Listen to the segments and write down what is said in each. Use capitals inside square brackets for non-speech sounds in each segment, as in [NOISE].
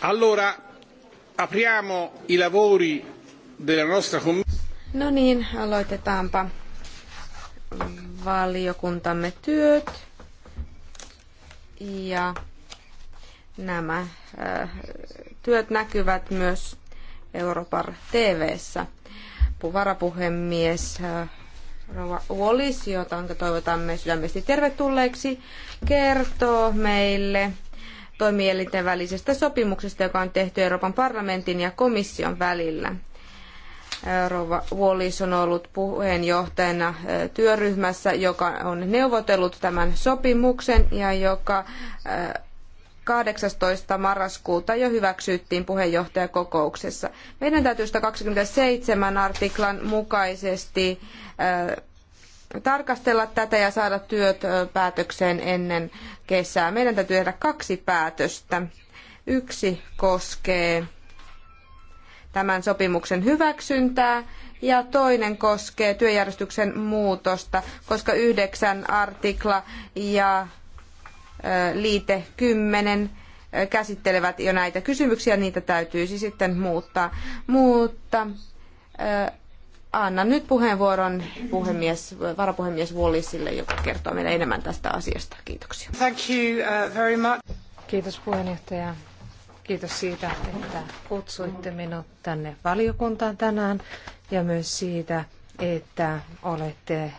Allora, apriamo i lavori della nostra No niin, aloitetaanpa valiokuntamme työt. Ja nämä äh, työt näkyvät myös Euroopan TV:ssä. Varapuhemies äh, Rova Wallis, jota toivotamme sydämesti tervetulleeksi, kertoo meille toimielinten välisestä sopimuksesta, joka on tehty Euroopan parlamentin ja komission välillä. Rova Wallis on ollut puheenjohtajana työryhmässä, joka on neuvotellut tämän sopimuksen ja joka 18. marraskuuta jo hyväksyttiin puheenjohtajakokouksessa. Meidän täytyy 27 artiklan mukaisesti äh, tarkastella tätä ja saada työt äh, päätökseen ennen kesää. Meidän täytyy tehdä kaksi päätöstä. Yksi koskee tämän sopimuksen hyväksyntää ja toinen koskee työjärjestyksen muutosta, koska yhdeksän artikla ja liite 10 käsittelevät jo näitä kysymyksiä, niitä täytyisi sitten muuttaa. Mutta annan nyt puheenvuoron puhemies, varapuhemies Wallisille, joka kertoo meille enemmän tästä asiasta. Kiitoksia. Thank you uh, very much. Kiitos puheenjohtaja. Kiitos siitä, että kutsuitte minut tänne valiokuntaan tänään ja myös siitä, että olette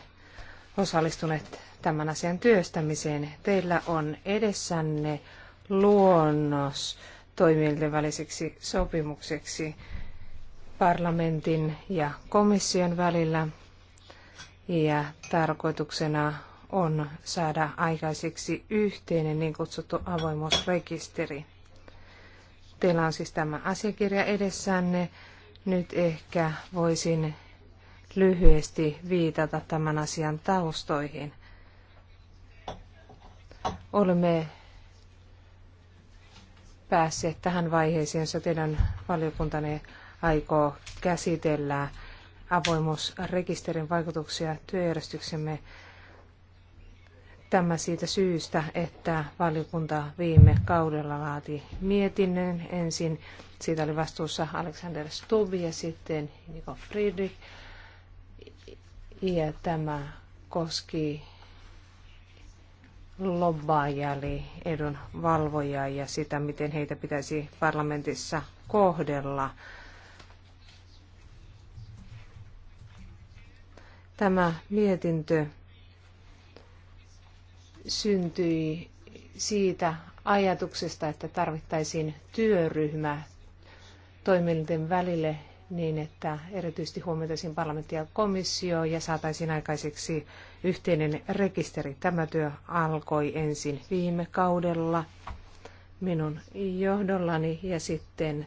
osallistuneet tämän asian työstämiseen. Teillä on edessänne luonnos toimijoiden väliseksi sopimukseksi parlamentin ja komission välillä. Ja tarkoituksena on saada aikaiseksi yhteinen niin kutsuttu avoimuusrekisteri. Teillä on siis tämä asiakirja edessänne. Nyt ehkä voisin lyhyesti viitata tämän asian taustoihin olemme päässeet tähän vaiheeseen, jossa teidän valiokuntanne aikoo käsitellä avoimuusrekisterin vaikutuksia työjärjestyksemme. Tämä siitä syystä, että valiokunta viime kaudella laati mietinnön. Ensin siitä oli vastuussa Alexander Stubb ja sitten Niko Friedrich. Ja tämä koski lobbaajia eli edunvalvojia ja sitä, miten heitä pitäisi parlamentissa kohdella. Tämä mietintö syntyi siitä ajatuksesta, että tarvittaisiin työryhmä toimielinten välille, niin, että erityisesti huomioitaisiin parlamentti ja komissio ja saataisiin aikaiseksi yhteinen rekisteri. Tämä työ alkoi ensin viime kaudella minun johdollani ja sitten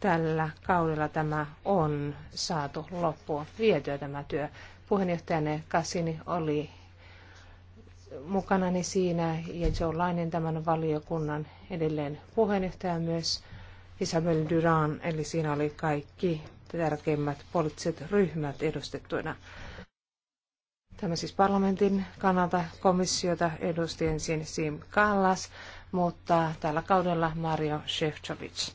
tällä kaudella tämä on saatu loppuun vietyä tämä työ. Puheenjohtajanne Kassini oli mukanani siinä ja Joe Lainen tämän valiokunnan edelleen puheenjohtaja myös Isabel Duran, eli siinä oli kaikki tärkeimmät poliittiset ryhmät edustettuina. Tämä siis parlamentin kannalta komissiota edusti ensin Sim Kallas, mutta tällä kaudella Mario Shevchovic.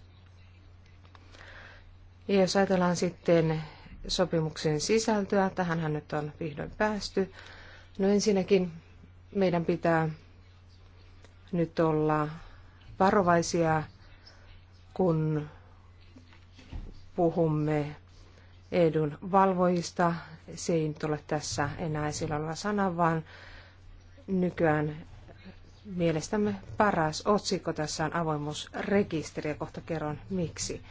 Ja jos ajatellaan sitten sopimuksen sisältöä, tähänhän nyt on vihdoin päästy. No ensinnäkin meidän pitää nyt olla varovaisia, kun puhumme edun valvojista. Se ei nyt ole tässä enää esillä oleva sana, vaan nykyään mielestämme paras otsikko tässä on avoimuusrekisteri ja kohta kerron miksi.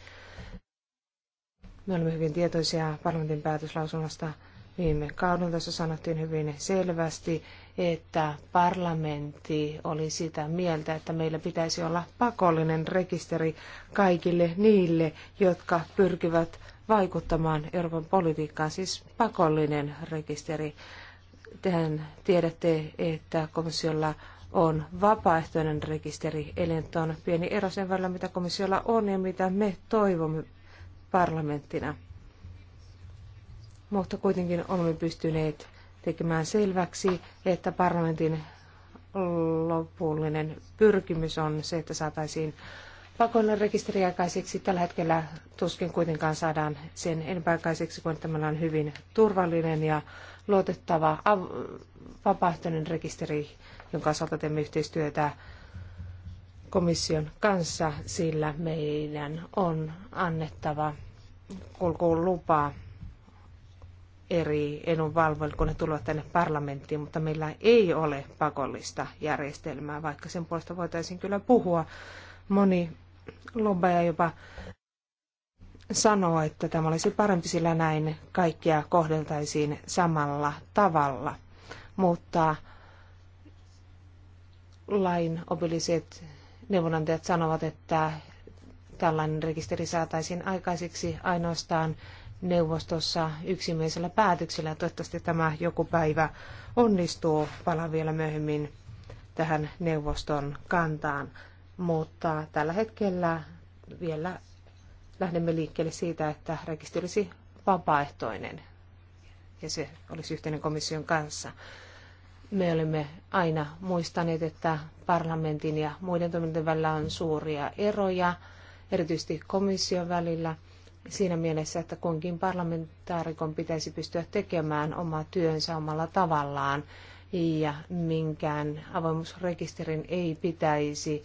Me olemme hyvin tietoisia parlamentin päätöslausunnasta viime kaudelta, jossa sanottiin hyvin selvästi, että parlamentti oli sitä mieltä, että meillä pitäisi olla pakollinen rekisteri kaikille niille, jotka pyrkivät vaikuttamaan Euroopan politiikkaan, siis pakollinen rekisteri. Tehän tiedätte, että komissiolla on vapaaehtoinen rekisteri, eli on pieni ero sen välillä, mitä komissiolla on ja mitä me toivomme parlamenttina. Mutta kuitenkin olemme pystyneet tekemään selväksi, että parlamentin lopullinen pyrkimys on se, että saataisiin pakollinen rekisteri aikaiseksi. Tällä hetkellä tuskin kuitenkaan saadaan sen enempää aikaiseksi, kun tämä on hyvin turvallinen ja luotettava vapaaehtoinen rekisteri, jonka osalta teemme yhteistyötä komission kanssa, sillä meidän on annettava kulkuun lupaa eri edunvalvojille, kun ne tulevat tänne parlamenttiin, mutta meillä ei ole pakollista järjestelmää, vaikka sen puolesta voitaisiin kyllä puhua. Moni lobbaja jopa sanoo, että tämä olisi parempi, sillä näin kaikkia kohdeltaisiin samalla tavalla. Mutta lain opilliset neuvonantajat sanovat, että tällainen rekisteri saataisiin aikaiseksi ainoastaan neuvostossa yksimielisellä päätöksellä. Toivottavasti tämä joku päivä onnistuu. Palaan vielä myöhemmin tähän neuvoston kantaan. Mutta tällä hetkellä vielä lähdemme liikkeelle siitä, että rekisteri vapaaehtoinen ja se olisi yhteinen komission kanssa. Me olemme aina muistaneet, että parlamentin ja muiden toimintojen välillä on suuria eroja, erityisesti komission välillä – siinä mielessä, että kunkin parlamentaarikon pitäisi pystyä tekemään oma työnsä omalla tavallaan ja minkään avoimuusrekisterin ei pitäisi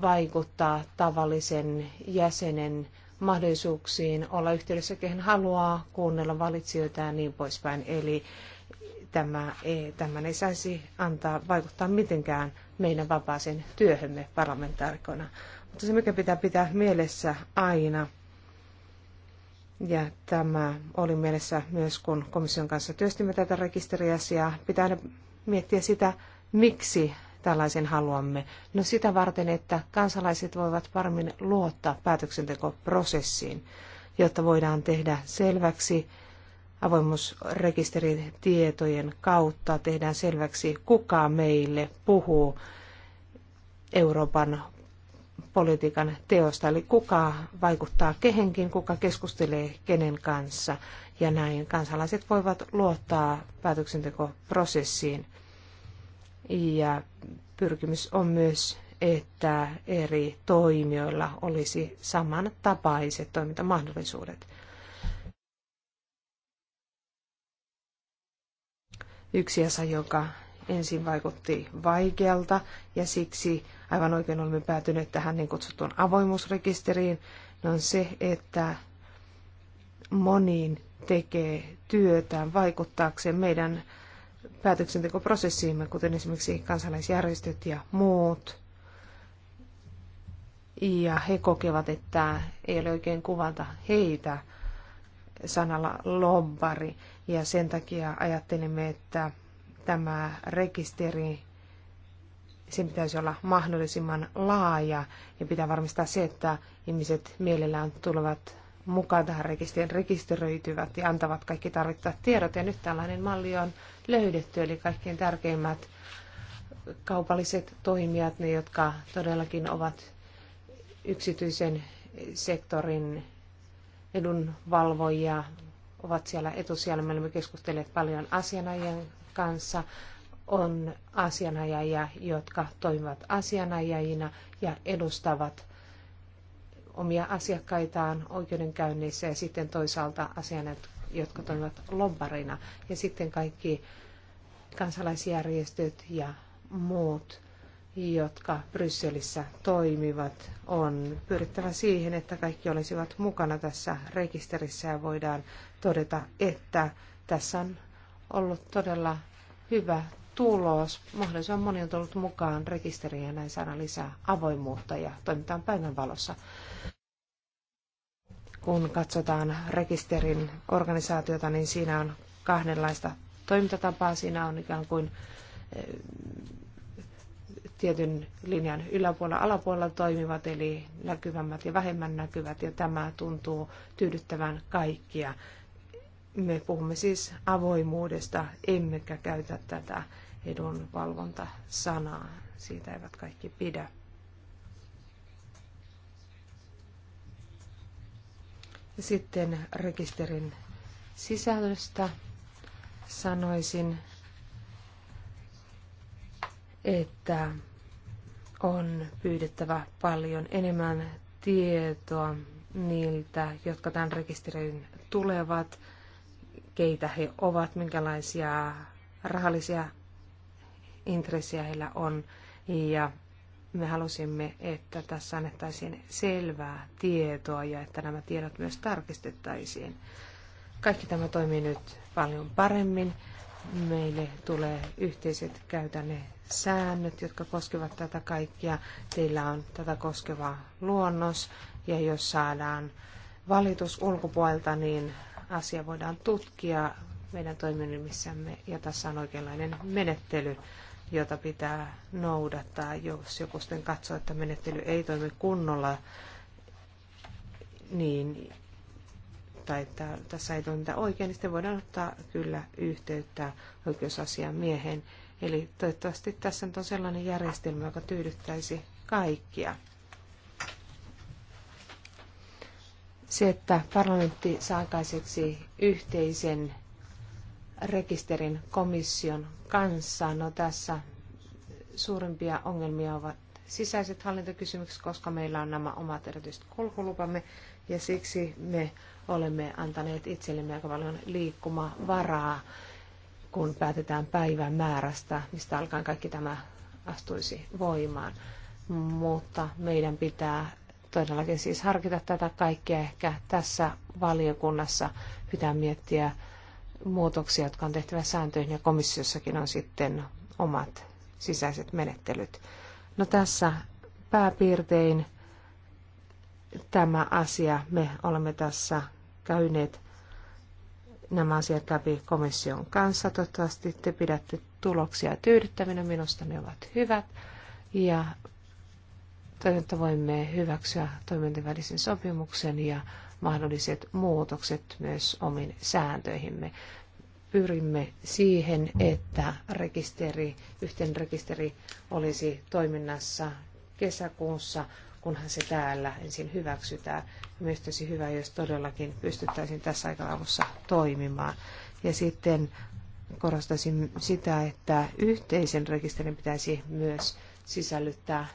vaikuttaa tavallisen jäsenen mahdollisuuksiin olla yhteydessä kehen haluaa, kuunnella valitsijoita ja niin poispäin. Eli tämä ei, tämän ei saisi antaa vaikuttaa mitenkään meidän vapaaseen työhömme parlamentaarikona. Mutta se, mikä pitää pitää mielessä aina, ja tämä oli mielessä myös, kun komission kanssa työstimme tätä rekisteriasiaa. Pitää aina miettiä sitä, miksi tällaisen haluamme. No sitä varten, että kansalaiset voivat paremmin luottaa päätöksentekoprosessiin, jotta voidaan tehdä selväksi avoimuusrekisteritietojen kautta, tehdään selväksi, kuka meille puhuu Euroopan politiikan teosta, eli kuka vaikuttaa kehenkin, kuka keskustelee kenen kanssa. Ja näin kansalaiset voivat luottaa päätöksentekoprosessiin. Ja pyrkimys on myös, että eri toimijoilla olisi samantapaiset toimintamahdollisuudet. Yksi asia, joka ensin vaikutti vaikealta ja siksi aivan oikein olemme päätyneet tähän niin kutsuttuun avoimuusrekisteriin, on se, että moniin tekee työtään vaikuttaakseen meidän päätöksentekoprosessiimme, kuten esimerkiksi kansalaisjärjestöt ja muut. Ja he kokevat, että ei ole oikein kuvata heitä sanalla lobbari. Ja sen takia ajattelimme, että tämä rekisteri sen pitäisi olla mahdollisimman laaja ja pitää varmistaa se, että ihmiset mielellään tulevat mukaan tähän rekisteriin, rekisteröityvät ja antavat kaikki tarvittavat tiedot. Ja nyt tällainen malli on löydetty, eli kaikkein tärkeimmät kaupalliset toimijat, ne jotka todellakin ovat yksityisen sektorin edunvalvojia, ovat siellä etusijalla. Me olemme keskustelleet paljon asianajien kanssa, on asianajajia, jotka toimivat asianajajina ja edustavat omia asiakkaitaan oikeudenkäynnissä ja sitten toisaalta asianajat, jotka toimivat lomparina ja sitten kaikki kansalaisjärjestöt ja muut, jotka Brysselissä toimivat, on pyrittävä siihen, että kaikki olisivat mukana tässä rekisterissä ja voidaan todeta, että tässä on ollut todella hyvä tulos. Mahdollisimman moni on tullut mukaan rekisteriin ja näin saadaan lisää avoimuutta ja toimitaan päivän valossa. Kun katsotaan rekisterin organisaatiota, niin siinä on kahdenlaista toimintatapaa. Siinä on ikään kuin eh, tietyn linjan yläpuolella alapuolella toimivat, eli näkyvämmät ja vähemmän näkyvät, ja tämä tuntuu tyydyttävän kaikkia. Me puhumme siis avoimuudesta, emmekä käytä tätä edunvalvonta-sanaa. Siitä eivät kaikki pidä. Ja sitten rekisterin sisällöstä sanoisin, että on pyydettävä paljon enemmän tietoa niiltä, jotka tämän rekisterin tulevat, keitä he ovat, minkälaisia rahallisia intressiä heillä on. Ja me halusimme, että tässä annettaisiin selvää tietoa ja että nämä tiedot myös tarkistettaisiin. Kaikki tämä toimii nyt paljon paremmin. Meille tulee yhteiset käytännön säännöt, jotka koskevat tätä kaikkia. Teillä on tätä koskeva luonnos ja jos saadaan valitus ulkopuolelta, niin asia voidaan tutkia meidän toiminnimissämme ja tässä on oikeanlainen menettely jota pitää noudattaa, jos joku sitten katsoo, että menettely ei toimi kunnolla, niin, tai että tässä ei toimita oikein, niin sitten voidaan ottaa kyllä yhteyttä oikeusasiamieheen. Eli toivottavasti tässä on sellainen järjestelmä, joka tyydyttäisi kaikkia. Se, että parlamentti saa aikaiseksi yhteisen rekisterin komission kanssa. No tässä suurimpia ongelmia ovat sisäiset hallintokysymykset, koska meillä on nämä omat erityiset kulkulupamme ja siksi me olemme antaneet itsellemme aika paljon liikkumavaraa, kun päätetään päivän määrästä, mistä alkaen kaikki tämä astuisi voimaan. Mutta meidän pitää todellakin siis harkita tätä kaikkea ehkä tässä valiokunnassa. Pitää miettiä muutoksia, jotka on tehtävä sääntöihin ja komissiossakin on sitten omat sisäiset menettelyt. No tässä pääpiirtein tämä asia. Me olemme tässä käyneet nämä asiat läpi komission kanssa. Toivottavasti te pidätte tuloksia tyydyttävinä. Minusta ne ovat hyvät. Ja toivon, että voimme hyväksyä toimintavälisen sopimuksen ja mahdolliset muutokset myös omiin sääntöihimme. Pyrimme siihen, että rekisteri, yhteen rekisteri olisi toiminnassa kesäkuussa, kunhan se täällä ensin hyväksytään. Myös tosi hyvä, jos todellakin pystyttäisiin tässä aikalaulussa toimimaan. Ja sitten korostaisin sitä, että yhteisen rekisterin pitäisi myös sisällyttää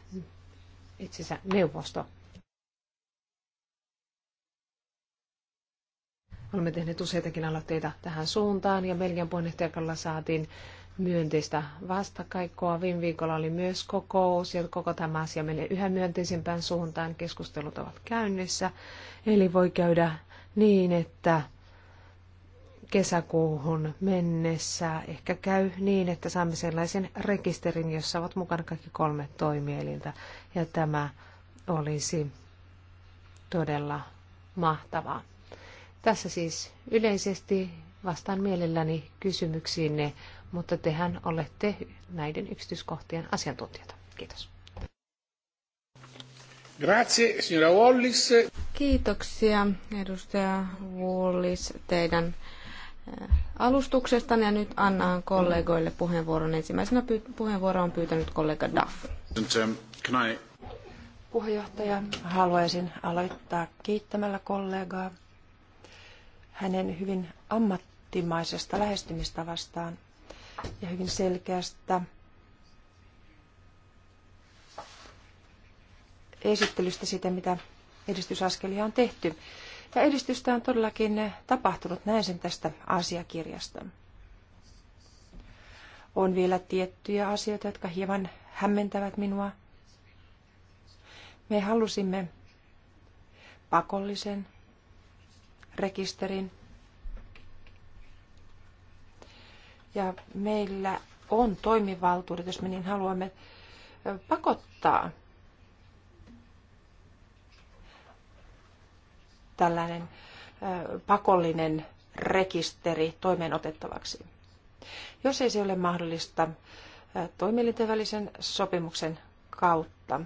itsensä neuvosto Olemme tehneet useitakin aloitteita tähän suuntaan ja Belgian puheenjohtajakalla saatiin myönteistä vastakaikkoa. Viime viikolla oli myös kokous ja koko tämä asia menee yhä myönteisempään suuntaan. Keskustelut ovat käynnissä. Eli voi käydä niin, että kesäkuuhun mennessä ehkä käy niin, että saamme sellaisen rekisterin, jossa ovat mukana kaikki kolme toimielintä. Ja tämä olisi todella mahtavaa. Tässä siis yleisesti vastaan mielelläni kysymyksiinne, mutta tehän olette näiden yksityiskohtien asiantuntijoita. Kiitos. Grazie, signora Wallis. Kiitoksia, edustaja Wallis, teidän eh, alustuksesta ja nyt annan kollegoille puheenvuoron. Ensimmäisenä py- puheenvuoro on pyytänyt kollega Duff. Um, Puheenjohtaja, haluaisin aloittaa kiittämällä kollegaa hänen hyvin ammattimaisesta lähestymistavastaan ja hyvin selkeästä esittelystä siitä, mitä edistysaskelia on tehty. Ja edistystä on todellakin tapahtunut, näin sen tästä asiakirjasta. On vielä tiettyjä asioita, jotka hieman hämmentävät minua. Me halusimme pakollisen rekisterin. Ja meillä on toimivaltuudet, jos me niin haluamme pakottaa tällainen pakollinen rekisteri otettavaksi. Jos ei se ole mahdollista toimielinten välisen sopimuksen kautta,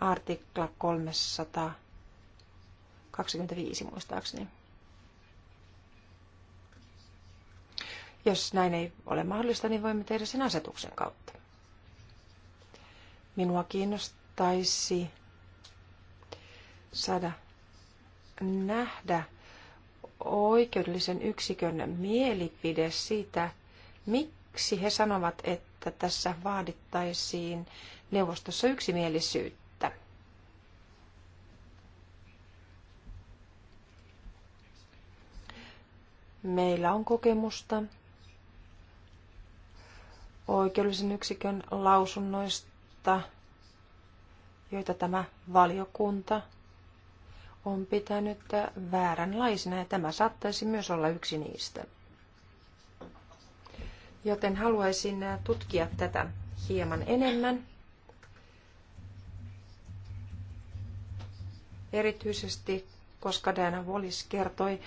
artikla 325 muistaakseni. Jos näin ei ole mahdollista, niin voimme tehdä sen asetuksen kautta. Minua kiinnostaisi saada nähdä oikeudellisen yksikön mielipide siitä, miksi he sanovat, että tässä vaadittaisiin neuvostossa yksimielisyyttä. Meillä on kokemusta oikeudellisen yksikön lausunnoista, joita tämä valiokunta on pitänyt vääränlaisina, ja tämä saattaisi myös olla yksi niistä. Joten haluaisin tutkia tätä hieman enemmän. Erityisesti, koska Diana Wallis kertoi,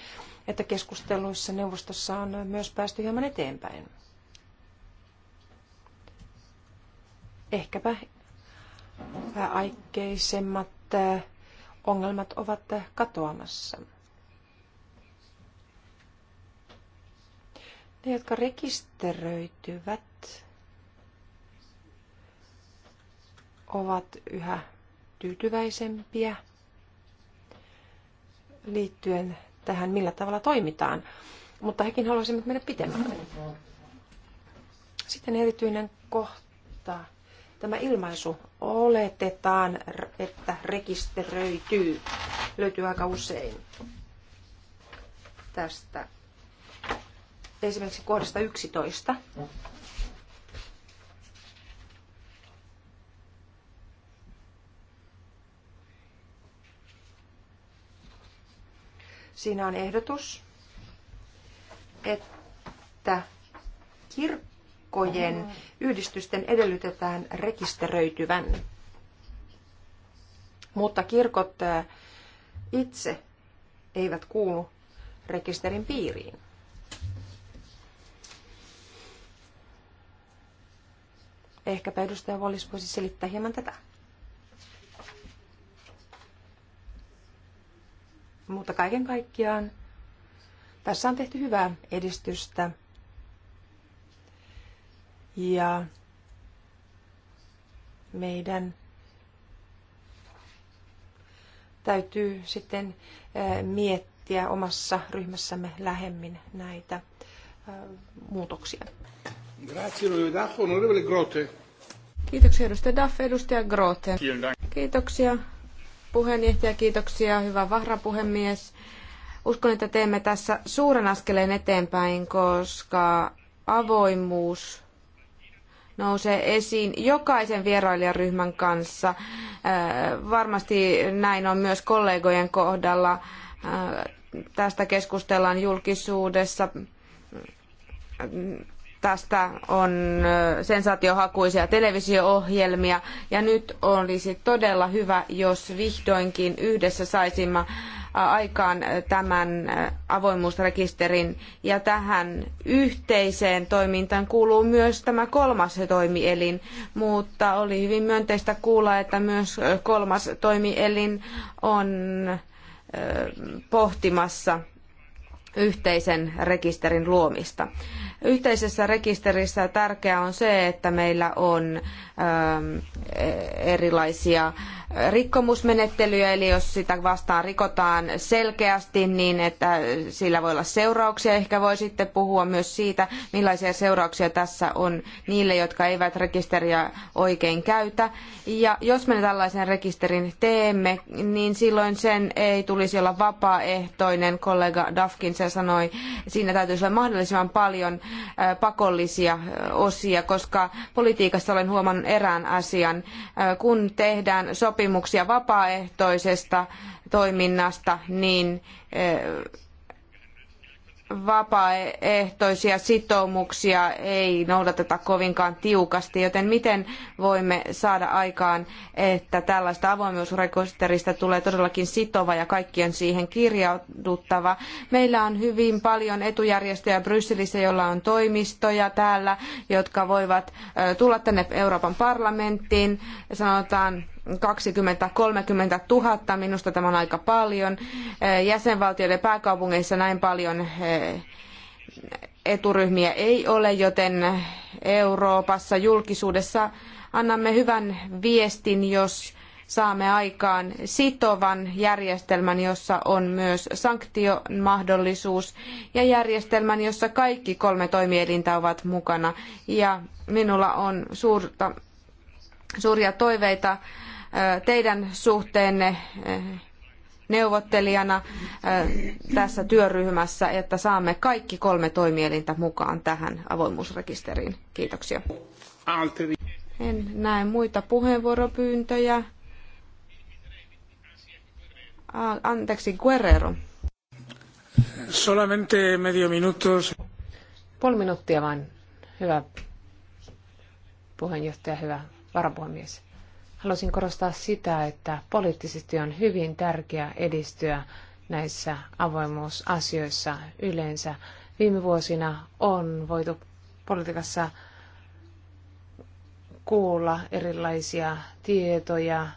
että keskusteluissa neuvostossa on myös päästy hieman eteenpäin. ehkäpä aikeisemmat äh, ongelmat ovat katoamassa. Ne, jotka rekisteröityvät, ovat yhä tyytyväisempiä liittyen tähän, millä tavalla toimitaan. Mutta hekin haluaisivat mennä pitemmälle. Sitten erityinen kohta Tämä ilmaisu oletetaan, että rekisteröityy, löytyy aika usein tästä. Esimerkiksi kohdasta 11. Siinä on ehdotus, että kirkko kirkkojen yhdistysten edellytetään rekisteröityvän. Mutta kirkot itse eivät kuulu rekisterin piiriin. Ehkäpä edustaja Wallis voisi selittää hieman tätä. Mutta kaiken kaikkiaan tässä on tehty hyvää edistystä ja meidän täytyy sitten miettiä omassa ryhmässämme lähemmin näitä muutoksia. Kiitoksia edustaja Daff, edustaja Grote. Kiitoksia puheenjohtaja, kiitoksia hyvä varapuhemies. Uskon, että teemme tässä suuren askeleen eteenpäin, koska avoimuus nousee esiin jokaisen vierailijaryhmän kanssa. Äh, varmasti näin on myös kollegojen kohdalla. Äh, tästä keskustellaan julkisuudessa. Tästä on äh, sensaatiohakuisia televisio-ohjelmia ja nyt olisi todella hyvä, jos vihdoinkin yhdessä saisimme aikaan tämän avoimuusrekisterin. Ja tähän yhteiseen toimintaan kuuluu myös tämä kolmas toimielin, mutta oli hyvin myönteistä kuulla, että myös kolmas toimielin on pohtimassa yhteisen rekisterin luomista. Yhteisessä rekisterissä tärkeää on se, että meillä on ähm, erilaisia rikkomusmenettelyjä, eli jos sitä vastaan rikotaan selkeästi, niin että sillä voi olla seurauksia. Ehkä voi sitten puhua myös siitä, millaisia seurauksia tässä on niille, jotka eivät rekisteriä oikein käytä. Ja jos me tällaisen rekisterin teemme, niin silloin sen ei tulisi olla vapaaehtoinen. Kollega Dafkin se sanoi, siinä täytyisi olla mahdollisimman paljon pakollisia osia, koska politiikassa olen huomannut erään asian. Kun tehdään sopimuksia vapaaehtoisesta toiminnasta, niin vapaaehtoisia sitoumuksia ei noudateta kovinkaan tiukasti, joten miten voimme saada aikaan, että tällaista avoimuusrekisteristä tulee todellakin sitova ja kaikkien siihen kirjauduttava. Meillä on hyvin paljon etujärjestöjä Brysselissä, joilla on toimistoja täällä, jotka voivat tulla tänne Euroopan parlamenttiin. Sanotaan 20 30 000, minusta tämä on aika paljon. Eh, jäsenvaltioiden pääkaupungeissa näin paljon eh, eturyhmiä ei ole, joten Euroopassa julkisuudessa annamme hyvän viestin, jos saamme aikaan sitovan järjestelmän, jossa on myös sanktiomahdollisuus ja järjestelmän, jossa kaikki kolme toimielintä ovat mukana. Ja minulla on suurta, suuria toiveita teidän suhteenne neuvottelijana tässä työryhmässä, että saamme kaikki kolme toimielintä mukaan tähän avoimuusrekisteriin. Kiitoksia. En näe muita puheenvuoropyyntöjä. Anteeksi, Guerrero. Solamente medio minutos. Puoli minuuttia vain. Hyvä puheenjohtaja, hyvä varapuhemies. Haluaisin korostaa sitä, että poliittisesti on hyvin tärkeää edistyä näissä avoimuusasioissa yleensä. Viime vuosina on voitu politiikassa kuulla erilaisia tietoja,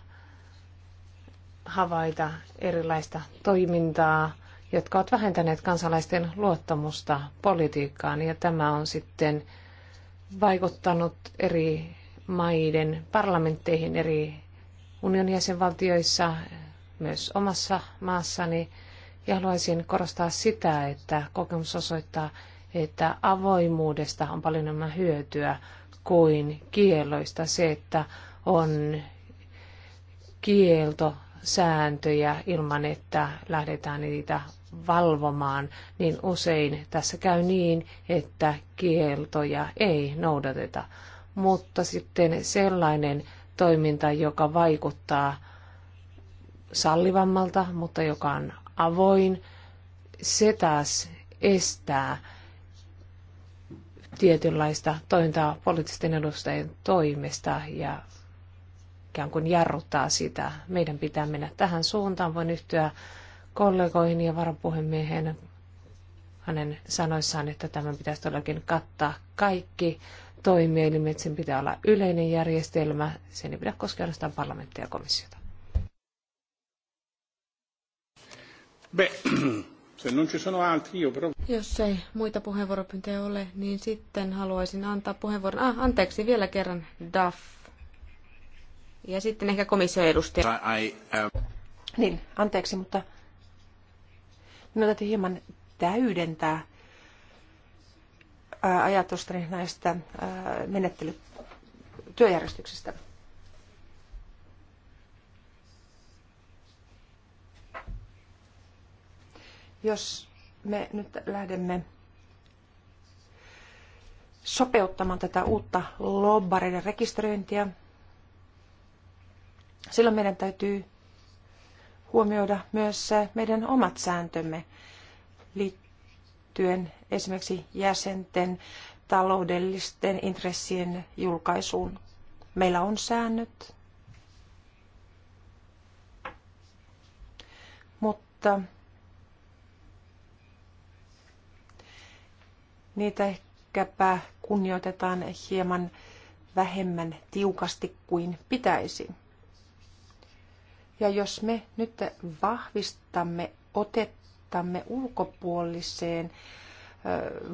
havaita erilaista toimintaa, jotka ovat vähentäneet kansalaisten luottamusta politiikkaan. Ja tämä on sitten vaikuttanut eri maiden parlamentteihin eri unionin jäsenvaltioissa, myös omassa maassani. Ja haluaisin korostaa sitä, että kokemus osoittaa, että avoimuudesta on paljon enemmän hyötyä kuin kielloista. Se, että on kielto sääntöjä ilman, että lähdetään niitä valvomaan, niin usein tässä käy niin, että kieltoja ei noudateta mutta sitten sellainen toiminta, joka vaikuttaa sallivammalta, mutta joka on avoin, se taas estää tietynlaista toimintaa poliittisten edustajien toimesta ja ikään kuin jarruttaa sitä. Meidän pitää mennä tähän suuntaan. Voin yhtyä kollegoihin ja varapuhemiehen hänen sanoissaan, että tämän pitäisi todellakin kattaa kaikki toimielimet, sen pitää olla yleinen järjestelmä, sen ei pidä koskea ainoastaan parlamenttia ja komissiota. [CLEARS THROAT] Jos ei muita puheenvuoropyyntöjä ole, niin sitten haluaisin antaa puheenvuoron. Ah, anteeksi, vielä kerran DAF. Ja sitten ehkä komission edustaja. Um- niin, anteeksi, mutta minun täytyy hieman täydentää ajatustani näistä menettelytyöjärjestyksistä. Jos me nyt lähdemme sopeuttamaan tätä uutta lobbareiden rekisteröintiä, silloin meidän täytyy huomioida myös meidän omat sääntömme liittyen liittyen esimerkiksi jäsenten taloudellisten intressien julkaisuun. Meillä on säännöt, mutta niitä ehkäpä kunnioitetaan hieman vähemmän tiukasti kuin pitäisi. Ja jos me nyt vahvistamme otetta, luotamme ulkopuoliseen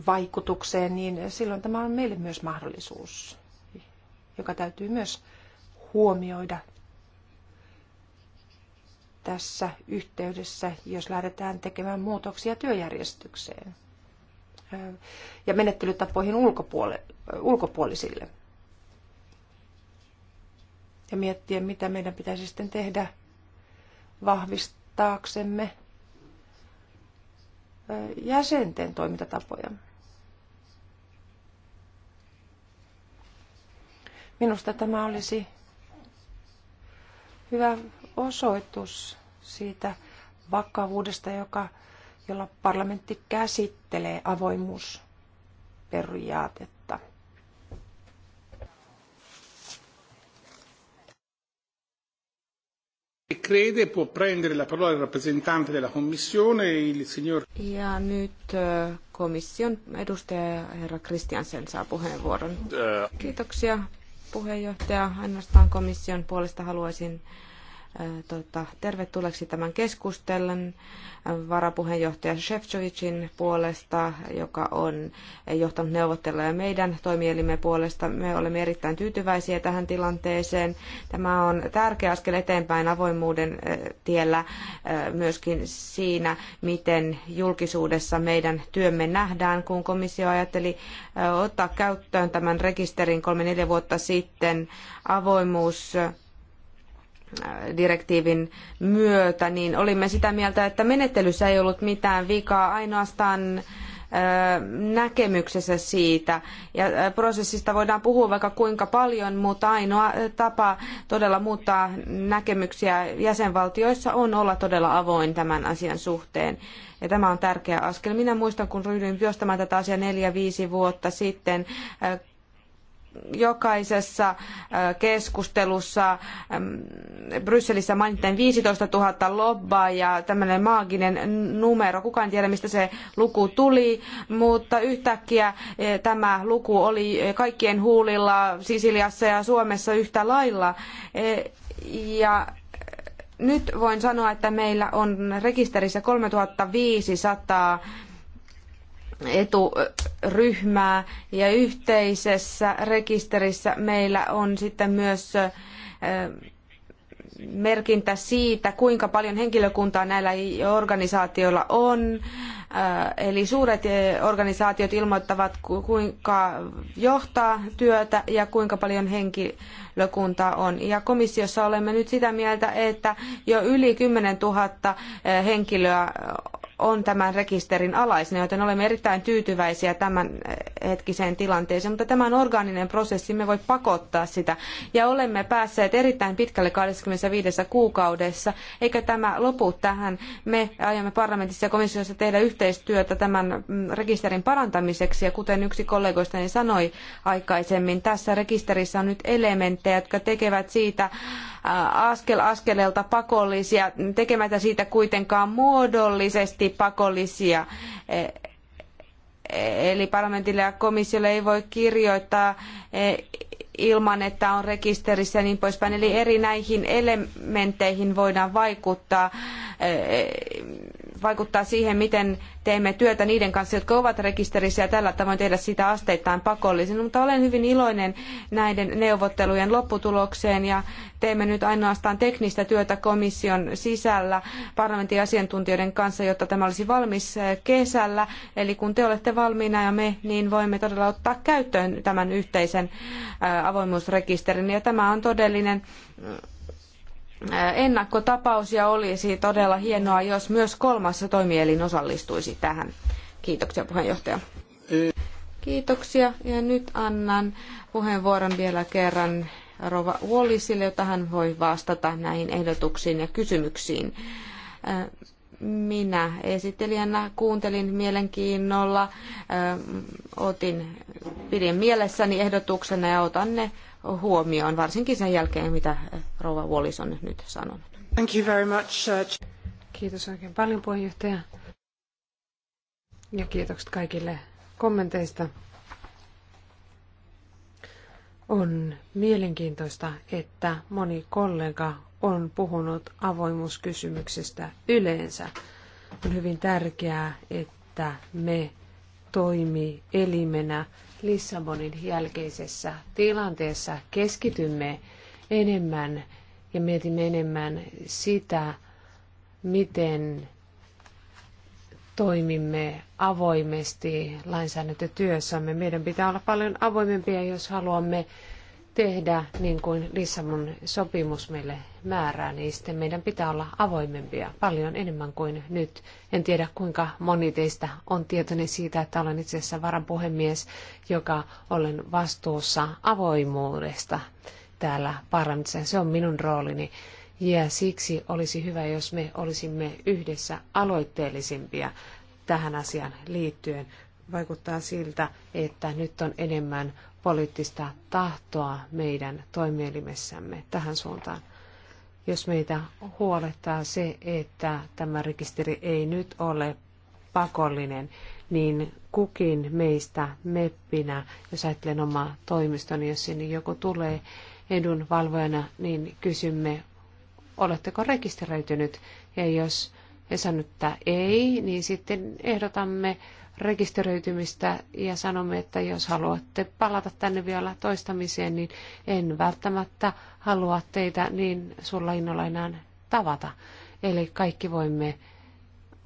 vaikutukseen, niin silloin tämä on meille myös mahdollisuus, joka täytyy myös huomioida tässä yhteydessä, jos lähdetään tekemään muutoksia työjärjestykseen ja menettelytapoihin ulkopuolisille. Ja miettiä, mitä meidän pitäisi sitten tehdä vahvistaaksemme jäsenten toimintatapoja. Minusta tämä olisi hyvä osoitus siitä vakavuudesta, joka, jolla parlamentti käsittelee avoimuusperiaatetta. Crede può prendere la parola il rappresentante della Commissione, il signor... Ja nyt eh, komission edustaja herra Kristiansen saa puheenvuoron. Äh. Kiitoksia puheenjohtaja. Ainoastaan komission puolesta haluaisin tota, tervetulleeksi tämän keskustelun varapuheenjohtaja Shevchovicin puolesta, joka on johtanut neuvotteluja meidän toimielimme puolesta. Me olemme erittäin tyytyväisiä tähän tilanteeseen. Tämä on tärkeä askel eteenpäin avoimuuden tiellä myöskin siinä, miten julkisuudessa meidän työmme nähdään, kun komissio ajatteli ottaa käyttöön tämän rekisterin kolme neljä vuotta sitten avoimuus direktiivin myötä, niin olimme sitä mieltä, että menettelyssä ei ollut mitään vikaa, ainoastaan näkemyksessä siitä. Ja prosessista voidaan puhua vaikka kuinka paljon, mutta ainoa tapa todella muuttaa näkemyksiä jäsenvaltioissa on olla todella avoin tämän asian suhteen. Ja tämä on tärkeä askel. Minä muistan, kun ryhdyin työstämään tätä asiaa neljä, viisi vuotta sitten, jokaisessa äh, keskustelussa Brysselissä mainittiin 15 000 lobbaa ja tämmöinen maaginen numero. Kukaan ei tiedä, mistä se luku tuli, mutta yhtäkkiä äh, tämä luku oli kaikkien huulilla Sisiliassa ja Suomessa yhtä lailla. Äh, ja nyt voin sanoa, että meillä on rekisterissä 3500 eturyhmää ja yhteisessä rekisterissä meillä on sitten myös merkintä siitä, kuinka paljon henkilökuntaa näillä organisaatioilla on. Eli suuret organisaatiot ilmoittavat, kuinka johtaa työtä ja kuinka paljon henkilökuntaa on. Ja komissiossa olemme nyt sitä mieltä, että jo yli 10 000 henkilöä on tämän rekisterin alaisena, joten olemme erittäin tyytyväisiä tämän hetkiseen tilanteeseen, mutta tämä on orgaaninen prosessi, me voi pakottaa sitä. Ja olemme päässeet erittäin pitkälle 25 kuukaudessa, eikä tämä lopu tähän. Me aiomme parlamentissa ja komissiossa tehdä yhteistyötä tämän rekisterin parantamiseksi, ja kuten yksi kollegoistani sanoi aikaisemmin, tässä rekisterissä on nyt elementtejä, jotka tekevät siitä Äh, askel askeleelta pakollisia, tekemättä siitä kuitenkaan muodollisesti pakollisia. E, eli parlamentille ja komissiolle ei voi kirjoittaa e, ilman, että on rekisterissä ja niin poispäin. Eli eri näihin elementteihin voidaan vaikuttaa e, vaikuttaa siihen, miten teemme työtä niiden kanssa, jotka ovat rekisterissä ja tällä tavoin tehdä sitä asteittain pakollisen. Mutta olen hyvin iloinen näiden neuvottelujen lopputulokseen ja teemme nyt ainoastaan teknistä työtä komission sisällä parlamentin asiantuntijoiden kanssa, jotta tämä olisi valmis eh, kesällä. Eli kun te olette valmiina ja me, niin voimme todella ottaa käyttöön tämän yhteisen eh, avoimuusrekisterin. Ja tämä on todellinen eh, Äh, ennakkotapaus ja olisi todella hienoa, jos myös kolmas toimielin osallistuisi tähän. Kiitoksia puheenjohtaja. Kiitoksia ja nyt annan puheenvuoron vielä kerran Rova Wallisille, jota hän voi vastata näihin ehdotuksiin ja kysymyksiin. Äh, minä esittelijänä kuuntelin mielenkiinnolla, äh, otin, pidin mielessäni ehdotuksena ja otan ne huomioon, varsinkin sen jälkeen, mitä rouva Wallis on nyt sanonut. Thank you very much. Uh, Kiitos oikein paljon puheenjohtaja. Ja kiitokset kaikille kommenteista. On mielenkiintoista, että moni kollega on puhunut avoimuuskysymyksistä yleensä. On hyvin tärkeää, että me toimielimenä elimenä Lissabonin jälkeisessä tilanteessa keskitymme enemmän ja mietimme enemmän sitä, miten toimimme avoimesti lainsäädäntötyössämme. Meidän pitää olla paljon avoimempia, jos haluamme tehdä niin kuin Lissabon sopimus meille määrää, niin sitten meidän pitää olla avoimempia paljon enemmän kuin nyt. En tiedä kuinka moni teistä on tietoinen siitä, että olen itse asiassa varapuhemies, joka olen vastuussa avoimuudesta täällä parlamentissa. Se on minun roolini. Ja siksi olisi hyvä, jos me olisimme yhdessä aloitteellisimpia tähän asiaan liittyen. Vaikuttaa siltä, että nyt on enemmän poliittista tahtoa meidän toimielimessämme tähän suuntaan. Jos meitä huolettaa se, että tämä rekisteri ei nyt ole pakollinen, niin kukin meistä meppinä, jos ajattelen omaa toimistoni, jos sinne joku tulee edunvalvojana, niin kysymme, oletteko rekisteröitynyt? Ja jos he sanoo, että ei, niin sitten ehdotamme rekisteröitymistä ja sanomme, että jos haluatte palata tänne vielä toistamiseen, niin en välttämättä halua teitä niin sulla innolla enää tavata. Eli kaikki voimme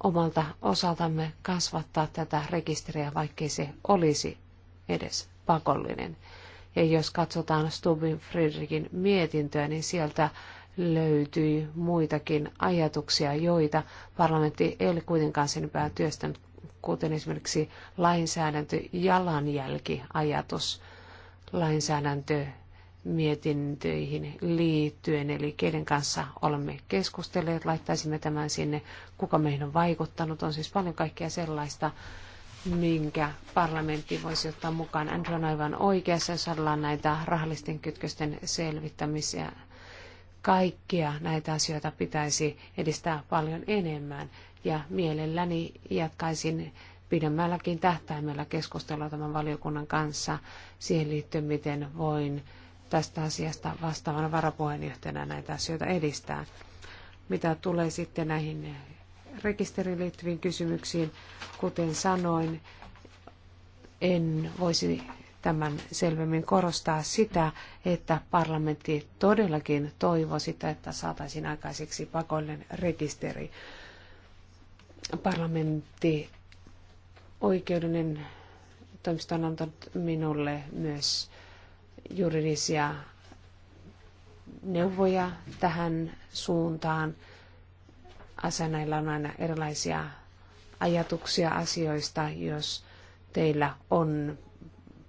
omalta osaltamme kasvattaa tätä rekisteriä, vaikkei se olisi edes pakollinen. Ja jos katsotaan Stubin Friedrichin mietintöä, niin sieltä löytyi muitakin ajatuksia, joita parlamentti ei ole kuitenkaan sen päätyöstänyt kuten esimerkiksi lainsäädäntö ajatus, lainsäädäntö mietintöihin liittyen, eli keiden kanssa olemme keskustelleet, laittaisimme tämän sinne, kuka meihin on vaikuttanut. On siis paljon kaikkea sellaista, minkä parlamentti voisi ottaa mukaan. Andrew on aivan oikeassa, jos ollaan näitä rahallisten kytkösten selvittämisiä. Kaikkia näitä asioita pitäisi edistää paljon enemmän ja mielelläni jatkaisin pidemmälläkin tähtäimellä keskustelua tämän valiokunnan kanssa siihen liittyen, miten voin tästä asiasta vastaavana varapuheenjohtajana näitä asioita edistää. Mitä tulee sitten näihin rekisteriin liittyviin kysymyksiin, kuten sanoin, en voisi tämän selvemmin korostaa sitä, että parlamentti todellakin toivoi sitä, että saataisiin aikaiseksi pakollinen rekisteri parlamentti oikeudellinen toimisto on antanut minulle myös juridisia neuvoja tähän suuntaan. Asenailla on aina erilaisia ajatuksia asioista. Jos teillä on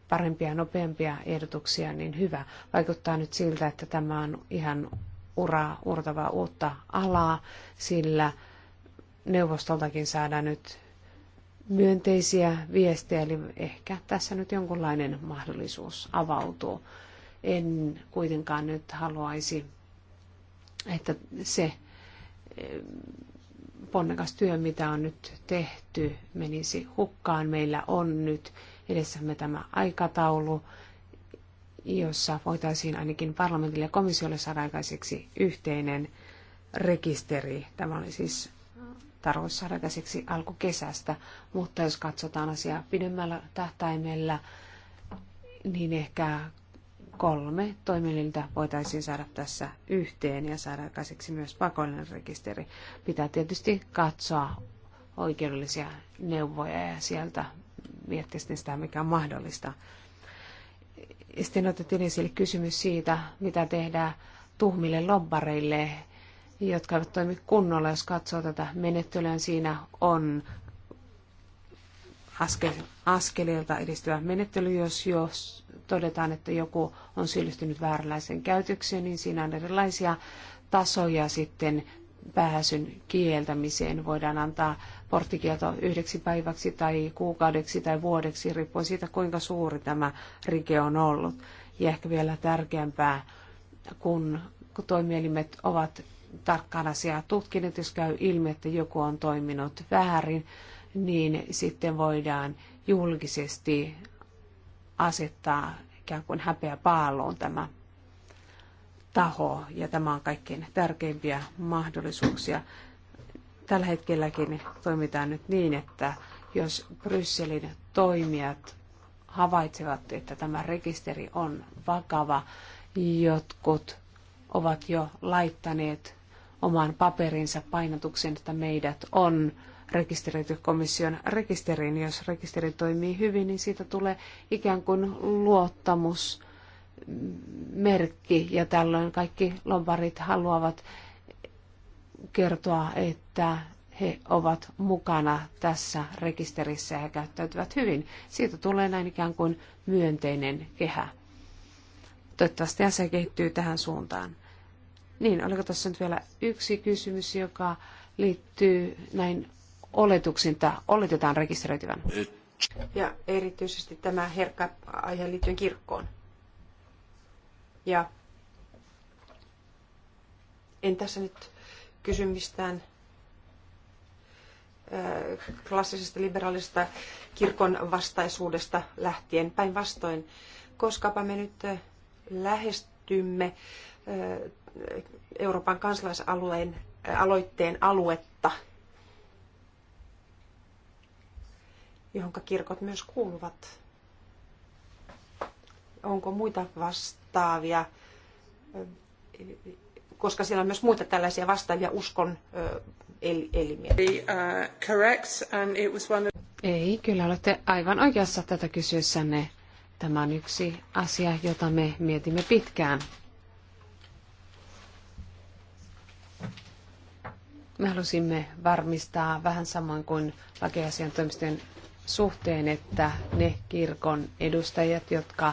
parempia, nopeampia ehdotuksia, niin hyvä. Vaikuttaa nyt siltä, että tämä on ihan uraa, urtavaa uutta alaa, sillä neuvostoltakin saada nyt myönteisiä viestejä, eli ehkä tässä nyt jonkunlainen mahdollisuus avautuu. En kuitenkaan nyt haluaisi, että se eh, ponnekas työ, mitä on nyt tehty, menisi hukkaan. Meillä on nyt edessämme tämä aikataulu, jossa voitaisiin ainakin parlamentille ja komissiolle saada aikaiseksi yhteinen rekisteri. Tämä oli siis tarkoitus saada käsiksi alkukesästä, mutta jos katsotaan asiaa pidemmällä tähtäimellä, niin ehkä kolme toimielintä voitaisiin saada tässä yhteen ja saada käsiksi myös pakollinen rekisteri. Pitää tietysti katsoa oikeudellisia neuvoja ja sieltä miettiä sitten sitä, mikä on mahdollista. Sitten otettiin esille kysymys siitä, mitä tehdään tuhmille lobbareille, jotka eivät toimi kunnolla. Jos katsoo tätä menettelyä, niin siinä on askel, askelilta edistyvä menettely, jos, jos todetaan, että joku on syyllistynyt vääränlaiseen käytökseen, niin siinä on erilaisia tasoja sitten pääsyn kieltämiseen. Voidaan antaa porttikielto yhdeksi päiväksi tai kuukaudeksi tai vuodeksi, riippuen siitä, kuinka suuri tämä rike on ollut. Ja ehkä vielä tärkeämpää, kun toimielimet ovat tarkkaan asiaa tutkinut, jos käy ilmi, että joku on toiminut väärin, niin sitten voidaan julkisesti asettaa ikään kuin häpeä paalloon tämä taho, ja tämä on kaikkein tärkeimpiä mahdollisuuksia. Tällä hetkelläkin toimitaan nyt niin, että jos Brysselin toimijat havaitsevat, että tämä rekisteri on vakava, jotkut ovat jo laittaneet oman paperinsa painotuksen, että meidät on rekisteröity komission rekisteriin. Jos rekisteri toimii hyvin, niin siitä tulee ikään kuin luottamusmerkki ja tällöin kaikki lomparit haluavat kertoa, että he ovat mukana tässä rekisterissä ja käyttäytyvät hyvin. Siitä tulee näin ikään kuin myönteinen kehä. Toivottavasti asia kehittyy tähän suuntaan. Niin, oliko tässä nyt vielä yksi kysymys, joka liittyy näin oletuksiin, että oletetaan rekisteröityvän? Ja erityisesti tämä herkkä aihe liittyen kirkkoon. Ja en tässä nyt kysy mistään klassisesta liberaalista kirkon vastaisuudesta lähtien päinvastoin, koskapa me nyt lähestymme Euroopan kansalaisalueen äh, aloitteen aluetta, johon kirkot myös kuuluvat. Onko muita vastaavia, äh, koska siellä on myös muita tällaisia vastaavia uskon elimiä? Uh, Ei, kyllä olette aivan oikeassa tätä kysyessänne. Tämä on yksi asia, jota me mietimme pitkään. Me halusimme varmistaa vähän samoin kuin lakiasiantoimistojen suhteen, että ne kirkon edustajat, jotka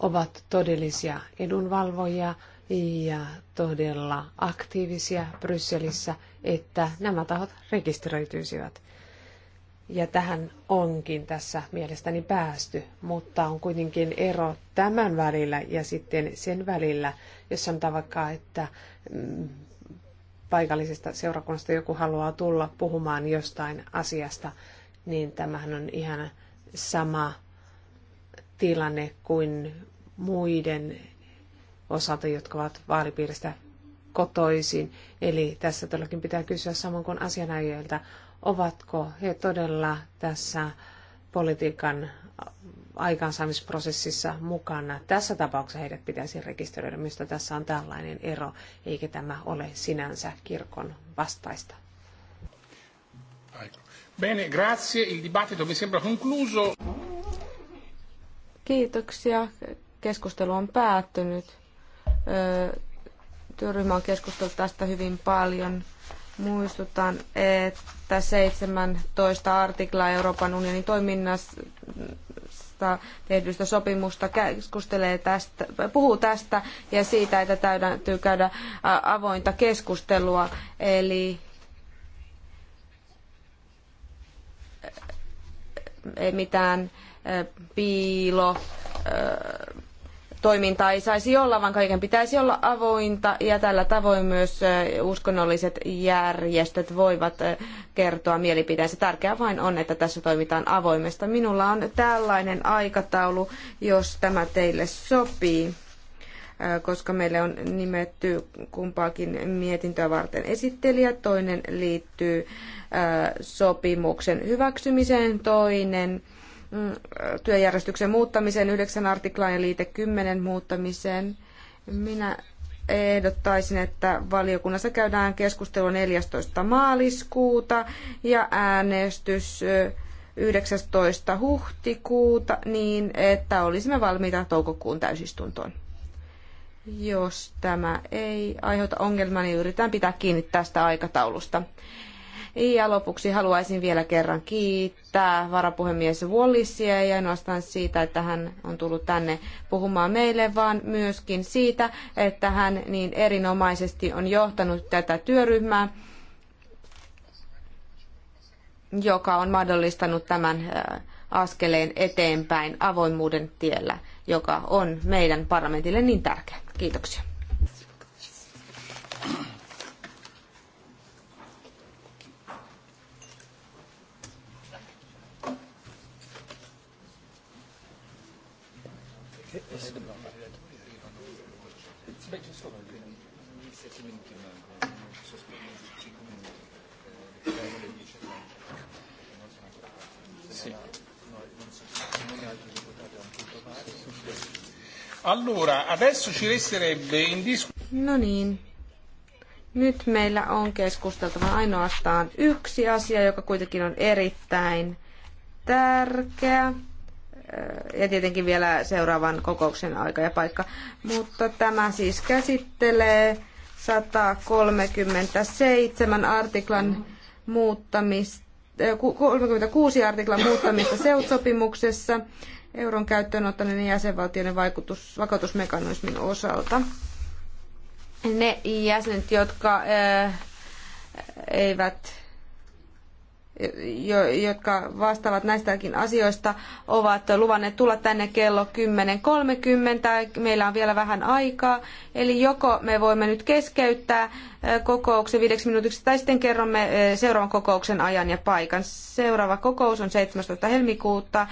ovat todellisia edunvalvojia ja todella aktiivisia Brysselissä, että nämä tahot rekisteröityisivät. Ja tähän onkin tässä mielestäni päästy, mutta on kuitenkin ero tämän välillä ja sitten sen välillä, jos sanotaan vaikka, että mm, paikallisesta seurakunnasta joku haluaa tulla puhumaan jostain asiasta, niin tämähän on ihan sama tilanne kuin muiden osalta, jotka ovat vaalipiiristä kotoisin. Eli tässä todellakin pitää kysyä samoin kuin asianajoilta, ovatko he todella tässä politiikan aikaansaamisprosessissa mukana. Tässä tapauksessa heidät pitäisi rekisteröidä, mistä tässä on tällainen ero, eikä tämä ole sinänsä kirkon vastaista. Bene, grazie. Il dibattito mi sembra concluso. Kiitoksia. Keskustelu on päättynyt. Työryhmä on keskustellut tästä hyvin paljon. Muistutan, että 17 artiklaa Euroopan unionin toiminnassa uudesta tehdystä sopimusta, keskustelee tästä, puhuu tästä ja siitä, että täytyy käydä avointa keskustelua. Eli ei mitään piilo toimintaa ei saisi olla, vaan kaiken pitäisi olla avointa ja tällä tavoin myös uskonnolliset järjestöt voivat kertoa mielipiteensä. Tärkeää vain on, että tässä toimitaan avoimesta. Minulla on tällainen aikataulu, jos tämä teille sopii koska meille on nimetty kumpaakin mietintöä varten esittelijä. Toinen liittyy sopimuksen hyväksymiseen, toinen Mm, työjärjestyksen muuttamiseen, yhdeksän artiklaan ja liite kymmenen muuttamiseen. Minä ehdottaisin, että valiokunnassa käydään keskustelu 14. maaliskuuta ja äänestys 19. huhtikuuta niin, että olisimme valmiita toukokuun täysistuntoon. Jos tämä ei aiheuta ongelmaa, niin yritetään pitää kiinni tästä aikataulusta. Ja lopuksi haluaisin vielä kerran kiittää varapuhemies Wallisia ei ainoastaan siitä, että hän on tullut tänne puhumaan meille, vaan myöskin siitä, että hän niin erinomaisesti on johtanut tätä työryhmää joka on mahdollistanut tämän äh, askeleen eteenpäin avoimuuden tiellä, joka on meidän parlamentille niin tärkeä. Kiitoksia. Allora, adesso ci resterebbe in No niin. Nyt meillä on keskusteltava ainoastaan yksi asia, joka kuitenkin on erittäin tärkeä. Äh, ja tietenkin vielä seuraavan kokouksen aika ja paikka. Mutta tämä siis käsittelee 137 artiklan muuttamista, 36 äh, artiklan muuttamista seutsopimuksessa euron käyttöön ottaneiden jäsenvaltioiden vaikutus, vakautusmekanismin osalta. Ne jäsenet, jotka ää, eh, eivät jo, jotka vastaavat näistäkin asioista, ovat luvanneet tulla tänne kello 10.30. Meillä on vielä vähän aikaa, eli joko me voimme nyt keskeyttää eh, kokouksen viideksi minuutiksi, tai sitten kerromme eh, seuraavan kokouksen ajan ja paikan. Seuraava kokous on 17. helmikuuta.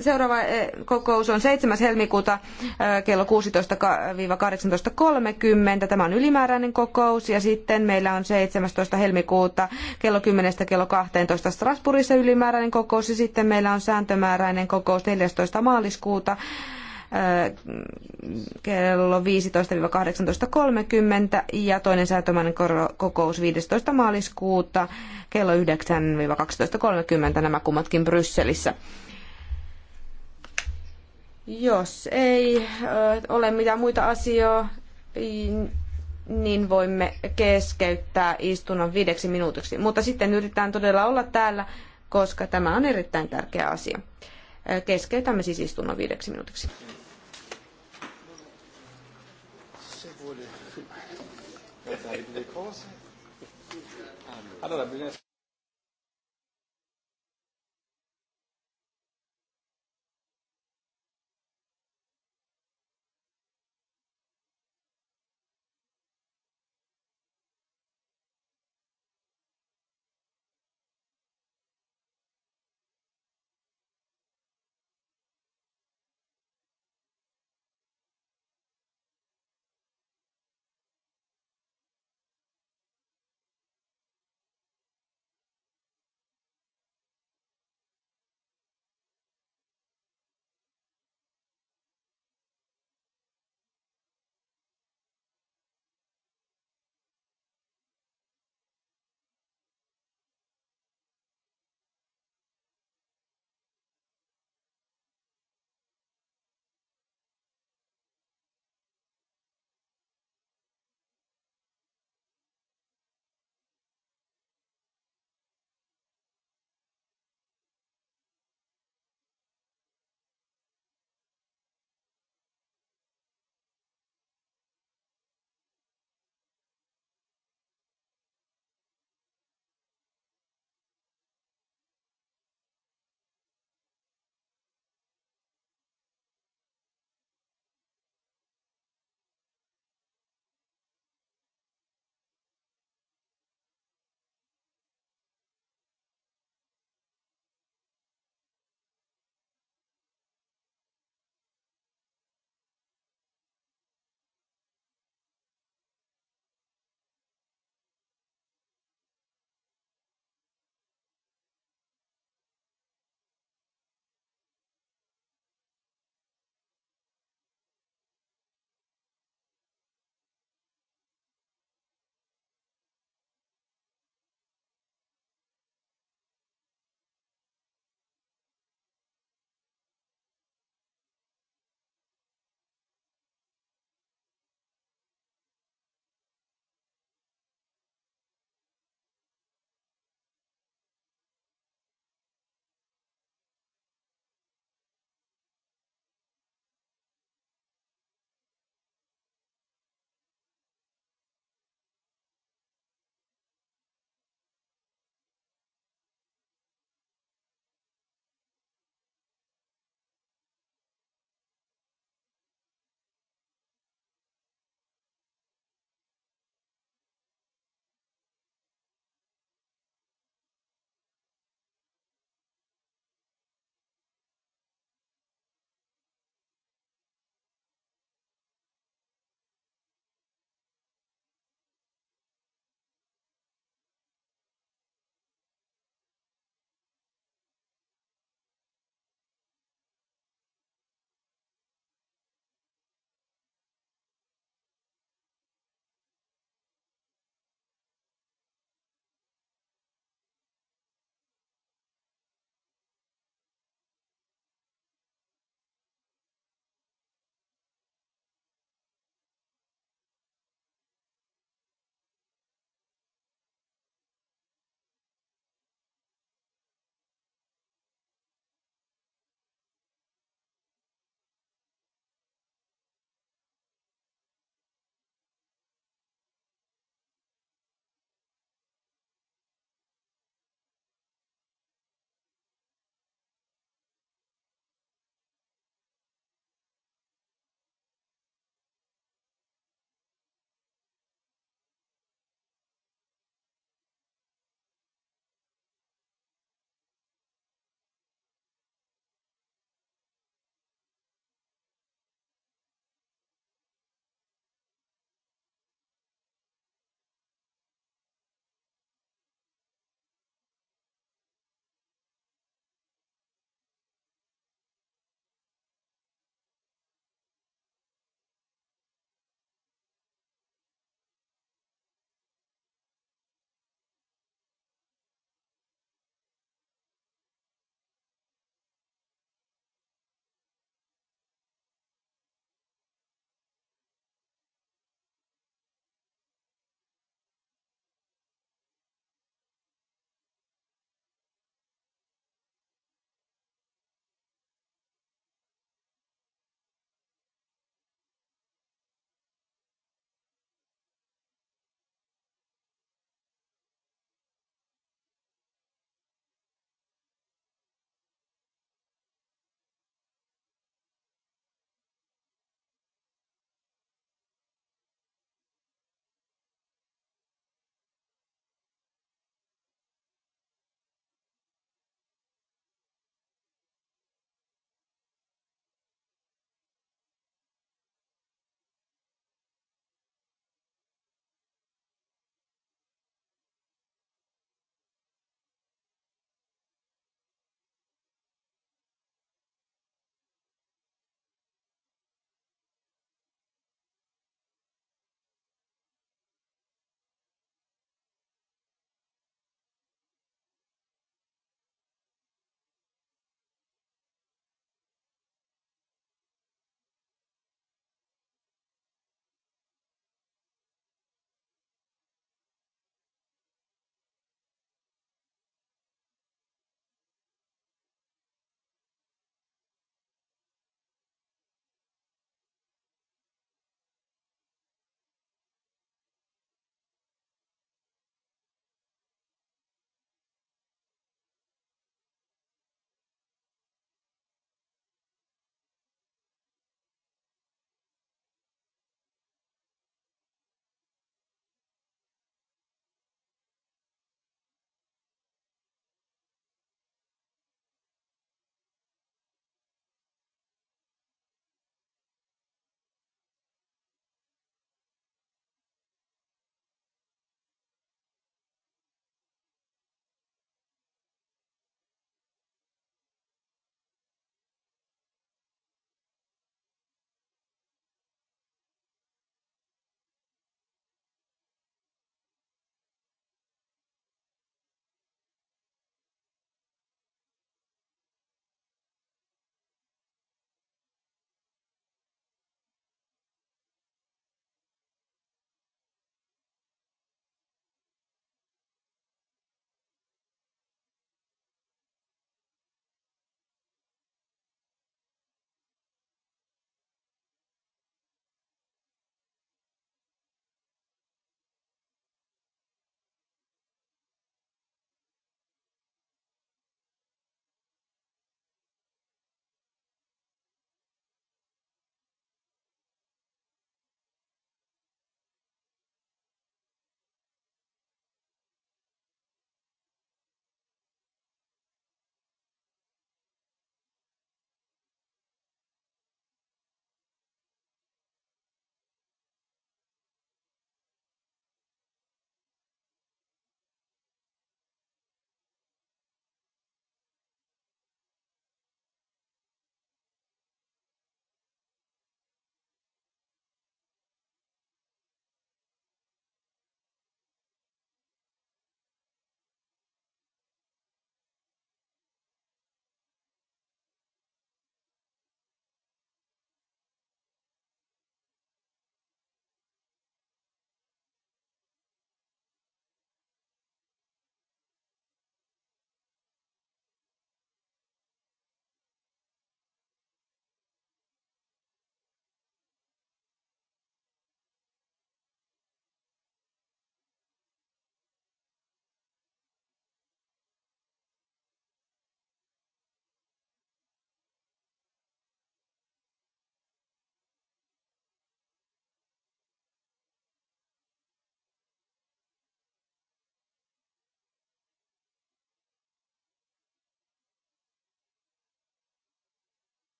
Seuraava eh, kokous on 7. helmikuuta eh, kello 16-18.30. Tämä on ylimääräinen kokous ja sitten meillä on 17. helmikuuta kello 10 kello 12 Strasbourgissa ylimääräinen kokous ja sitten meillä on sääntömääräinen kokous 14. Eh, maaliskuuta kello 15-18.30 ja toinen säätömäinen kokous 15. maaliskuuta kello 9-12.30 nämä kummatkin Brysselissä. Jos ei ole mitään muita asioita, niin voimme keskeyttää istunnon viideksi minuutiksi. Mutta sitten yritetään todella olla täällä, koska tämä on erittäin tärkeä asia. Keskeytämme siis istunnon viideksi minuutiksi. Allora bisogna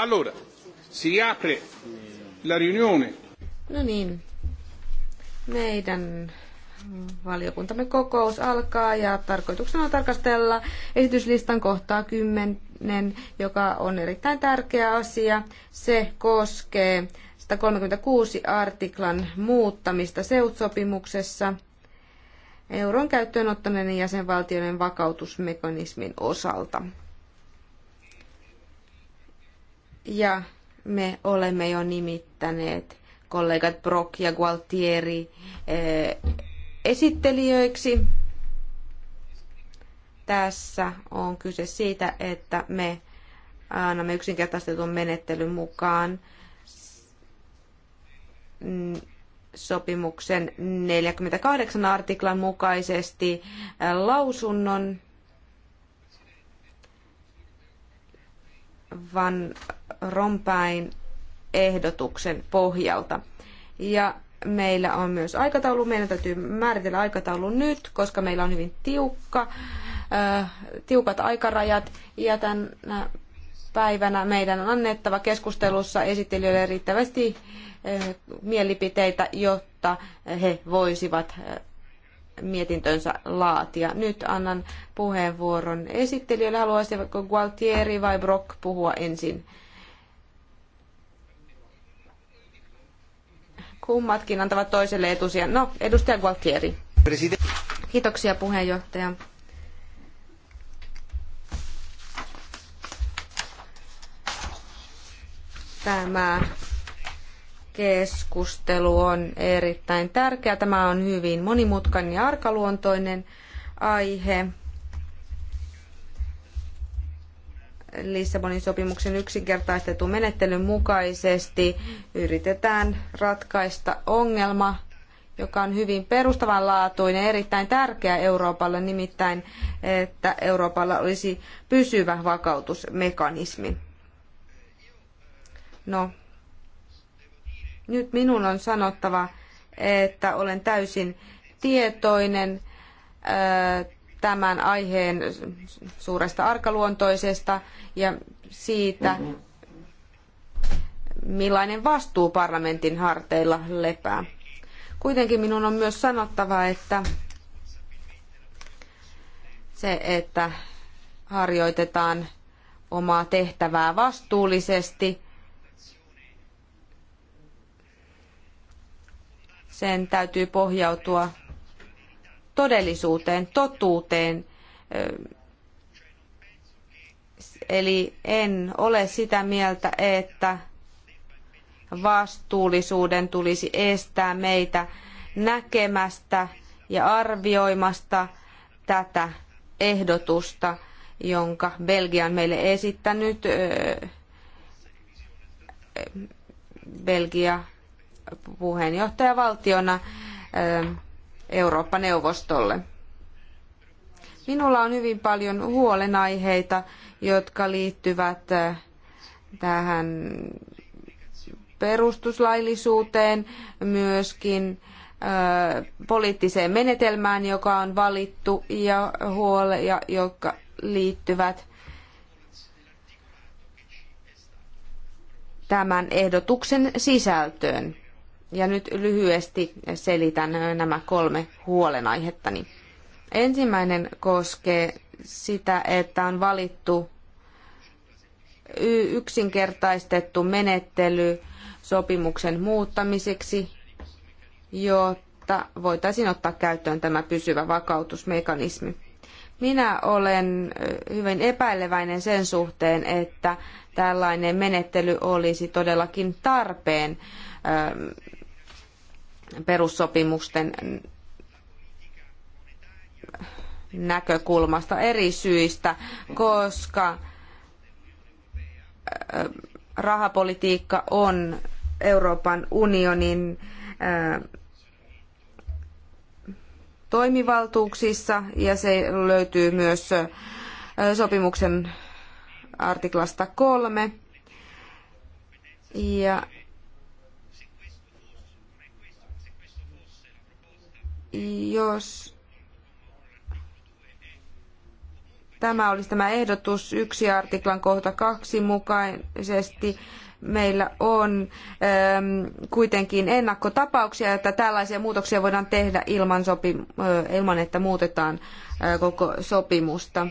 Allora, si apre la riunione. No niin, meidän valiokuntamme kokous alkaa ja tarkoituksena on tarkastella esityslistan kohtaa 10, joka on erittäin tärkeä asia. Se koskee 136 artiklan muuttamista seutsopimuksessa euron käyttöön ottaneiden jäsenvaltioiden vakautusmekanismin osalta. Ja me olemme jo nimittäneet kollegat Brock ja Gualtieri eh, esittelijöiksi. Tässä on kyse siitä, että me annamme yksinkertaistetun menettelyn mukaan sopimuksen 48 artiklan mukaisesti eh, lausunnon van Rompain ehdotuksen pohjalta. Ja meillä on myös aikataulu. Meidän täytyy määritellä aikataulu nyt, koska meillä on hyvin tiukka, äh, tiukat aikarajat. Ja tänä päivänä meidän on annettava keskustelussa esittelijöille riittävästi äh, mielipiteitä, jotta he voisivat äh, mietintönsä laatia. Nyt annan puheenvuoron esittelijöille. Haluaisitko Gualtieri vai Brock puhua ensin? Kummatkin antavat toiselle etusia. No, edustaja Gualtieri. President. Kiitoksia puheenjohtaja. Tämä keskustelu on erittäin tärkeä. Tämä on hyvin monimutkainen ja arkaluontoinen aihe. Lissabonin sopimuksen yksinkertaistetun menettelyn mukaisesti yritetään ratkaista ongelma, joka on hyvin perustavanlaatuinen ja erittäin tärkeä Euroopalle, nimittäin että Euroopalla olisi pysyvä vakautusmekanismi. No, nyt minun on sanottava, että olen täysin tietoinen äh, tämän aiheen suuresta arkaluontoisesta ja siitä, millainen vastuu parlamentin harteilla lepää. Kuitenkin minun on myös sanottava, että se, että harjoitetaan omaa tehtävää vastuullisesti, sen täytyy pohjautua todellisuuteen, totuuteen. Eli en ole sitä mieltä, että vastuullisuuden tulisi estää meitä näkemästä ja arvioimasta tätä ehdotusta, jonka Belgia on meille esittänyt. Belgia puheenjohtajavaltiona valtiona Eurooppa-neuvostolle. Minulla on hyvin paljon huolenaiheita, jotka liittyvät äh, tähän perustuslaillisuuteen, myöskin äh, poliittiseen menetelmään, joka on valittu, ja huoleja, jotka liittyvät tämän ehdotuksen sisältöön. Ja nyt lyhyesti selitän nämä kolme huolenaihettani. Ensimmäinen koskee sitä, että on valittu yksinkertaistettu menettely sopimuksen muuttamiseksi, jotta voitaisiin ottaa käyttöön tämä pysyvä vakautusmekanismi. Minä olen hyvin epäileväinen sen suhteen, että tällainen menettely olisi todellakin tarpeen perussopimusten näkökulmasta eri syistä, koska äh, rahapolitiikka on Euroopan unionin äh, toimivaltuuksissa ja se löytyy myös äh, sopimuksen artiklasta kolme. Ja jos tämä olisi tämä ehdotus yksi artiklan kohta kaksi mukaisesti, meillä on ähm, kuitenkin ennakkotapauksia, että tällaisia muutoksia voidaan tehdä ilman, sopi, äh, ilman että muutetaan äh, koko sopimusta. Äh,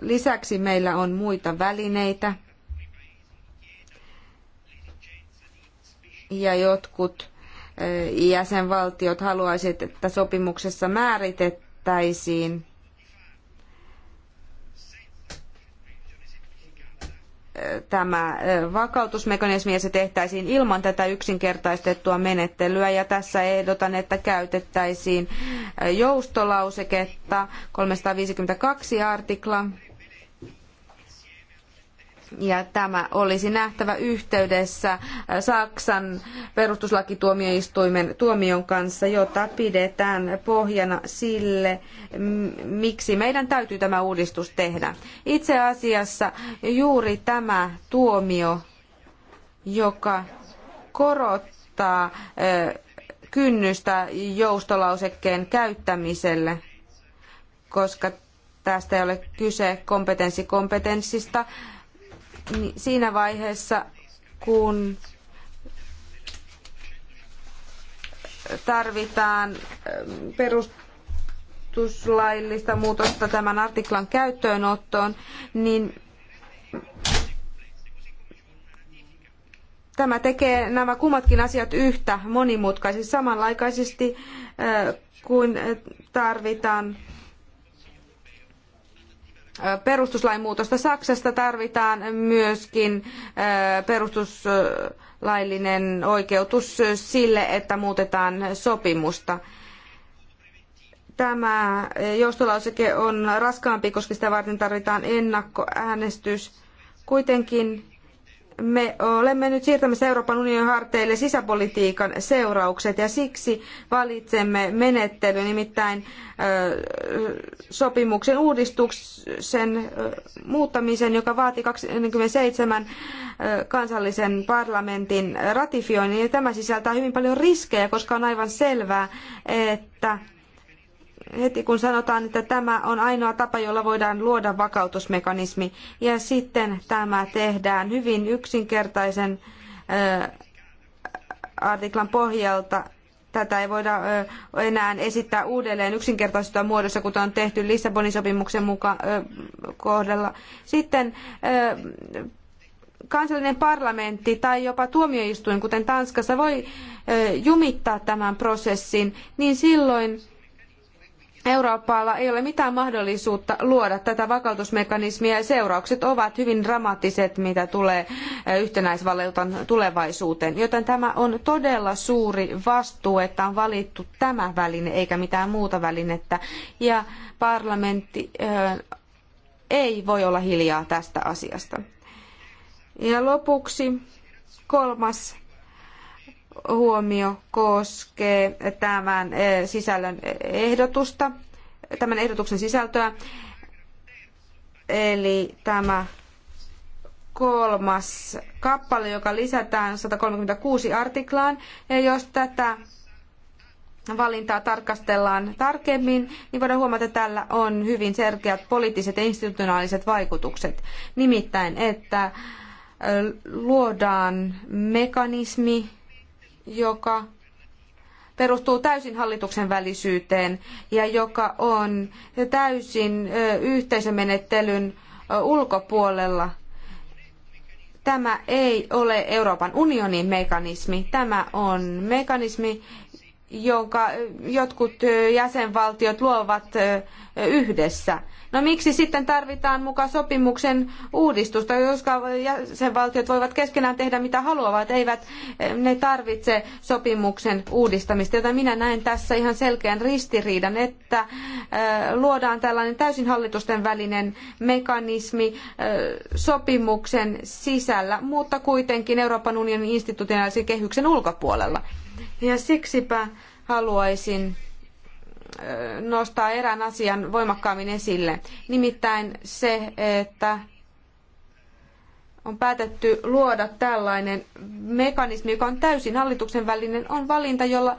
lisäksi meillä on muita välineitä ja jotkut jäsenvaltiot haluaisivat, että sopimuksessa määritettäisiin tämä vakautusmekanismi ja se tehtäisiin ilman tätä yksinkertaistettua menettelyä. Ja tässä ehdotan, että käytettäisiin joustolauseketta 352 artikla ja tämä olisi nähtävä yhteydessä Saksan perustuslakituomioistuimen tuomion kanssa, jota pidetään pohjana sille, miksi meidän täytyy tämä uudistus tehdä. Itse asiassa juuri tämä tuomio, joka korottaa kynnystä joustolausekkeen käyttämiselle, koska tästä ei ole kyse kompetenssi kompetenssista, niin siinä vaiheessa, kun tarvitaan ähm, perustuslaillista muutosta tämän artiklan käyttöönottoon, niin tämä tekee nämä kummatkin asiat yhtä monimutkaisesti samanaikaisesti äh, kuin tarvitaan perustuslain muutosta Saksasta tarvitaan myöskin perustuslaillinen oikeutus sille, että muutetaan sopimusta. Tämä joustolauseke on raskaampi, koska sitä varten tarvitaan ennakkoäänestys. Kuitenkin me olemme nyt siirtämässä Euroopan unionin harteille sisäpolitiikan seuraukset ja siksi valitsemme menettelyn, nimittäin sopimuksen uudistuksen muuttamisen, joka vaati 27 kansallisen parlamentin ratifioinnin. Ja tämä sisältää hyvin paljon riskejä, koska on aivan selvää, että heti kun sanotaan, että tämä on ainoa tapa, jolla voidaan luoda vakautusmekanismi, ja sitten tämä tehdään hyvin yksinkertaisen äh, artiklan pohjalta. Tätä ei voida äh, enää esittää uudelleen yksinkertaisessa muodossa, kuten on tehty Lissabonin sopimuksen muka, äh, kohdalla. Sitten kansallinen parlamentti tai jopa tuomioistuin, kuten Tanskassa, voi jumittaa tämän prosessin, niin silloin Euroopalla ei ole mitään mahdollisuutta luoda tätä vakautusmekanismia ja seuraukset ovat hyvin dramaattiset, mitä tulee eh, yhtenäisvaluutan tulevaisuuteen. Joten tämä on todella suuri vastuu, että on valittu tämä väline eikä mitään muuta välinettä. Ja parlamentti eh, ei voi olla hiljaa tästä asiasta. Ja lopuksi kolmas huomio koskee tämän eh, sisällön ehdotusta, tämän ehdotuksen sisältöä. Eli tämä kolmas kappale, joka lisätään 136 artiklaan. Ja jos tätä valintaa tarkastellaan tarkemmin, niin voidaan huomata, että tällä on hyvin selkeät poliittiset ja institutionaaliset vaikutukset. Nimittäin, että eh, luodaan mekanismi, joka perustuu täysin hallituksen välisyyteen ja joka on täysin yhteisömenettelyn ulkopuolella. Tämä ei ole Euroopan unionin mekanismi, tämä on mekanismi, jonka jotkut jäsenvaltiot luovat yhdessä. No miksi sitten tarvitaan mukaan sopimuksen uudistusta, koska jäsenvaltiot voivat keskenään tehdä mitä haluavat, eivät ne tarvitse sopimuksen uudistamista, joten minä näen tässä ihan selkeän ristiriidan, että luodaan tällainen täysin hallitusten välinen mekanismi sopimuksen sisällä, mutta kuitenkin Euroopan unionin institutionaalisen kehyksen ulkopuolella. Ja siksipä haluaisin nostaa erään asian voimakkaammin esille. Nimittäin se, että on päätetty luoda tällainen mekanismi, joka on täysin hallituksen välinen, on valinta, jolla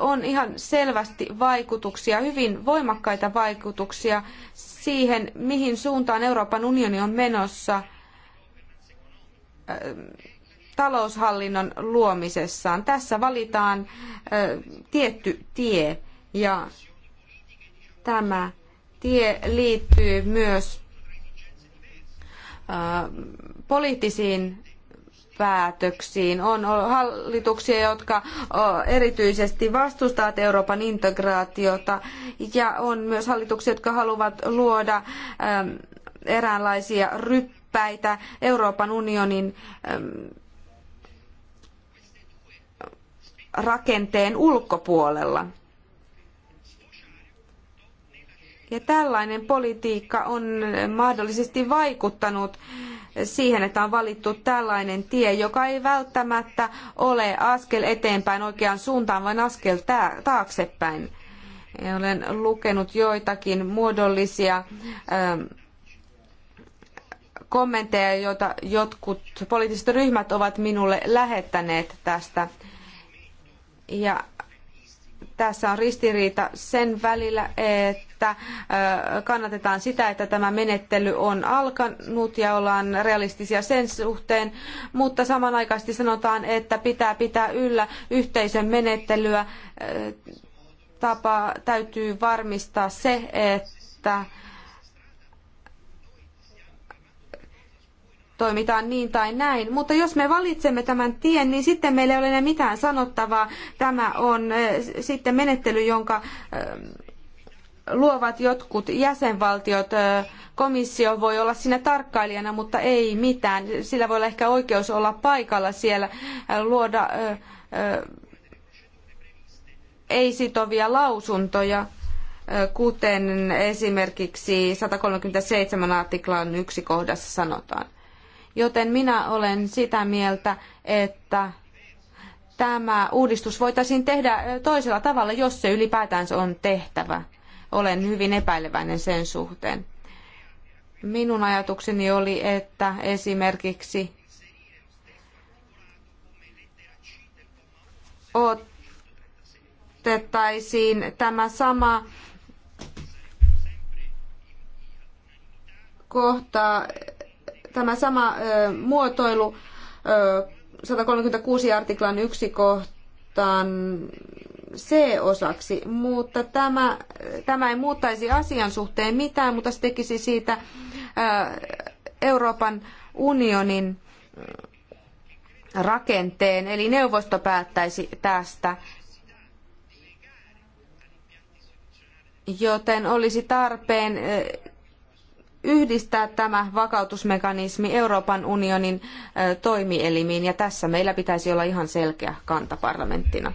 on ihan selvästi vaikutuksia, hyvin voimakkaita vaikutuksia siihen, mihin suuntaan Euroopan unioni on menossa taloushallinnon luomisessaan. Tässä valitaan tietty tie ja tämä tie liittyy myös poliittisiin päätöksiin. On hallituksia, jotka erityisesti vastustavat Euroopan integraatiota ja on myös hallituksia, jotka haluavat luoda eräänlaisia ryppäitä Euroopan unionin rakenteen ulkopuolella. Ja tällainen politiikka on mahdollisesti vaikuttanut siihen, että on valittu tällainen tie, joka ei välttämättä ole askel eteenpäin oikeaan suuntaan, vaan askel taaksepäin. Olen lukenut joitakin muodollisia ähm, kommentteja, joita jotkut poliittiset ryhmät ovat minulle lähettäneet tästä ja tässä on ristiriita sen välillä, että kannatetaan sitä, että tämä menettely on alkanut ja ollaan realistisia sen suhteen, mutta samanaikaisesti sanotaan, että pitää pitää yllä yhteisön menettelyä. Tapa täytyy varmistaa se, että toimitaan niin tai näin. Mutta jos me valitsemme tämän tien, niin sitten meillä ei ole enää mitään sanottavaa. Tämä on sitten menettely, jonka luovat jotkut jäsenvaltiot. Komissio voi olla siinä tarkkailijana, mutta ei mitään. Sillä voi olla ehkä oikeus olla paikalla siellä, luoda ei-sitovia lausuntoja kuten esimerkiksi 137 artiklan yksi kohdassa sanotaan. Joten minä olen sitä mieltä, että tämä uudistus voitaisiin tehdä toisella tavalla, jos se ylipäätään on tehtävä. Olen hyvin epäileväinen sen suhteen. Minun ajatukseni oli, että esimerkiksi otettaisiin tämä sama kohta tämä sama muotoilu 136 artiklan yksi kohtaan C-osaksi, mutta tämä, tämä ei muuttaisi asian suhteen mitään, mutta se tekisi siitä Euroopan unionin rakenteen, eli neuvosto päättäisi tästä. Joten olisi tarpeen yhdistää tämä vakautusmekanismi Euroopan unionin toimielimiin ja tässä meillä pitäisi olla ihan selkeä kanta parlamenttina.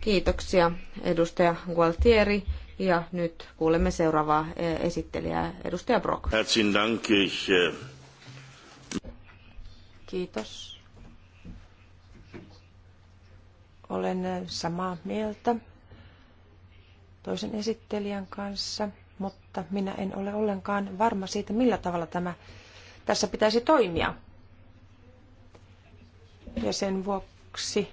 Kiitoksia edustaja Gualtieri ja nyt kuulemme seuraavaa esittelijää edustaja Brock. Herzlichen Dank. Kiitos. Olen samaa mieltä toisen esittelijän kanssa – mutta minä en ole ollenkaan varma siitä, millä tavalla tämä tässä pitäisi toimia. Ja sen vuoksi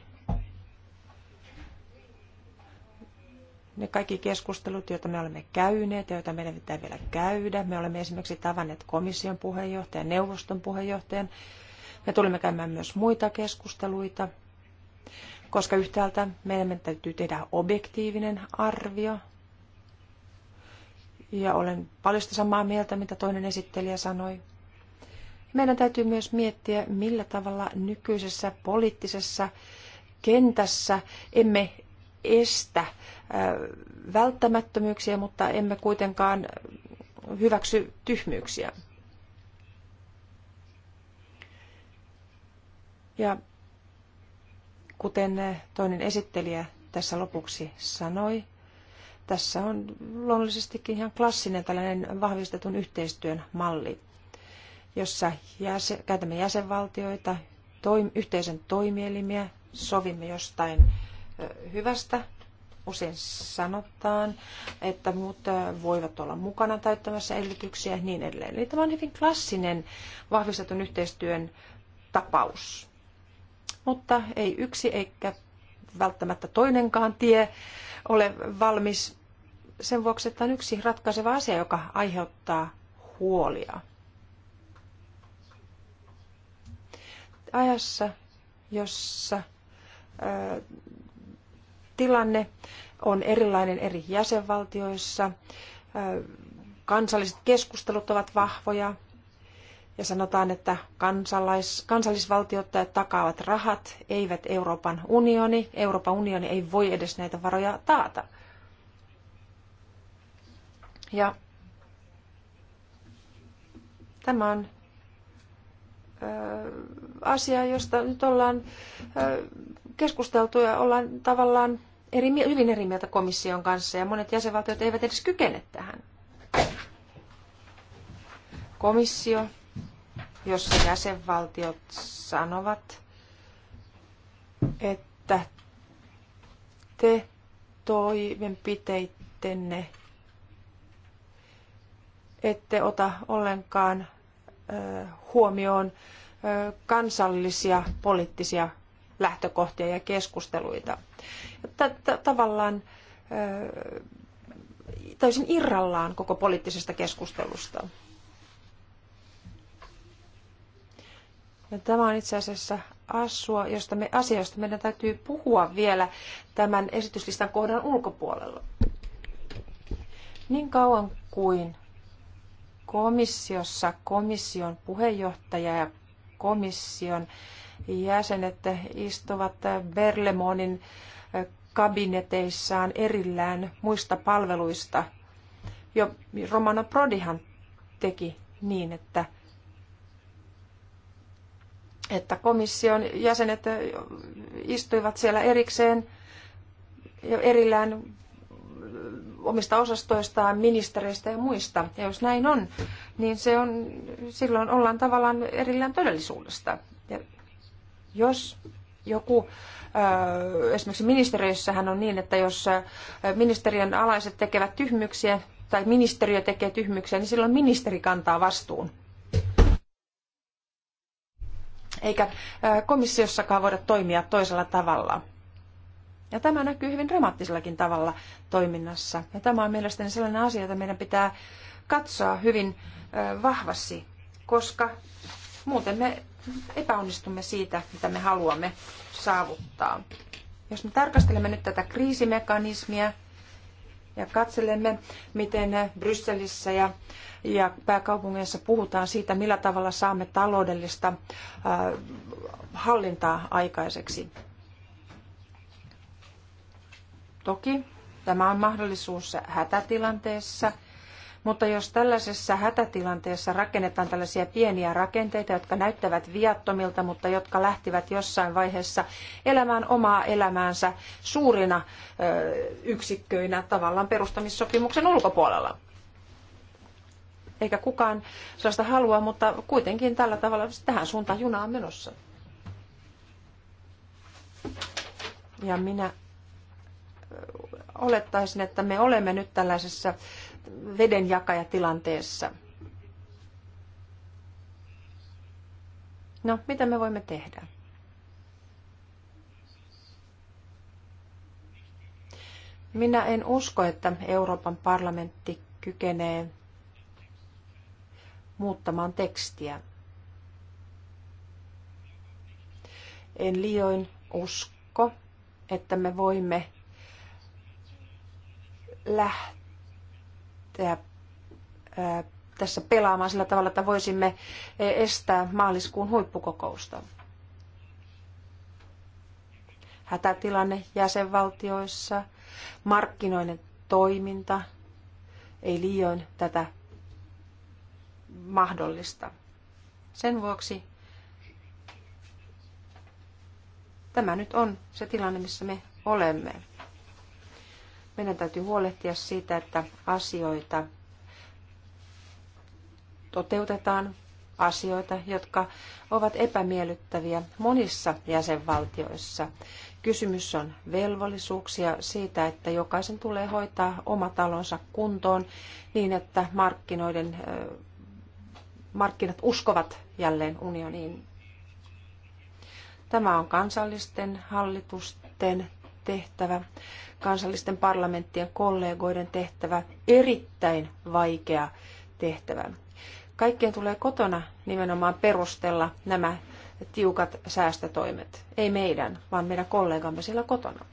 ne kaikki keskustelut, joita me olemme käyneet ja joita meidän pitää vielä käydä. Me olemme esimerkiksi tavanneet komission puheenjohtajan, neuvoston puheenjohtajan. Me tulemme käymään myös muita keskusteluita, koska yhtäältä meidän täytyy tehdä objektiivinen arvio ja olen paljon samaa mieltä, mitä toinen esittelijä sanoi. Meidän täytyy myös miettiä, millä tavalla nykyisessä poliittisessa kentässä emme estä välttämättömyyksiä, mutta emme kuitenkaan hyväksy tyhmyyksiä. Ja kuten toinen esittelijä tässä lopuksi sanoi, tässä on luonnollisestikin ihan klassinen tällainen vahvistetun yhteistyön malli, jossa jäse, käytämme jäsenvaltioita, toim, yhteisen toimielimiä, sovimme jostain hyvästä. Usein sanotaan, että muut voivat olla mukana täyttämässä edellytyksiä ja niin edelleen. Eli tämä on hyvin klassinen vahvistetun yhteistyön tapaus. Mutta ei yksi eikä välttämättä toinenkaan tie ole valmis sen vuoksi, että on yksi ratkaiseva asia, joka aiheuttaa huolia. Ajassa, jossa ö, tilanne on erilainen eri jäsenvaltioissa, ö, kansalliset keskustelut ovat vahvoja ja sanotaan, että kansalais, kansallisvaltiot takaavat rahat, eivät Euroopan unioni. Euroopan unioni ei voi edes näitä varoja taata – ja tämä on asia, josta nyt ollaan keskusteltu ja ollaan tavallaan eri, hyvin eri mieltä komission kanssa ja monet jäsenvaltiot eivät edes kykene tähän. Komissio, jossa jäsenvaltiot sanovat, että te toimenpiteittenne ette ota ollenkaan huomioon kansallisia poliittisia lähtökohtia ja keskusteluita. Tavallaan täysin irrallaan koko poliittisesta keskustelusta. Ja tämä on itse asiassa asua, josta me, asia, josta meidän täytyy puhua vielä tämän esityslistan kohdan ulkopuolella. Niin kauan kuin komissiossa komission puheenjohtaja ja komission jäsenet istuvat Berlemonin kabineteissaan erillään muista palveluista. Jo Romano Prodihan teki niin, että, että komission jäsenet istuivat siellä erikseen erillään omista osastoistaan, ministereistä ja muista. Ja jos näin on, niin se on, silloin ollaan tavallaan erillään todellisuudesta. Ja jos joku äh, esimerkiksi ministeriöissähän on niin, että jos äh, ministeriön alaiset tekevät tyhmyyksiä tai ministeriö tekee tyhmyksiä, niin silloin ministeri kantaa vastuun. Eikä äh, komissiossakaan voida toimia toisella tavalla. Ja tämä näkyy hyvin dramaattisellakin tavalla toiminnassa. Ja tämä on mielestäni sellainen asia, jota meidän pitää katsoa hyvin vahvasti, koska muuten me epäonnistumme siitä, mitä me haluamme saavuttaa. Jos me tarkastelemme nyt tätä kriisimekanismia ja katselemme, miten Brysselissä ja, ja pääkaupungeissa puhutaan siitä, millä tavalla saamme taloudellista hallintaa aikaiseksi, Toki tämä on mahdollisuus hätätilanteessa, mutta jos tällaisessa hätätilanteessa rakennetaan tällaisia pieniä rakenteita, jotka näyttävät viattomilta, mutta jotka lähtivät jossain vaiheessa elämään omaa elämäänsä suurina yksikköinä tavallaan perustamissopimuksen ulkopuolella, eikä kukaan sellaista halua, mutta kuitenkin tällä tavalla tähän suuntaan juna on menossa. Ja minä olettaisin, että me olemme nyt tällaisessa vedenjakajatilanteessa. No, mitä me voimme tehdä? Minä en usko, että Euroopan parlamentti kykenee muuttamaan tekstiä. En liioin usko, että me voimme lähteä tässä pelaamaan sillä tavalla, että voisimme estää maaliskuun huippukokousta. Hätätilanne jäsenvaltioissa, markkinoiden toiminta ei liioin tätä mahdollista. Sen vuoksi tämä nyt on se tilanne, missä me olemme. Meidän täytyy huolehtia siitä, että asioita toteutetaan, asioita, jotka ovat epämiellyttäviä monissa jäsenvaltioissa. Kysymys on velvollisuuksia siitä, että jokaisen tulee hoitaa oma talonsa kuntoon niin, että markkinoiden, markkinat uskovat jälleen unioniin. Tämä on kansallisten hallitusten tehtävä, kansallisten parlamenttien kollegoiden tehtävä, erittäin vaikea tehtävä. Kaikkien tulee kotona nimenomaan perustella nämä tiukat säästötoimet. Ei meidän, vaan meidän kollegamme siellä kotona.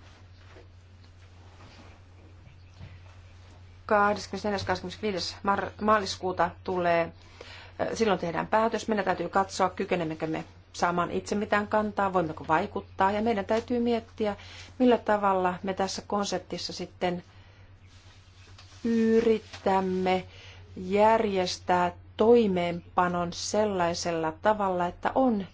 24.25. maaliskuuta tulee, äh, silloin tehdään päätös. Meidän täytyy katsoa, kykenemmekö me saamaan itse mitään kantaa, voimmeko vaikuttaa. Ja meidän täytyy miettiä, millä tavalla me tässä konseptissa sitten yritämme järjestää toimeenpanon sellaisella tavalla, että on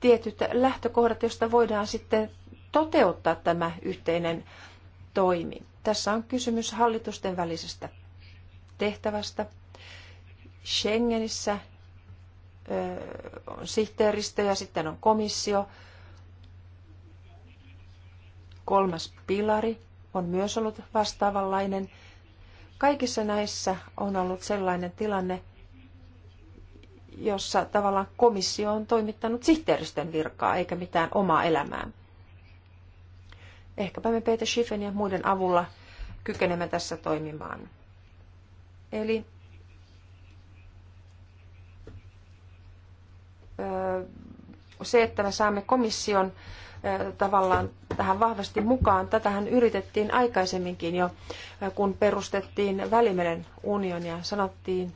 tietyt lähtökohdat, joista voidaan sitten toteuttaa tämä yhteinen toimi. Tässä on kysymys hallitusten välisestä tehtävästä. Schengenissä on sihteeristö ja sitten on komissio. Kolmas pilari on myös ollut vastaavanlainen. Kaikissa näissä on ollut sellainen tilanne, jossa tavallaan komissio on toimittanut sihteeristön virkaa eikä mitään omaa elämää. Ehkäpä me Peter Schiffen ja muiden avulla kykenemme tässä toimimaan. Eli se, että me saamme komission tavallaan tähän vahvasti mukaan. Tätähän yritettiin aikaisemminkin jo, kun perustettiin Välimeren unionia. Sanottiin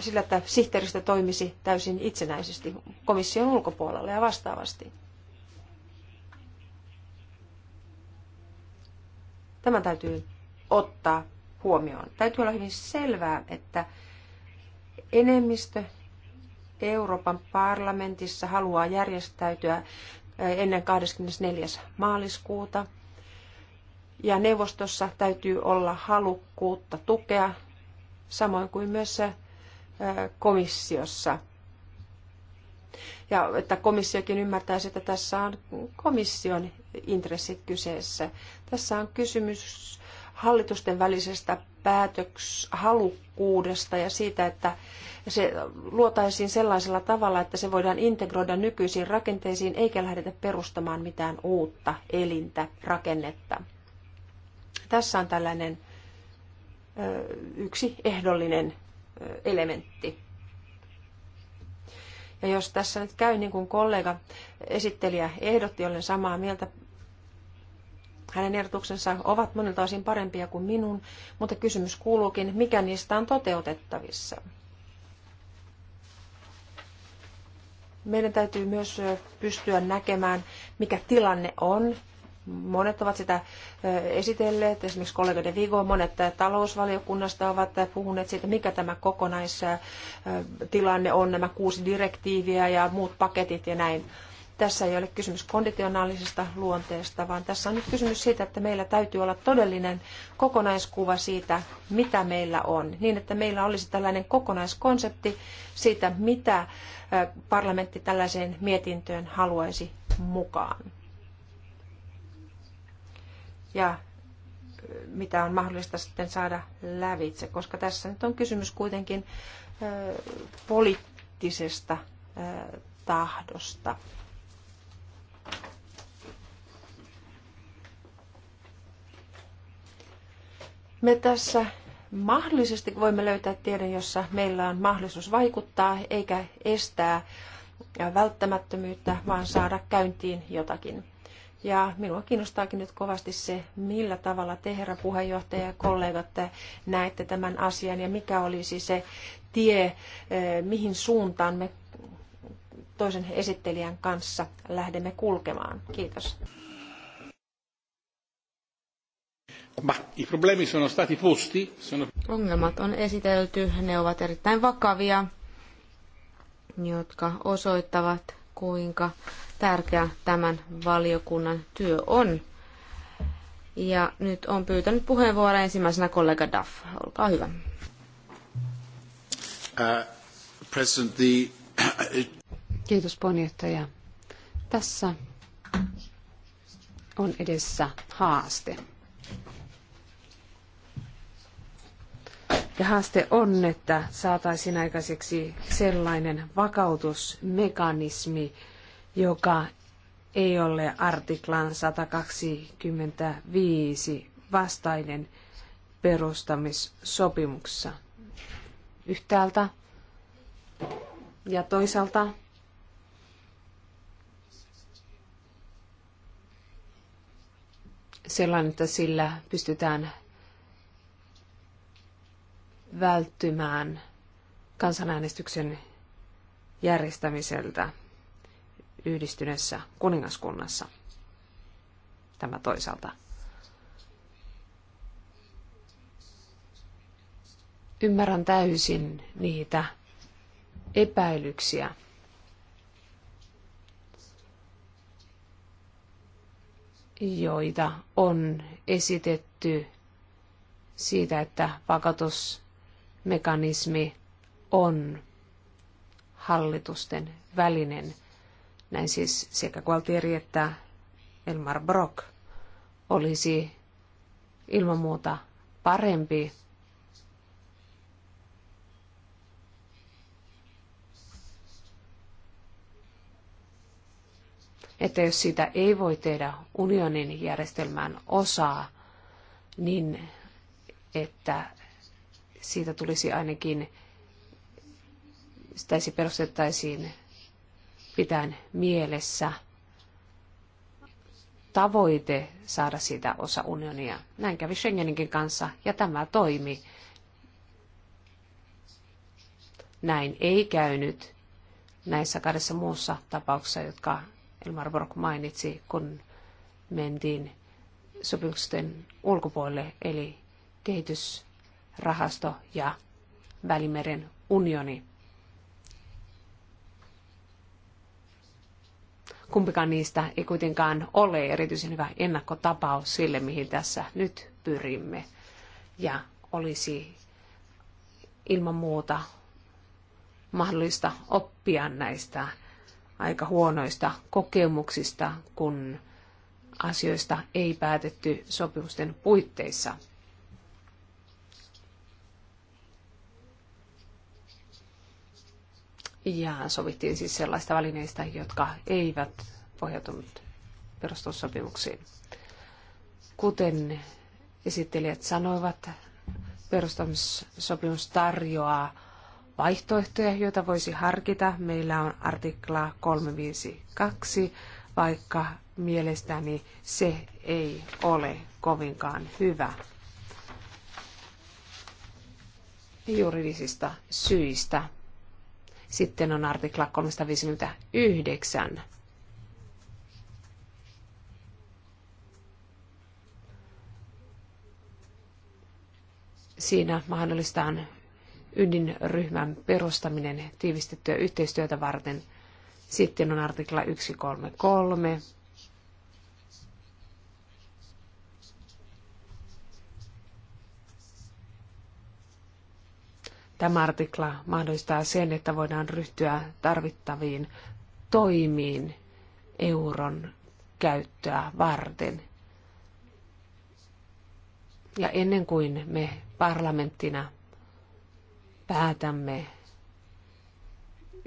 sillä, että sihteeristö toimisi täysin itsenäisesti komission ulkopuolella ja vastaavasti. Tämä täytyy ottaa huomioon. Täytyy olla hyvin selvää, että enemmistö Euroopan parlamentissa haluaa järjestäytyä ennen 24. maaliskuuta. Ja neuvostossa täytyy olla halukkuutta tukea, samoin kuin myös komissiossa. Ja että komissiokin ymmärtäisi, että tässä on komission intressit kyseessä. Tässä on kysymys hallitusten välisestä päätökshalukkuudesta ja siitä, että se luotaisiin sellaisella tavalla, että se voidaan integroida nykyisiin rakenteisiin eikä lähdetä perustamaan mitään uutta elintä rakennetta. Tässä on tällainen yksi ehdollinen elementti. Ja jos tässä nyt käy niin kuin kollega esittelijä ehdotti, olen samaa mieltä hänen ehdotuksensa ovat monilta osin parempia kuin minun, mutta kysymys kuuluukin, mikä niistä on toteutettavissa. Meidän täytyy myös pystyä näkemään, mikä tilanne on. Monet ovat sitä esitelleet, esimerkiksi kollega De Vigo, monet talousvaliokunnasta ovat puhuneet siitä, mikä tämä kokonaistilanne on, nämä kuusi direktiiviä ja muut paketit ja näin tässä ei ole kysymys konditionaalisesta luonteesta, vaan tässä on nyt kysymys siitä, että meillä täytyy olla todellinen kokonaiskuva siitä, mitä meillä on, niin että meillä olisi tällainen kokonaiskonsepti siitä, mitä parlamentti tällaiseen mietintöön haluaisi mukaan. Ja mitä on mahdollista sitten saada lävitse, koska tässä nyt on kysymys kuitenkin poliittisesta tahdosta. Me tässä mahdollisesti voimme löytää tiedon, jossa meillä on mahdollisuus vaikuttaa eikä estää välttämättömyyttä, vaan saada käyntiin jotakin. Ja minua kiinnostaakin nyt kovasti se, millä tavalla te, herra puheenjohtaja ja kollegat, näette tämän asian ja mikä olisi se tie, eh, mihin suuntaan me toisen esittelijän kanssa lähdemme kulkemaan. Kiitos. Ongelmat on esitelty, ne ovat erittäin vakavia, jotka osoittavat, kuinka tärkeä tämän valiokunnan työ on. Ja nyt on pyytänyt puheenvuoroa ensimmäisenä kollega Duff. Olkaa hyvä. Uh, President, [COUGHS] Kiitos puheenjohtaja. Tässä on edessä haaste. Ja haaste on, että saataisiin aikaiseksi sellainen vakautusmekanismi, joka ei ole artiklan 125 vastainen perustamissopimuksessa yhtäältä ja toisaalta sellainen, että sillä pystytään välttymään kansanäänestyksen järjestämiseltä yhdistyneessä kuningaskunnassa. Tämä toisaalta. Ymmärrän täysin niitä epäilyksiä, joita on esitetty siitä, että vakatus mekanismi on hallitusten välinen. Näin siis sekä Gualtieri että Elmar Brock olisi ilman muuta parempi että jos sitä ei voi tehdä unionin järjestelmän osaa, niin että siitä tulisi ainakin, sitä perustettaisiin pitäen mielessä tavoite saada siitä osa unionia. Näin kävi Schengeninkin kanssa ja tämä toimi. Näin ei käynyt näissä kahdessa muussa tapauksessa, jotka Elmar Brok mainitsi, kun mentiin sopimusten ulkopuolelle, eli kehitys rahasto ja Välimeren unioni. Kumpikaan niistä ei kuitenkaan ole erityisen hyvä ennakkotapaus sille, mihin tässä nyt pyrimme. Ja olisi ilman muuta mahdollista oppia näistä aika huonoista kokemuksista, kun asioista ei päätetty sopimusten puitteissa – Ja sovittiin siis sellaista välineistä, jotka eivät pohjautunut perustussopimuksiin. Kuten esittelijät sanoivat, perustamissopimus tarjoaa vaihtoehtoja, joita voisi harkita. Meillä on artikla 352, vaikka mielestäni se ei ole kovinkaan hyvä juridisista syistä sitten on artikla 359. Siinä mahdollistaan ydinryhmän perustaminen tiivistettyä yhteistyötä varten. Sitten on artikla 133 Tämä artikla mahdollistaa sen, että voidaan ryhtyä tarvittaviin toimiin euron käyttöä varten. Ja ennen kuin me parlamenttina päätämme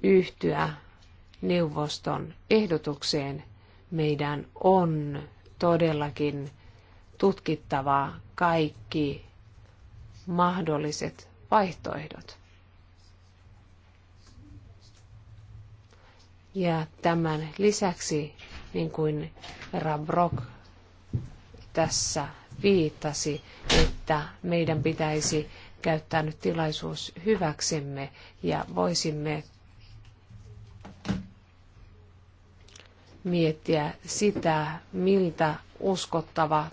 yhtyä neuvoston ehdotukseen, meidän on todellakin tutkittava kaikki mahdolliset vaihtoehdot. Ja tämän lisäksi, niin kuin herra Brock tässä viittasi, että meidän pitäisi käyttää nyt tilaisuus hyväksemme ja voisimme miettiä sitä, miltä uskottava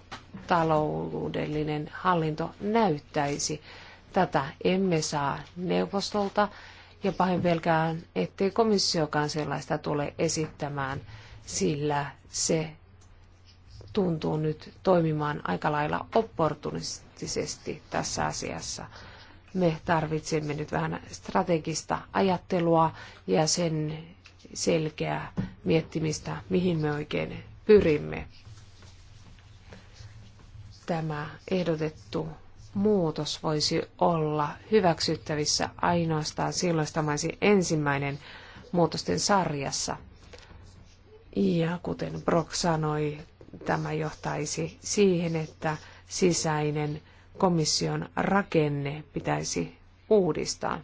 taloudellinen hallinto näyttäisi. Tätä emme saa neuvostolta ja pahin pelkään, ettei komissiokaan sellaista tule esittämään, sillä se tuntuu nyt toimimaan aika lailla opportunistisesti tässä asiassa. Me tarvitsemme nyt vähän strategista ajattelua ja sen selkeää miettimistä, mihin me oikein pyrimme. Tämä ehdotettu muutos voisi olla hyväksyttävissä ainoastaan silloin, jos tämä olisi ensimmäinen muutosten sarjassa. Ja kuten Brock sanoi, tämä johtaisi siihen, että sisäinen komission rakenne pitäisi uudistaa.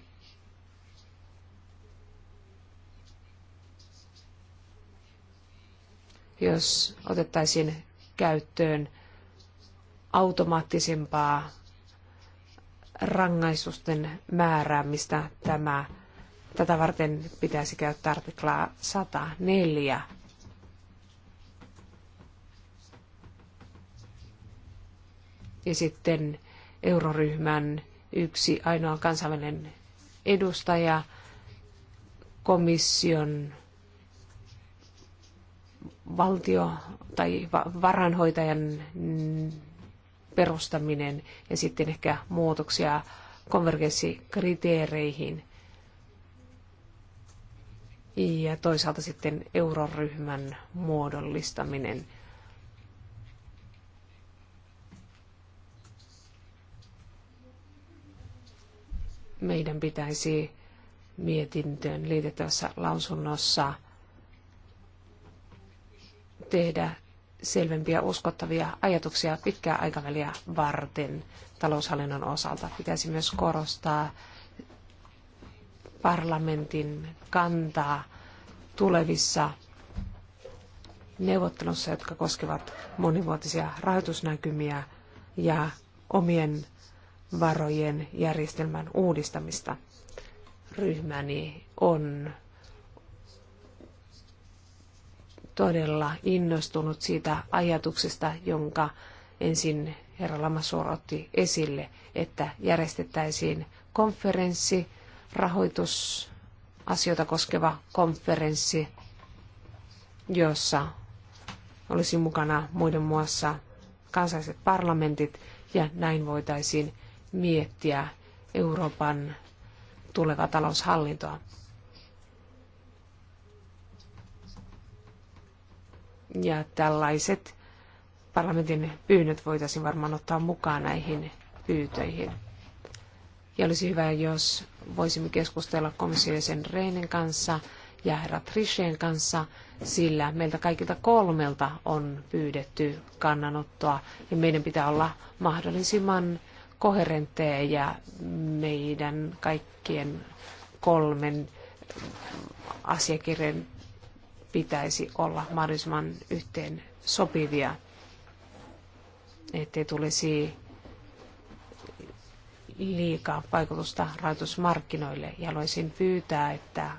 Jos otettaisiin käyttöön automaattisempaa rangaistusten määräämistä tämä, tätä varten pitäisi käyttää artiklaa 104. Ja sitten euroryhmän yksi ainoa kansainvälinen edustaja komission valtio- tai varanhoitajan perustaminen ja sitten ehkä muutoksia konvergenssikriteereihin ja toisaalta sitten euroryhmän muodollistaminen. Meidän pitäisi mietintöön liitettävässä lausunnossa tehdä selvempiä uskottavia ajatuksia pitkää aikaväliä varten taloushallinnon osalta. Pitäisi myös korostaa parlamentin kantaa tulevissa neuvottelussa, jotka koskevat monivuotisia rahoitusnäkymiä ja omien varojen järjestelmän uudistamista. Ryhmäni on todella innostunut siitä ajatuksesta, jonka ensin herra Lamassuor otti esille, että järjestettäisiin konferenssi, rahoitusasioita koskeva konferenssi, jossa olisi mukana muiden muassa kansalliset parlamentit ja näin voitaisiin miettiä Euroopan tulevaa taloushallintoa. Ja tällaiset parlamentin pyynnöt voitaisiin varmaan ottaa mukaan näihin pyytöihin. Ja olisi hyvä, jos voisimme keskustella komissiojäsen Reinen kanssa ja herra Trisheen kanssa, sillä meiltä kaikilta kolmelta on pyydetty kannanottoa ja meidän pitää olla mahdollisimman koherentteja ja meidän kaikkien kolmen asiakirjan pitäisi olla mahdollisimman yhteen sopivia, ettei tulisi liikaa vaikutusta rahoitusmarkkinoille. Ja haluaisin pyytää, että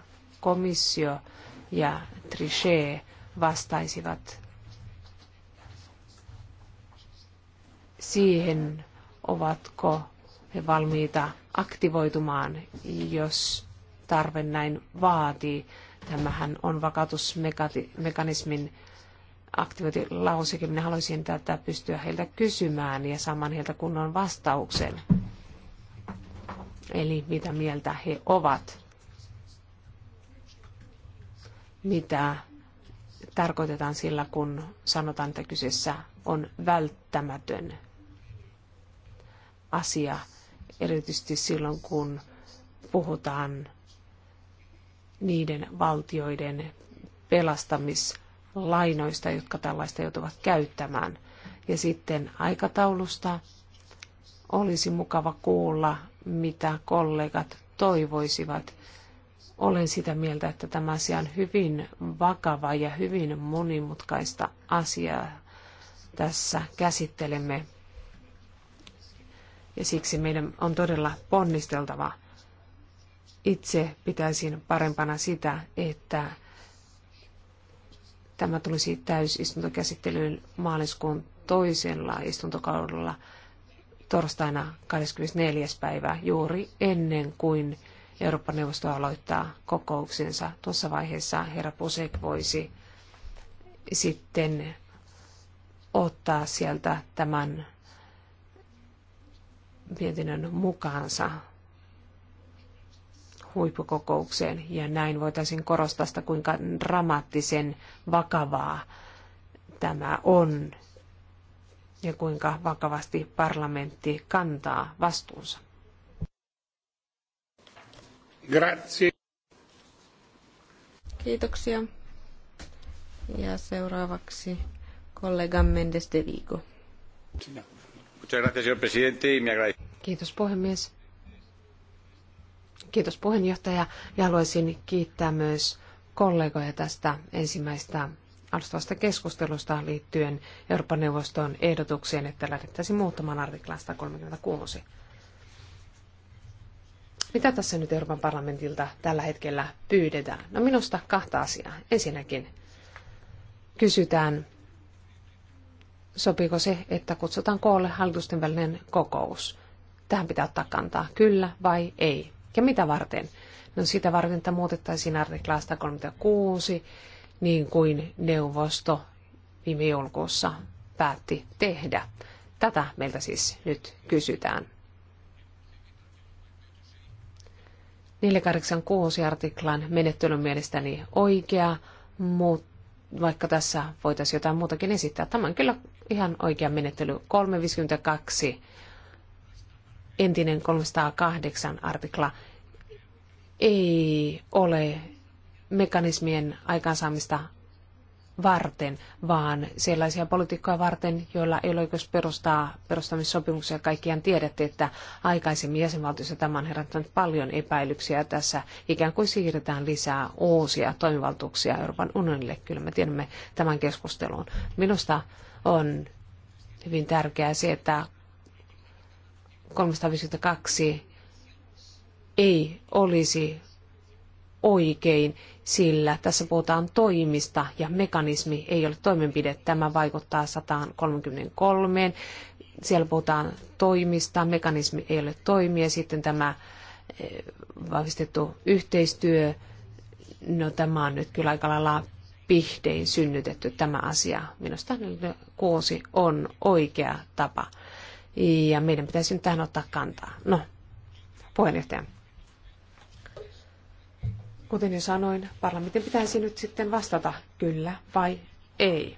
komissio ja Trichet vastaisivat siihen, ovatko he valmiita aktivoitumaan, jos tarve näin vaatii Tämähän on vakautusmekanismin aktivointilauseke. Minä haluaisin tätä pystyä heiltä kysymään ja saamaan heiltä kunnon vastauksen. Eli mitä mieltä he ovat. Mitä tarkoitetaan sillä, kun sanotaan, että kyseessä on välttämätön asia, erityisesti silloin, kun puhutaan niiden valtioiden pelastamislainoista, jotka tällaista joutuvat käyttämään. Ja sitten aikataulusta olisi mukava kuulla, mitä kollegat toivoisivat. Olen sitä mieltä, että tämä asia on hyvin vakava ja hyvin monimutkaista asiaa tässä käsittelemme. Ja siksi meidän on todella ponnisteltava – itse pitäisin parempana sitä, että tämä tulisi täysistuntokäsittelyyn maaliskuun toisella istuntokaudella torstaina 24. päivä juuri ennen kuin Euroopan neuvosto aloittaa kokouksensa. Tuossa vaiheessa herra Pusek voisi sitten ottaa sieltä tämän mietinnön mukaansa huippukokoukseen ja näin voitaisiin korostaa sitä, kuinka dramaattisen vakavaa tämä on ja kuinka vakavasti parlamentti kantaa vastuunsa. Grazie. Kiitoksia. Ja seuraavaksi kollega Mendes de Vigo. Kiitos puhemies. Kiitos puheenjohtaja ja haluaisin kiittää myös kollegoja tästä ensimmäistä alustavasta keskustelusta liittyen Euroopan neuvoston ehdotukseen, että lähdettäisiin muuttamaan artiklaa 136. Mitä tässä nyt Euroopan parlamentilta tällä hetkellä pyydetään? No minusta kahta asiaa. Ensinnäkin kysytään, sopiiko se, että kutsutaan koolle hallitusten välinen kokous. Tähän pitää ottaa kantaa, kyllä vai ei. Ja mitä varten? No sitä varten, että muutettaisiin artiklaa 136, niin kuin neuvosto viime joulukuussa päätti tehdä. Tätä meiltä siis nyt kysytään. 486 artiklan menettely on mielestäni oikea, mutta vaikka tässä voitaisiin jotain muutakin esittää. Tämä on kyllä ihan oikea menettely. 352 entinen 308 artikla ei ole mekanismien aikaansaamista varten, vaan sellaisia politiikkoja varten, joilla ei ole oikeus perustaa perustamissopimuksia. Kaikkiaan tiedätte, että aikaisemmin jäsenvaltiossa tämä on herättänyt paljon epäilyksiä. Tässä ikään kuin siirretään lisää uusia toimivaltuuksia Euroopan unionille. Kyllä me tiedämme tämän keskustelun. Minusta on hyvin tärkeää se, että 352 ei olisi oikein, sillä tässä puhutaan toimista ja mekanismi ei ole toimenpide. Tämä vaikuttaa 133. Siellä puhutaan toimista, mekanismi ei ole toimi ja sitten tämä eh, vahvistettu yhteistyö, no tämä on nyt kyllä aika lailla pihdein synnytetty tämä asia. Minusta kuusi on oikea tapa ja meidän pitäisi nyt tähän ottaa kantaa. No, puheenjohtaja. Kuten jo sanoin, parlamentin pitäisi nyt sitten vastata kyllä vai ei.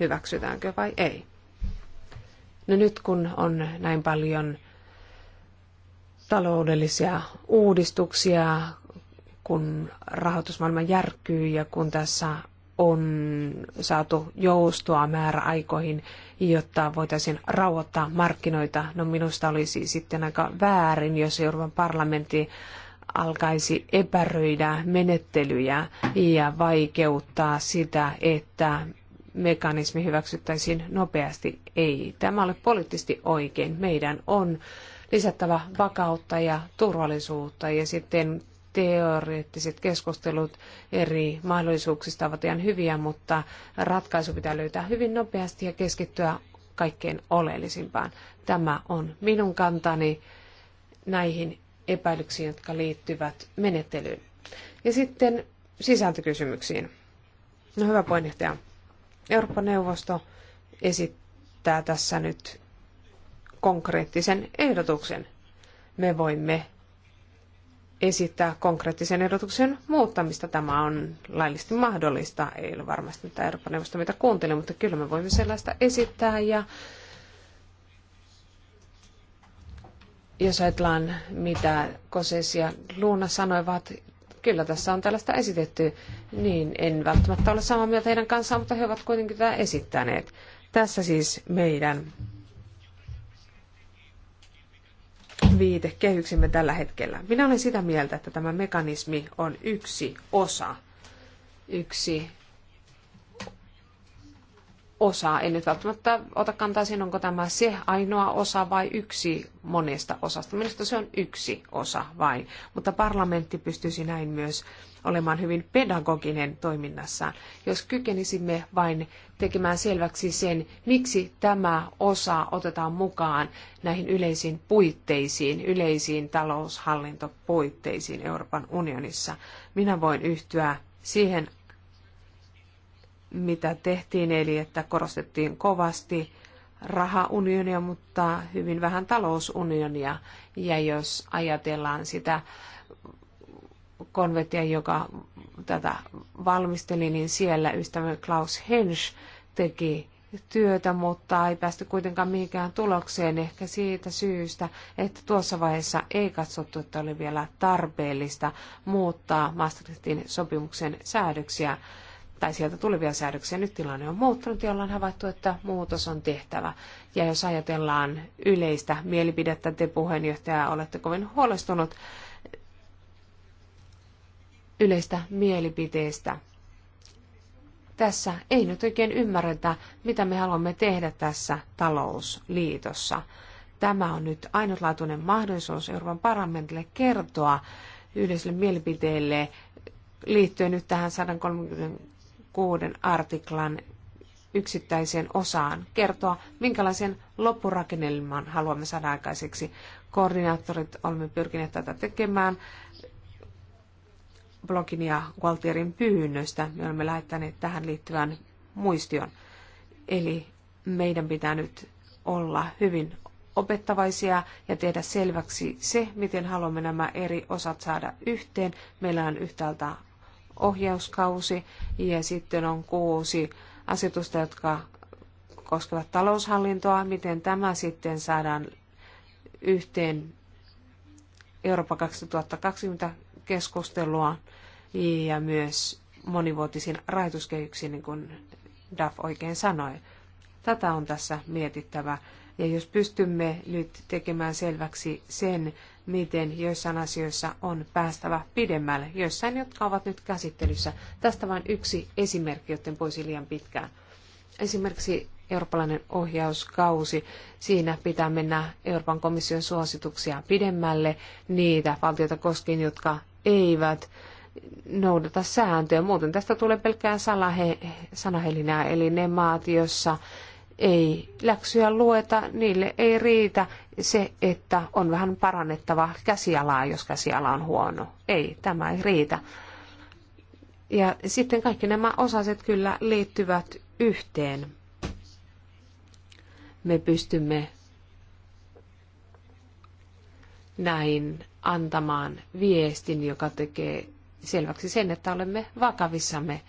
Hyväksytäänkö vai ei. No nyt kun on näin paljon taloudellisia uudistuksia, kun rahoitusmaailma järkkyy ja kun tässä on saatu joustoa määräaikoihin, jotta voitaisiin rauhoittaa markkinoita. No minusta olisi sitten aika väärin, jos Euroopan parlamentti alkaisi epäröidä menettelyjä ja vaikeuttaa sitä, että mekanismi hyväksyttäisiin nopeasti. Ei, tämä ole poliittisesti oikein. Meidän on lisättävä vakautta ja turvallisuutta ja sitten teoreettiset keskustelut eri mahdollisuuksista ovat ihan hyviä, mutta ratkaisu pitää löytää hyvin nopeasti ja keskittyä kaikkein oleellisimpaan. Tämä on minun kantani näihin epäilyksiin, jotka liittyvät menettelyyn. Ja sitten sisältökysymyksiin. No hyvä puheenjohtaja. Euroopan neuvosto esittää tässä nyt konkreettisen ehdotuksen. Me voimme esittää konkreettisen ehdotuksen muuttamista. Tämä on laillisesti mahdollista. Ei ole varmasti mitään Euroopan neuvosto mitä kuunteli, mutta kyllä me voimme sellaista esittää. Ja jos ajatellaan, mitä Koses ja Luuna sanoivat, kyllä tässä on tällaista esitetty, niin en välttämättä ole samaa mieltä heidän kanssaan, mutta he ovat kuitenkin tätä esittäneet. Tässä siis meidän viitekehyksemme tällä hetkellä. Minä olen sitä mieltä, että tämä mekanismi on yksi osa, yksi osa. En nyt välttämättä ota kantaa siihen, onko tämä se ainoa osa vai yksi monesta osasta. Minusta se on yksi osa vain, mutta parlamentti pystyisi näin myös olemaan hyvin pedagoginen toiminnassaan. Jos kykenisimme vain tekemään selväksi sen, miksi tämä osa otetaan mukaan näihin yleisiin puitteisiin, yleisiin taloushallintopuitteisiin Euroopan unionissa. Minä voin yhtyä siihen, mitä tehtiin, eli että korostettiin kovasti rahaunionia, mutta hyvin vähän talousunionia. Ja jos ajatellaan sitä konventia, joka tätä valmisteli, niin siellä ystävä Klaus Hensch teki työtä, mutta ei päästy kuitenkaan mihinkään tulokseen ehkä siitä syystä, että tuossa vaiheessa ei katsottu, että oli vielä tarpeellista muuttaa Maastrichtin sopimuksen säädöksiä tai sieltä tulevia säädöksiä. Nyt tilanne on muuttunut ja ollaan havaittu, että muutos on tehtävä. Ja jos ajatellaan yleistä mielipidettä, te puheenjohtaja olette kovin huolestunut yleistä mielipiteestä. Tässä ei nyt oikein ymmärretä, mitä me haluamme tehdä tässä talousliitossa. Tämä on nyt ainutlaatuinen mahdollisuus Euroopan parlamentille kertoa yleiselle mielipiteelle liittyen nyt tähän 136 artiklan yksittäiseen osaan, kertoa minkälaisen loppurakennelman haluamme saada aikaiseksi. Koordinaattorit olemme pyrkineet tätä tekemään Blogin ja Gualtierin pyynnöstä. Me olemme lähettäneet tähän liittyvän muistion. Eli meidän pitää nyt olla hyvin opettavaisia ja tehdä selväksi se, miten haluamme nämä eri osat saada yhteen. Meillä on yhtäältä ohjauskausi ja sitten on kuusi asetusta, jotka koskevat taloushallintoa, miten tämä sitten saadaan yhteen Eurooppa 2020 keskustelua ja myös monivuotisiin rahoituskehyksiin, niin kuin DAF oikein sanoi. Tätä on tässä mietittävä. Ja jos pystymme nyt tekemään selväksi sen, miten joissain asioissa on päästävä pidemmälle, joissain, jotka ovat nyt käsittelyssä. Tästä vain yksi esimerkki, joten pois liian pitkään. Esimerkiksi eurooppalainen ohjauskausi, siinä pitää mennä Euroopan komission suosituksia pidemmälle niitä valtioita koskien, jotka eivät noudata sääntöjä. Muuten tästä tulee pelkkään salahe- sanahelinää, eli ne maat, joissa ei läksyä lueta, niille ei riitä se, että on vähän parannettava käsialaa, jos käsiala on huono. Ei, tämä ei riitä. Ja sitten kaikki nämä osaset kyllä liittyvät yhteen. Me pystymme näin antamaan viestin, joka tekee selväksi sen, että olemme vakavissamme.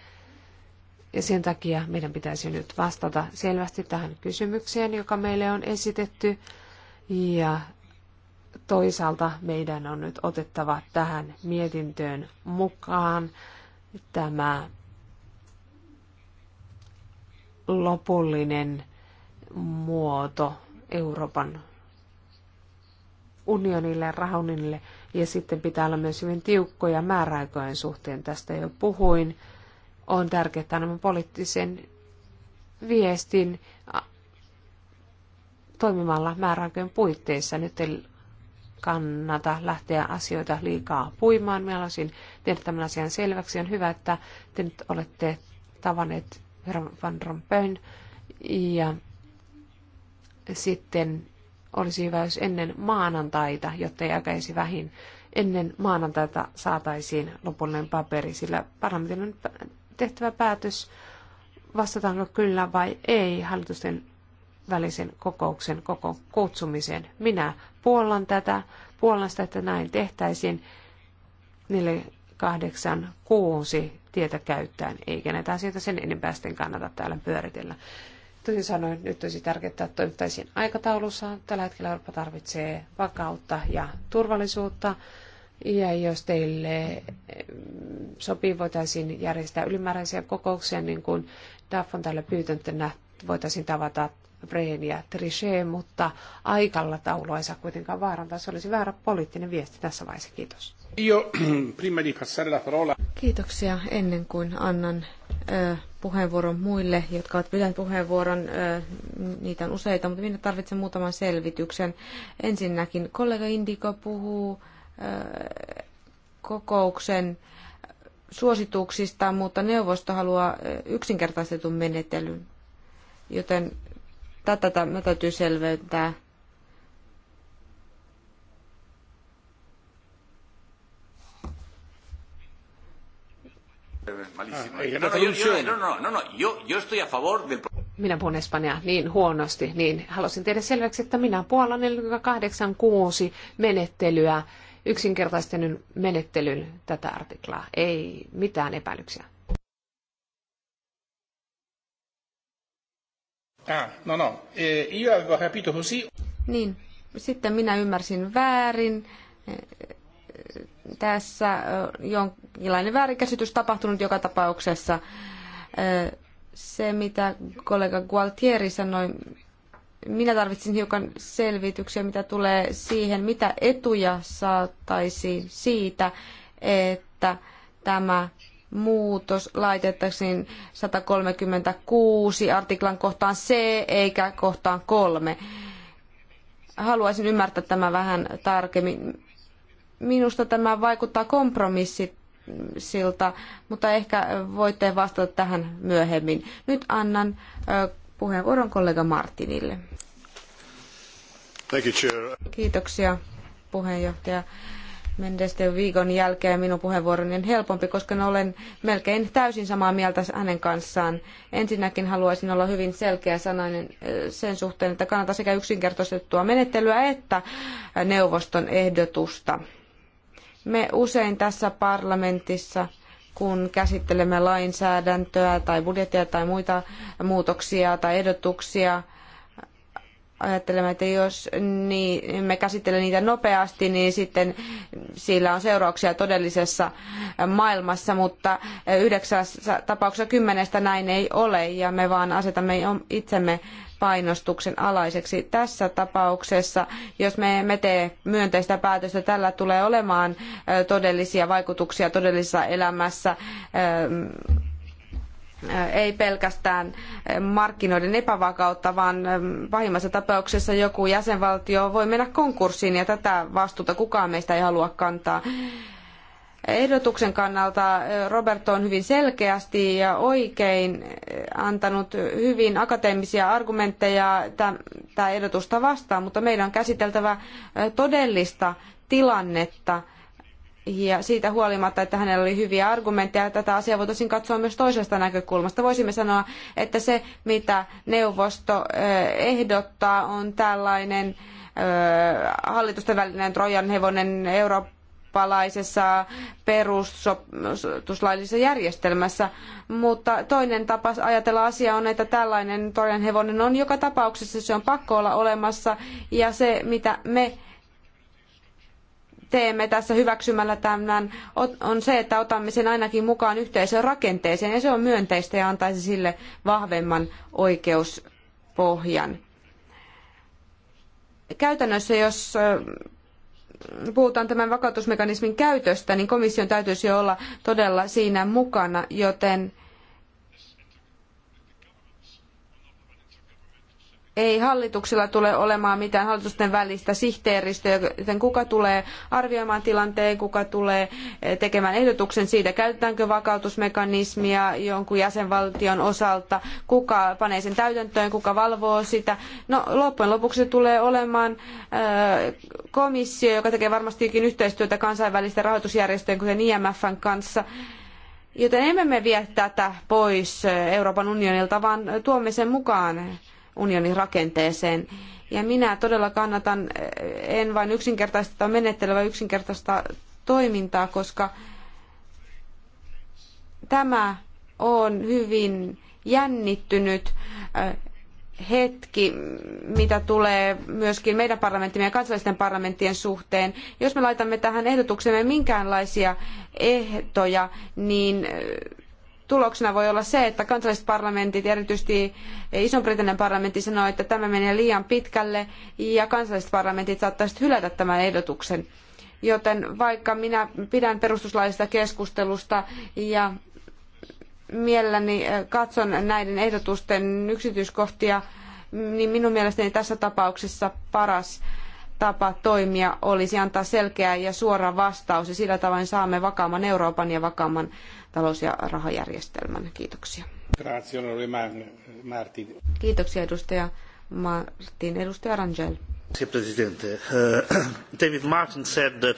Ja sen takia meidän pitäisi nyt vastata selvästi tähän kysymykseen, joka meille on esitetty. Ja toisaalta meidän on nyt otettava tähän mietintöön mukaan tämä lopullinen muoto Euroopan unionille ja Ja sitten pitää olla myös hyvin tiukkoja määräaikojen suhteen. Tästä jo puhuin. On tärkeää, että poliittisen viestin toimimalla määräaikojen puitteissa. Nyt ei kannata lähteä asioita liikaa puimaan. Mä olisin tehdä tämän asian selväksi. On hyvä, että te nyt olette tavanneet Van Rompuyn ja sitten olisi hyvä, jos ennen maanantaita, jotta ei vähin, ennen maanantaita saataisiin lopullinen paperi, sillä parlamentin on tehtävä päätös, vastataanko kyllä vai ei hallitusten välisen kokouksen koko kutsumiseen. Minä puollan tätä, puollan sitä, että näin tehtäisiin 486 tietä käyttäen, eikä näitä asioita sen enempää sitten kannata täällä pyöritellä. Toisin sanoen nyt olisi tärkeää, että toimittaisiin aikataulussa. Tällä hetkellä Eurooppa tarvitsee vakautta ja turvallisuutta. Ja jos teille mm, sopii, voitaisiin järjestää ylimääräisiä kokouksia, niin kuin DAF on täällä pyytänyt, voitaisiin tavata Breen ja Trichet, mutta aikalla taulua ei saa kuitenkaan vaarantaa. Se olisi väärä poliittinen viesti tässä vaiheessa. Kiitos. Io, [CLEARS THROAT] prima di passare la parola. Kiitoksia ennen kuin annan puheenvuoron muille, jotka ovat pyytäneet puheenvuoron. Niitä on useita, mutta minä tarvitsen muutaman selvityksen. Ensinnäkin kollega Indiko puhuu kokouksen suosituksista, mutta neuvosto haluaa yksinkertaistetun menetelyn. joten tätä täytyy selventää. malísimo. Ah, no, no, no yo, no, no, no, no, yo, yo estoy a favor del... Minä puhun Espanjaa niin huonosti, niin halusin tehdä selväksi, että minä puolan 486 menettelyä, yksinkertaisten menettelyn tätä artiklaa. Ei mitään epäilyksiä. Ah, no no, io eh, avevo capito così. Niin, sitten minä ymmärsin väärin tässä jonkinlainen väärinkäsitys tapahtunut joka tapauksessa. Se, mitä kollega Gualtieri sanoi, minä tarvitsin hiukan selvityksiä, mitä tulee siihen, mitä etuja saataisiin siitä, että tämä muutos laitettaisiin 136 artiklan kohtaan C eikä kohtaan 3. Haluaisin ymmärtää tämä vähän tarkemmin. Minusta tämä vaikuttaa kompromissilta, mutta ehkä voitte vastata tähän myöhemmin. Nyt annan puheenvuoron kollega Martinille. Thank you, chair. Kiitoksia puheenjohtaja. Mendesten viikon jälkeen minun puheenvuoroni on helpompi, koska olen melkein täysin samaa mieltä hänen kanssaan. Ensinnäkin haluaisin olla hyvin selkeä sanainen sen suhteen, että kannata sekä yksinkertaistettua menettelyä että neuvoston ehdotusta. Me usein tässä parlamentissa kun käsittelemme lainsäädäntöä tai budjettia tai muita muutoksia tai ehdotuksia, ajattelemme, että jos niin, me käsittelemme niitä nopeasti, niin sitten sillä on seurauksia todellisessa maailmassa, mutta yhdeksässä tapauksessa kymmenestä näin ei ole ja me vaan asetamme itsemme painostuksen alaiseksi. Tässä tapauksessa, jos me emme tee myönteistä päätöstä, tällä tulee olemaan todellisia vaikutuksia todellisessa elämässä ei pelkästään markkinoiden epävakautta, vaan pahimmassa tapauksessa joku jäsenvaltio voi mennä konkurssiin ja tätä vastuuta kukaan meistä ei halua kantaa ehdotuksen kannalta Roberto on hyvin selkeästi ja oikein antanut hyvin akateemisia argumentteja tätä ehdotusta vastaan, mutta meidän on käsiteltävä todellista tilannetta. Ja siitä huolimatta, että hänellä oli hyviä argumentteja, tätä asiaa voitaisiin katsoa myös toisesta näkökulmasta. Voisimme sanoa, että se mitä neuvosto ehdottaa on tällainen hallitusten välinen Trojan hevonen Euroopan eurooppalaisessa perustuslaillisessa järjestelmässä. Mutta toinen tapa ajatella asiaa on, että tällainen torjanhevonen on joka tapauksessa, se on pakko olla olemassa ja se mitä me teemme tässä hyväksymällä tämän on se, että otamme sen ainakin mukaan yhteisön rakenteeseen ja se on myönteistä ja antaisi sille vahvemman oikeuspohjan. Käytännössä, jos puhutaan tämän vakautusmekanismin käytöstä, niin komission täytyisi olla todella siinä mukana, joten ei hallituksilla tule olemaan mitään hallitusten välistä sihteeristöä, joten kuka tulee arvioimaan tilanteen, kuka tulee eh, tekemään ehdotuksen siitä, käytetäänkö vakautusmekanismia jonkun jäsenvaltion osalta, kuka panee sen täytäntöön, kuka valvoo sitä. No loppujen lopuksi se tulee olemaan eh, komissio, joka tekee varmastikin yhteistyötä kansainvälisten rahoitusjärjestöjen, kuten IMFn kanssa. Joten emme me vie tätä pois eh, Euroopan unionilta, vaan tuomme sen mukaan unionin rakenteeseen. Ja minä todella kannatan, eh, en vain yksinkertaista menettelyä, vaan yksinkertaista toimintaa, koska tämä on hyvin jännittynyt eh, hetki, mitä tulee myöskin meidän parlamenttimme ja kansallisten parlamenttien suhteen. Jos me laitamme tähän ehdotuksemme minkäänlaisia ehtoja, niin eh, tuloksena voi olla se, että kansalliset parlamentit, erityisesti Iso-Britannian parlamentti, sanoo, että tämä menee liian pitkälle ja kansalliset parlamentit saattaisivat hylätä tämän ehdotuksen. Joten vaikka minä pidän perustuslaillisesta keskustelusta ja mielelläni eh, katson näiden ehdotusten yksityiskohtia, niin minun mielestäni tässä tapauksessa paras tapa toimia olisi antaa selkeä ja suora vastaus ja sillä tavoin saamme vakaamman Euroopan ja vakaamman talous- ja rahajärjestelmän. Kiitoksia. Kiitoksia edustaja Martin. Edustaja Rangel. Eh, [CLEARS THROAT] David Martin said that...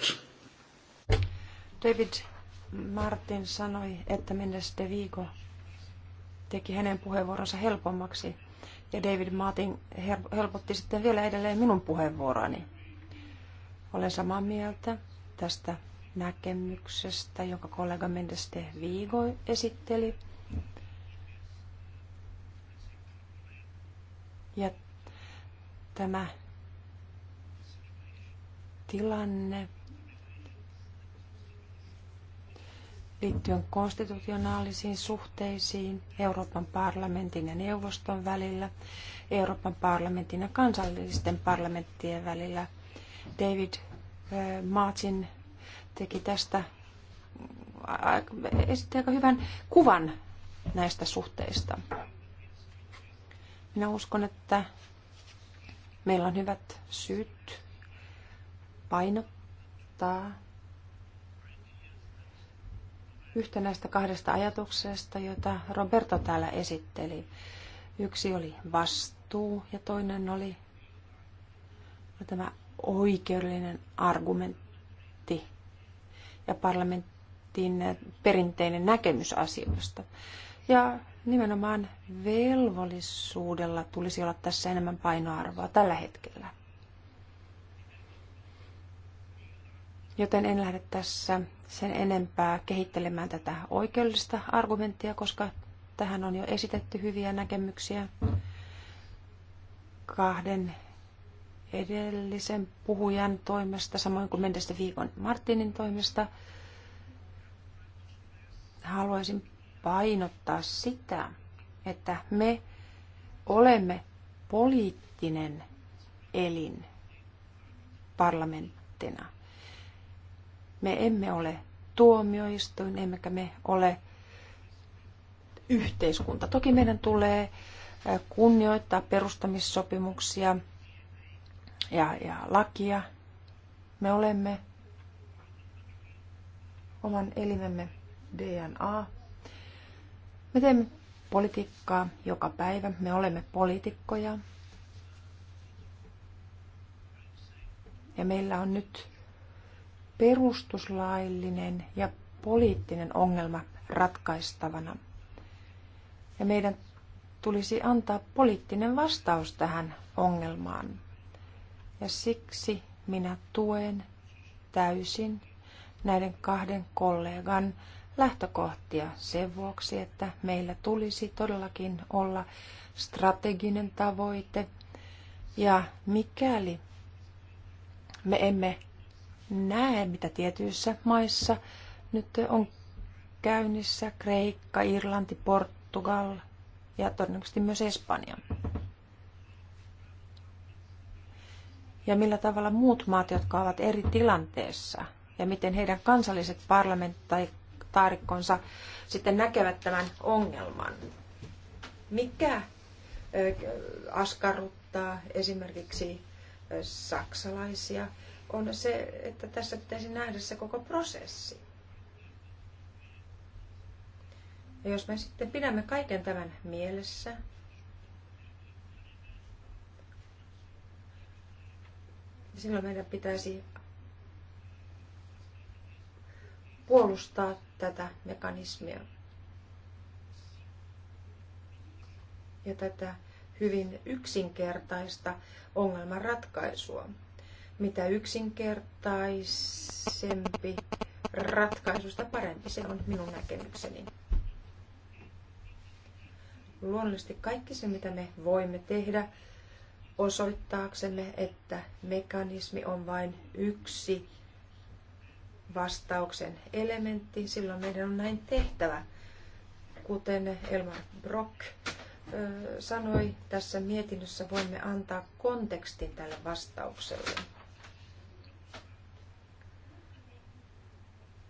David Martin sanoi, että Mendes de Vigo teki hänen puheenvuoronsa helpommaksi. Ja David Martin helpotti sitten vielä edelleen minun puheenvuoroni. Olen samaa mieltä tästä näkemyksestä, jonka kollega Mendes de Vigo esitteli. Ja tämä tilanne liittyen konstitutionaalisiin suhteisiin Euroopan parlamentin ja neuvoston välillä, Euroopan parlamentin ja kansallisten parlamenttien välillä. David eh, Martin teki tästä esitti aika hyvän kuvan näistä suhteista. Minä uskon, että meillä on hyvät syyt painottaa yhtä näistä kahdesta ajatuksesta, jota Roberto täällä esitteli. Yksi oli vastuu ja toinen oli tämä oikeudellinen argumentti ja parlamentin perinteinen näkemys asioista. Ja nimenomaan velvollisuudella tulisi olla tässä enemmän painoarvoa tällä hetkellä. Joten en lähde tässä sen enempää kehittelemään tätä oikeudellista argumenttia, koska tähän on jo esitetty hyviä näkemyksiä kahden edellisen puhujan toimesta, samoin kuin menneestä viikon Martinin toimesta. Haluaisin painottaa sitä, että me olemme poliittinen elin parlamenttina. Me emme ole tuomioistuin, emmekä me ole yhteiskunta. Toki meidän tulee kunnioittaa perustamissopimuksia, ja, ja lakia. Me olemme oman elimemme DNA. Me teemme politiikkaa joka päivä. Me olemme poliitikkoja. Ja meillä on nyt perustuslaillinen ja poliittinen ongelma ratkaistavana. Ja meidän tulisi antaa poliittinen vastaus tähän ongelmaan. Ja siksi minä tuen täysin näiden kahden kollegan lähtökohtia sen vuoksi, että meillä tulisi todellakin olla strateginen tavoite. Ja mikäli me emme näe, mitä tietyissä maissa nyt on käynnissä, Kreikka, Irlanti, Portugal ja todennäköisesti myös Espanja, ja millä tavalla muut maat, jotka ovat eri tilanteessa ja miten heidän kansalliset parlamentaarikkonsa sitten näkevät tämän ongelman. Mikä askarruttaa esimerkiksi saksalaisia on se, että tässä pitäisi nähdä se koko prosessi. Ja jos me sitten pidämme kaiken tämän mielessä, silloin meidän pitäisi puolustaa tätä mekanismia ja tätä hyvin yksinkertaista ongelmanratkaisua. Mitä yksinkertaisempi ratkaisusta parempi, se on minun näkemykseni. Luonnollisesti kaikki se, mitä me voimme tehdä, osoittaaksemme, että mekanismi on vain yksi vastauksen elementti, silloin meidän on näin tehtävä. Kuten Elmar Brock sanoi, tässä mietinnössä voimme antaa kontekstin tälle vastaukselle.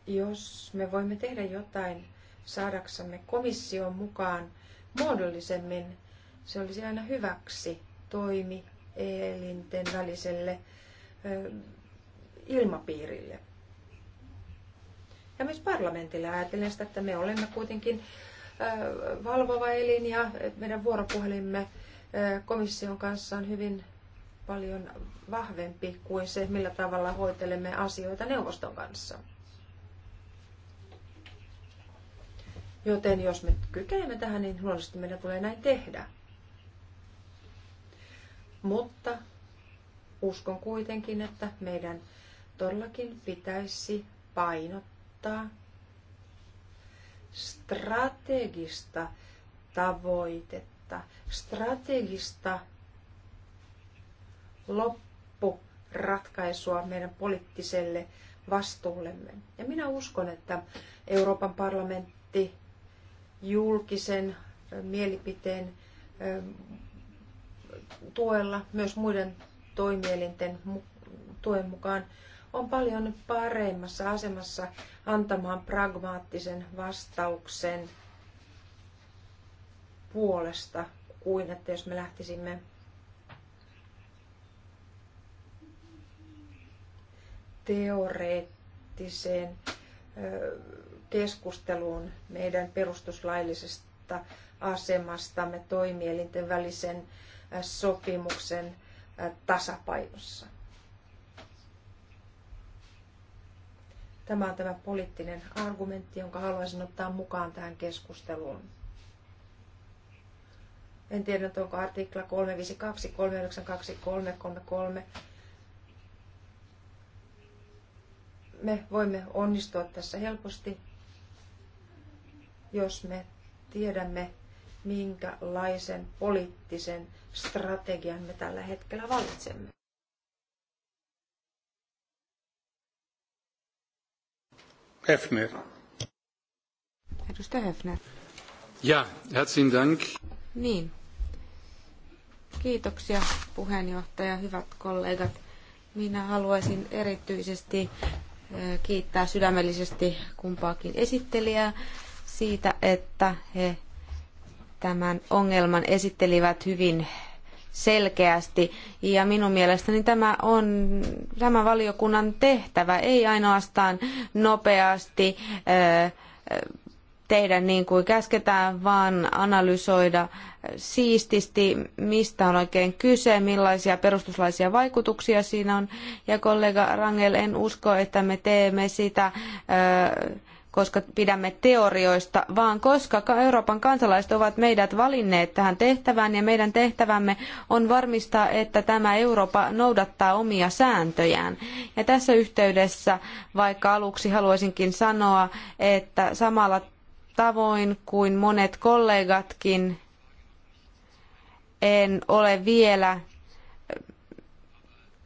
Jos me voimme tehdä jotain saadaksemme komission mukaan muodollisemmin, se olisi aina hyväksi toimi elinten väliselle ilmapiirille. Ja myös parlamentille ajatellen sitä, että me olemme kuitenkin valvova elin ja meidän vuoropuhelimme komission kanssa on hyvin paljon vahvempi kuin se, millä tavalla hoitelemme asioita neuvoston kanssa. Joten jos me kykenemme tähän, niin luonnollisesti meidän tulee näin tehdä. Mutta uskon kuitenkin, että meidän todellakin pitäisi painottaa strategista tavoitetta, strategista loppuratkaisua meidän poliittiselle vastuullemme. Ja minä uskon, että Euroopan parlamentti julkisen mielipiteen tuella, myös muiden toimielinten tuen mukaan, on paljon paremmassa asemassa antamaan pragmaattisen vastauksen puolesta kuin, että jos me lähtisimme teoreettiseen keskusteluun meidän perustuslaillisesta asemastamme toimielinten välisen sopimuksen tasapainossa. Tämä on tämä poliittinen argumentti, jonka haluaisin ottaa mukaan tähän keskusteluun. En tiedä, onko artikla 352, 392, 333. Me voimme onnistua tässä helposti, jos me tiedämme, minkälaisen poliittisen strategian me tällä hetkellä valitsemme. Hefner. Edustaja Hefner. Ja, herzlichen Dank. Niin. Kiitoksia puheenjohtaja, hyvät kollegat. Minä haluaisin erityisesti kiittää sydämellisesti kumpaakin esittelijää siitä, että he tämän ongelman esittelivät hyvin selkeästi. Ja minun mielestäni tämä on tämä valiokunnan tehtävä, ei ainoastaan nopeasti eh, tehdä niin kuin käsketään, vaan analysoida siististi, mistä on oikein kyse, millaisia perustuslaisia vaikutuksia siinä on. Ja kollega Rangel, en usko, että me teemme sitä ö, eh, koska pidämme teorioista, vaan koska Euroopan kansalaiset ovat meidät valinneet tähän tehtävään ja meidän tehtävämme on varmistaa, että tämä Eurooppa noudattaa omia sääntöjään. Ja tässä yhteydessä, vaikka aluksi haluaisinkin sanoa, että samalla tavoin kuin monet kollegatkin, en ole vielä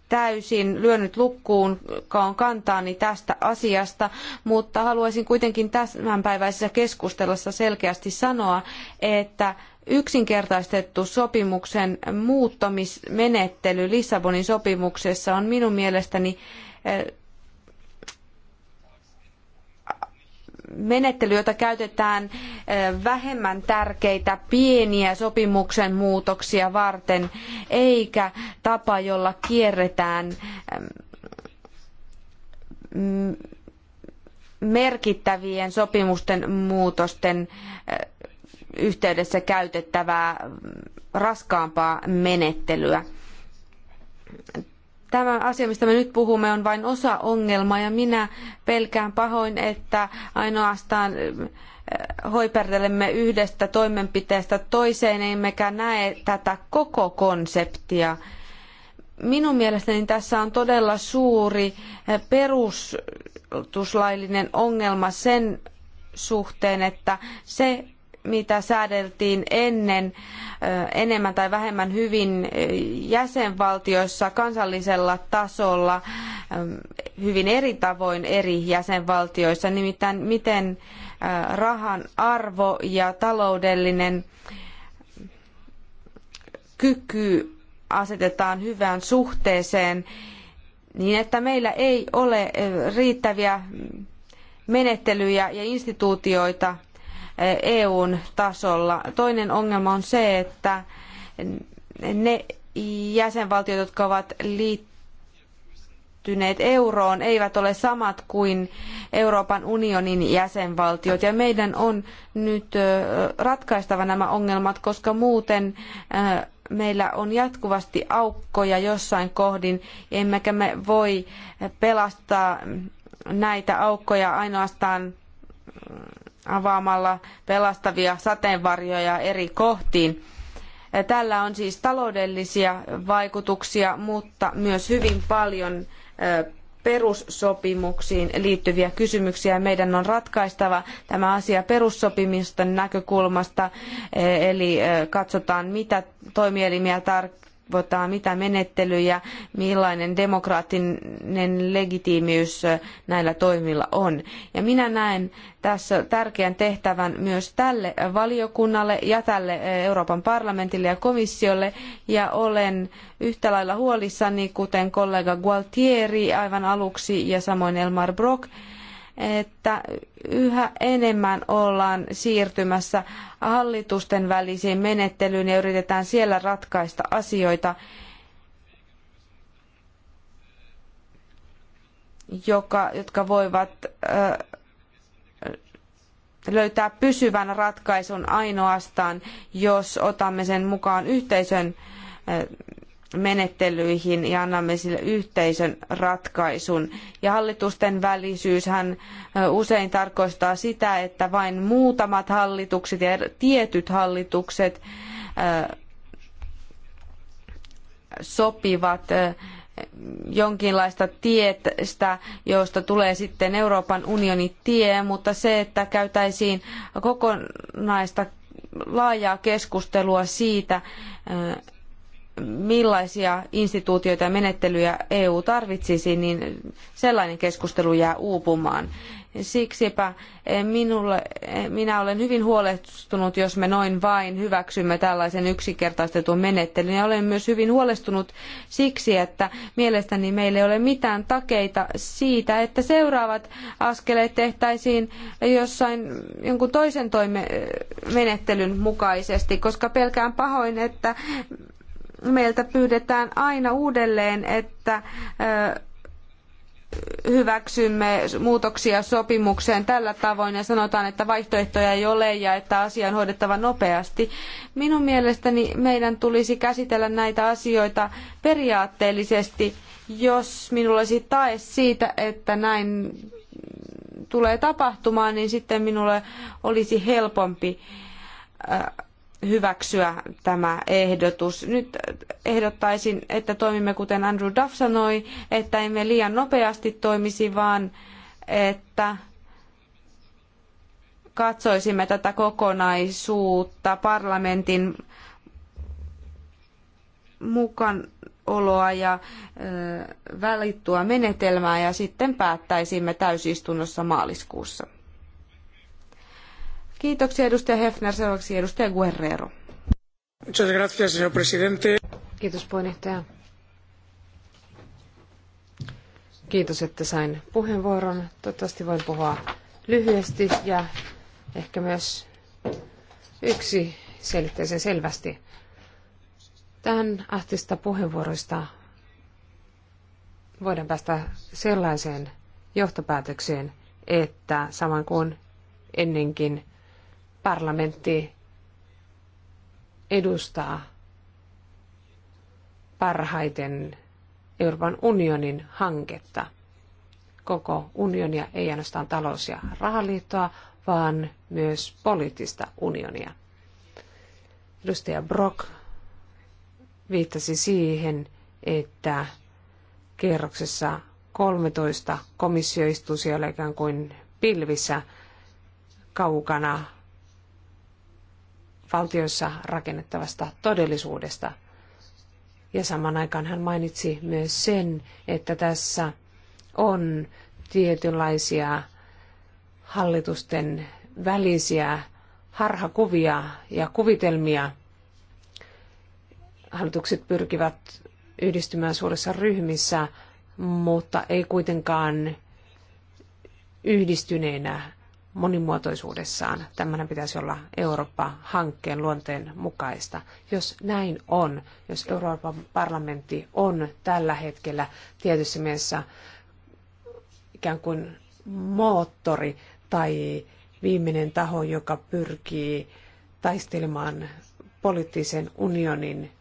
täysin lyönyt lukkuun kantaani tästä asiasta, mutta haluaisin kuitenkin tämänpäiväisessä keskustelussa selkeästi sanoa, että yksinkertaistettu sopimuksen muuttamismenettely Lissabonin sopimuksessa on minun mielestäni eh, menettely, jota käytetään vähemmän tärkeitä pieniä sopimuksen muutoksia varten, eikä tapa, jolla kierretään merkittävien sopimusten muutosten yhteydessä käytettävää raskaampaa menettelyä tämä asia, mistä me nyt puhumme, on vain osa ongelmaa ja minä pelkään pahoin, että ainoastaan eh, hoipertelemme yhdestä toimenpiteestä toiseen, emmekä näe tätä koko konseptia. Minun mielestäni tässä on todella suuri eh, perustuslaillinen ongelma sen suhteen, että se mitä säädeltiin ennen enemmän tai vähemmän hyvin jäsenvaltioissa kansallisella tasolla hyvin eri tavoin eri jäsenvaltioissa, nimittäin miten rahan arvo ja taloudellinen kyky asetetaan hyvään suhteeseen niin, että meillä ei ole riittäviä menettelyjä ja instituutioita EUn tasolla. Toinen ongelma on se, että ne jäsenvaltiot, jotka ovat liittyneet euroon, eivät ole samat kuin Euroopan unionin jäsenvaltiot. Ja meidän on nyt ratkaistava nämä ongelmat, koska muuten meillä on jatkuvasti aukkoja jossain kohdin, emmekä me voi pelastaa näitä aukkoja ainoastaan avaamalla pelastavia sateenvarjoja eri kohtiin. Tällä on siis taloudellisia vaikutuksia, mutta myös hyvin paljon perussopimuksiin liittyviä kysymyksiä. Meidän on ratkaistava tämä asia perussopimusten näkökulmasta, e, eli katsotaan mitä toimielimiä tar- valvotaan, mitä menettelyjä, millainen demokraattinen legitiimiys näillä toimilla on. Ja minä näen tässä tärkeän tehtävän myös tälle valiokunnalle ja tälle Euroopan parlamentille ja komissiolle, ja olen yhtä lailla huolissani, kuten kollega Gualtieri aivan aluksi ja samoin Elmar Brok, että yhä enemmän ollaan siirtymässä hallitusten välisiin menettelyyn ja yritetään siellä ratkaista asioita, joka, jotka voivat löytää pysyvän ratkaisun ainoastaan, jos otamme sen mukaan yhteisön menettelyihin ja annamme sille yhteisen ratkaisun. Ja hallitusten välisyyshän usein tarkoittaa sitä, että vain muutamat hallitukset ja tietyt hallitukset sopivat jonkinlaista tietä, josta tulee sitten Euroopan unionin tie, mutta se, että käytäisiin kokonaista laajaa keskustelua siitä, millaisia instituutioita ja menettelyjä EU tarvitsisi, niin sellainen keskustelu jää uupumaan. Siksipä eh, minulle, eh, minä olen hyvin huolestunut, jos me noin vain hyväksymme tällaisen yksinkertaistetun menettelyn. Ja olen myös hyvin huolestunut siksi, että mielestäni meillä ei ole mitään takeita siitä, että seuraavat askeleet tehtäisiin jossain jonkun toisen toime- eh, menettelyn mukaisesti, koska pelkään pahoin, että meiltä pyydetään aina uudelleen, että hyväksymme muutoksia sopimukseen tällä tavoin ja sanotaan, että vaihtoehtoja ei ole ja että asia on hoidettava nopeasti. Minun mielestäni meidän tulisi käsitellä näitä asioita periaatteellisesti, jos minulla olisi tae siitä, että näin tulee tapahtumaan, niin sitten minulle olisi helpompi hyväksyä tämä ehdotus. Nyt ehdottaisin, että toimimme kuten Andrew Duff sanoi, että emme liian nopeasti toimisi, vaan että katsoisimme tätä kokonaisuutta parlamentin mukaan oloa ja välittua menetelmää ja sitten päättäisimme täysistunnossa maaliskuussa. Kiitoksia edustaja Hefner, seuraavaksi edustaja Guerrero. Muchas gracias, señor presidente. Kiitos puheenjohtaja. Kiitos, että sain puheenvuoron. Toivottavasti voin puhua lyhyesti ja ehkä myös yksi selitteisen selvästi. Tähän ahtista puheenvuoroista voidaan päästä sellaiseen johtopäätökseen, että saman kuin ennenkin parlamentti edustaa parhaiten Euroopan unionin hanketta. Koko unionia, ei ainoastaan talous- ja rahaliittoa, vaan myös poliittista unionia. Edustaja Brock viittasi siihen, että kerroksessa 13 komissio istuu siellä ikään kuin pilvissä kaukana valtioissa rakennettavasta todellisuudesta. Ja saman aikaan hän mainitsi myös sen, että tässä on tietynlaisia hallitusten välisiä harhakuvia ja kuvitelmia. Hallitukset pyrkivät yhdistymään suurissa ryhmissä, mutta ei kuitenkaan yhdistyneenä monimuotoisuudessaan. Tämmöinen pitäisi olla Eurooppa-hankkeen luonteen mukaista. Jos näin on, jos Euroopan parlamentti on tällä hetkellä tietyssä mielessä ikään kuin moottori tai viimeinen taho, joka pyrkii taistelemaan poliittisen unionin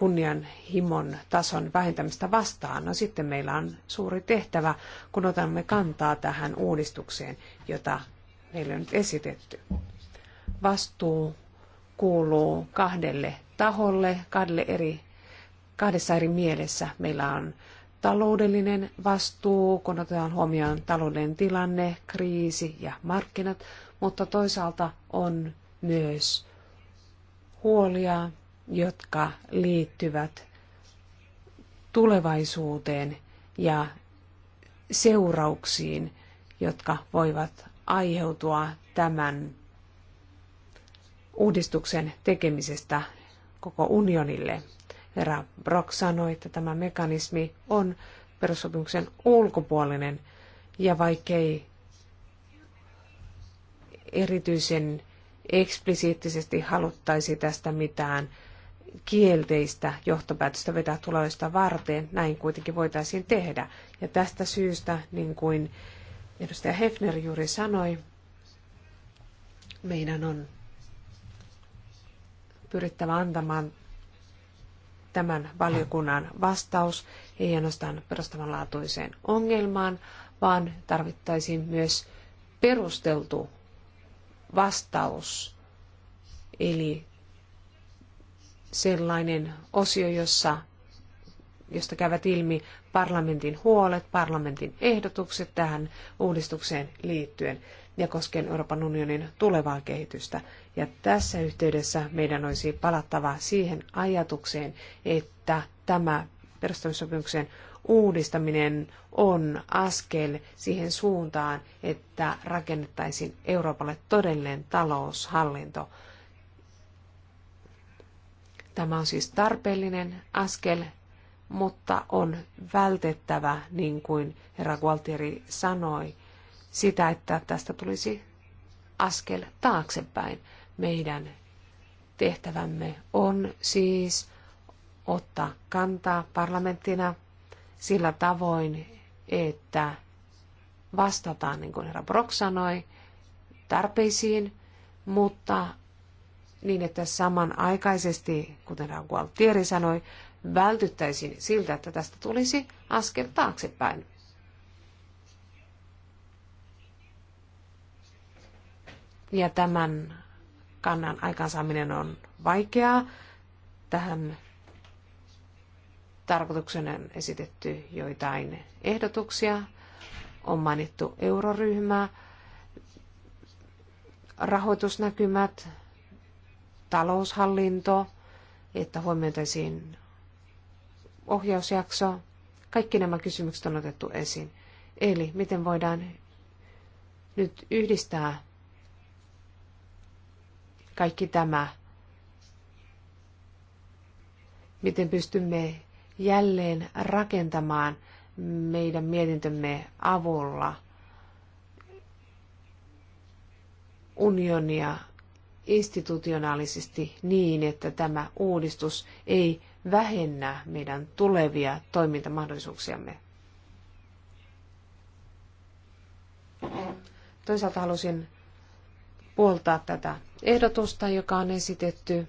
kunnianhimon tason vähentämistä vastaan. No sitten meillä on suuri tehtävä, kun otamme kantaa tähän uudistukseen, jota meille on nyt esitetty. Vastuu kuuluu kahdelle taholle, kahdelle eri, kahdessa eri mielessä. Meillä on taloudellinen vastuu, kun otetaan huomioon taloudellinen tilanne, kriisi ja markkinat, mutta toisaalta on myös huolia jotka liittyvät tulevaisuuteen ja seurauksiin, jotka voivat aiheutua tämän uudistuksen tekemisestä koko unionille. Herra Brock sanoi, että tämä mekanismi on perussopimuksen ulkopuolinen ja vaikkei erityisen eksplisiittisesti haluttaisi tästä mitään kielteistä johtopäätöstä vetää tuloista varten. Näin kuitenkin voitaisiin tehdä. Ja tästä syystä, niin kuin edustaja Hefner juuri sanoi, meidän on pyrittävä antamaan tämän valiokunnan vastaus ei ainoastaan perustavanlaatuiseen ongelmaan, vaan tarvittaisiin myös perusteltu vastaus, eli sellainen osio, jossa, josta käyvät ilmi parlamentin huolet, parlamentin ehdotukset tähän uudistukseen liittyen ja koskien Euroopan unionin tulevaa kehitystä. Ja tässä yhteydessä meidän olisi palattava siihen ajatukseen, että tämä perustamissopimuksen uudistaminen on askel siihen suuntaan, että rakennettaisiin Euroopalle todellinen taloushallinto Tämä on siis tarpeellinen askel, mutta on vältettävä, niin kuin herra Gualtieri sanoi, sitä, että tästä tulisi askel taaksepäin. Meidän tehtävämme on siis ottaa kantaa parlamenttina sillä tavoin, että vastataan, niin kuin herra Brock sanoi, tarpeisiin, mutta niin, että samanaikaisesti, kuten Gualtieri sanoi, vältyttäisiin siltä, että tästä tulisi askel taaksepäin. Ja tämän kannan aikaansaaminen on vaikeaa. Tähän tarkoituksen on esitetty joitain ehdotuksia. On mainittu euroryhmää, rahoitusnäkymät, taloushallinto, että huomioitaisiin ohjausjakso. Kaikki nämä kysymykset on otettu esiin. Eli miten voidaan nyt yhdistää kaikki tämä, miten pystymme jälleen rakentamaan meidän mietintömme avulla unionia institutionaalisesti niin, että tämä uudistus ei vähennä meidän tulevia toimintamahdollisuuksiamme. Toisaalta halusin puoltaa tätä ehdotusta, joka on esitetty,